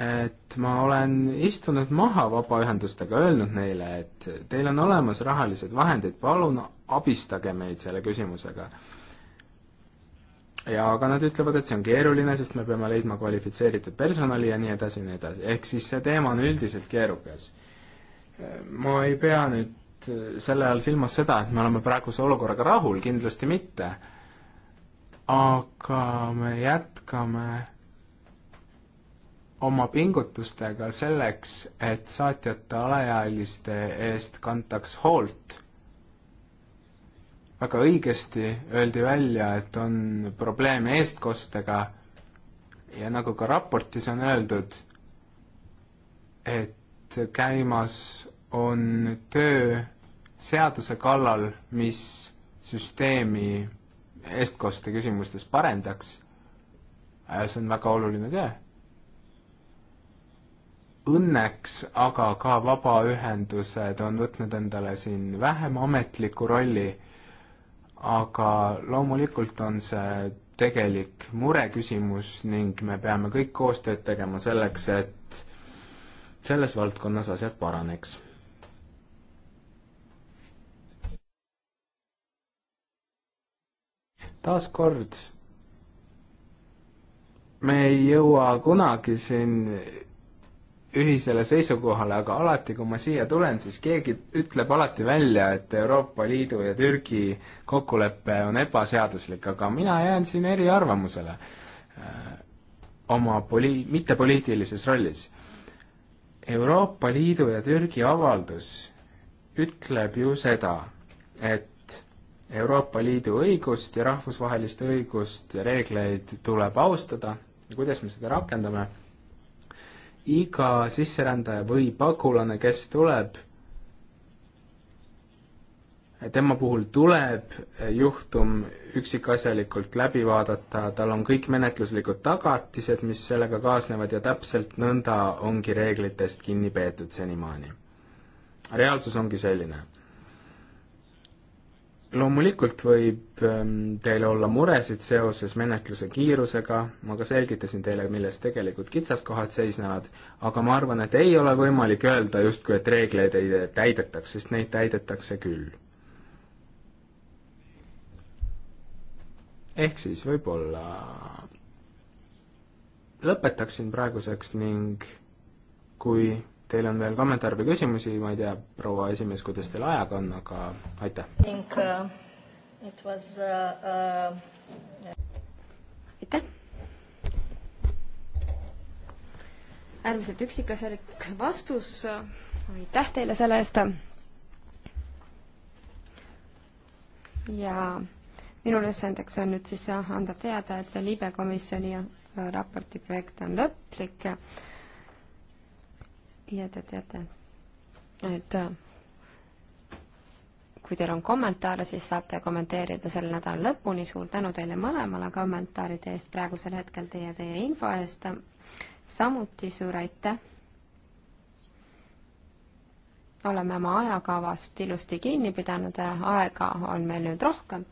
S1: et ma olen istunud maha vabaühendustega, öelnud neile, et teil on olemas rahalised vahendid, palun abistage meid selle küsimusega ja aga nad ütlevad, et see on keeruline, sest me peame leidma kvalifitseeritud personali ja nii edasi ja nii edasi, ehk siis see teema on üldiselt keerukas. ma ei pea nüüd selle all silmas seda, et me oleme praeguse olukorraga rahul, kindlasti mitte, aga me jätkame oma pingutustega selleks, et saatjate alaealiste eest kantaks hoolt väga õigesti öeldi välja, et on probleeme eestkostega ja nagu ka raportis on öeldud, et käimas on töö seaduse kallal, mis süsteemi eestkoste küsimustes parendaks. Äh, see on väga oluline töö. Õnneks aga ka vabaühendused on võtnud endale siin vähem ametliku rolli aga loomulikult on see tegelik mureküsimus ning me peame kõik koostööd tegema selleks, et selles valdkonnas asjad paraneks. taaskord, me ei jõua kunagi siin ühisele seisukohale, aga alati, kui ma siia tulen, siis keegi ütleb alati välja, et Euroopa Liidu ja Türgi kokkulepe on ebaseaduslik, aga mina jään siin eriarvamusele äh, oma poli-, mittepoliitilises rollis. Euroopa Liidu ja Türgi avaldus ütleb ju seda, et Euroopa Liidu õigust ja rahvusvahelist õigust ja reegleid tuleb austada ja kuidas me seda rakendame iga sisserändaja või pagulane, kes tuleb, tema puhul tuleb juhtum üksikasjalikult läbi vaadata, tal on kõik menetluslikud tagatised, mis sellega kaasnevad ja täpselt nõnda ongi reeglitest kinni peetud senimaani. reaalsus ongi selline loomulikult võib ähm, teil olla muresid seoses menetluse kiirusega, ma ka selgitasin teile, milles tegelikult kitsaskohad seisnevad, aga ma arvan, et ei ole võimalik öelda justkui, et reegleid ei täidetaks, sest neid täidetakse küll. ehk siis võib-olla lõpetaksin praeguseks ning kui teil on veel kommentaare või küsimusi, ma ei tea, proua esimees, kuidas teil ajaga on, aga aitäh. Uh, uh, uh,
S3: aitäh. äärmiselt üksikasjalik vastus, aitäh teile selle eest. ja minu ülesandeks on nüüd siis anda teada, et libekomisjoni raporti projekt on lõplik ja te teate, et äh, kui teil on kommentaare, siis saate kommenteerida selle nädala lõpuni. suur tänu teile mõlemale kommentaaride eest praegusel hetkel teie, teie info eest. samuti suur aitäh. oleme oma ajakavast ilusti kinni pidanud, aega on meil nüüd rohkem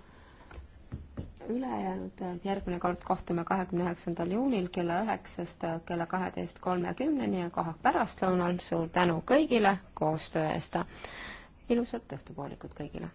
S3: ülejäänud äh, järgmine kord kohtume kahekümne üheksandal juunil kella üheksast äh, kella kaheteist kolmekümneni ja kohe pärastlõunal. suur tänu kõigile koostöö eest.
S1: ilusat õhtupoolikut kõigile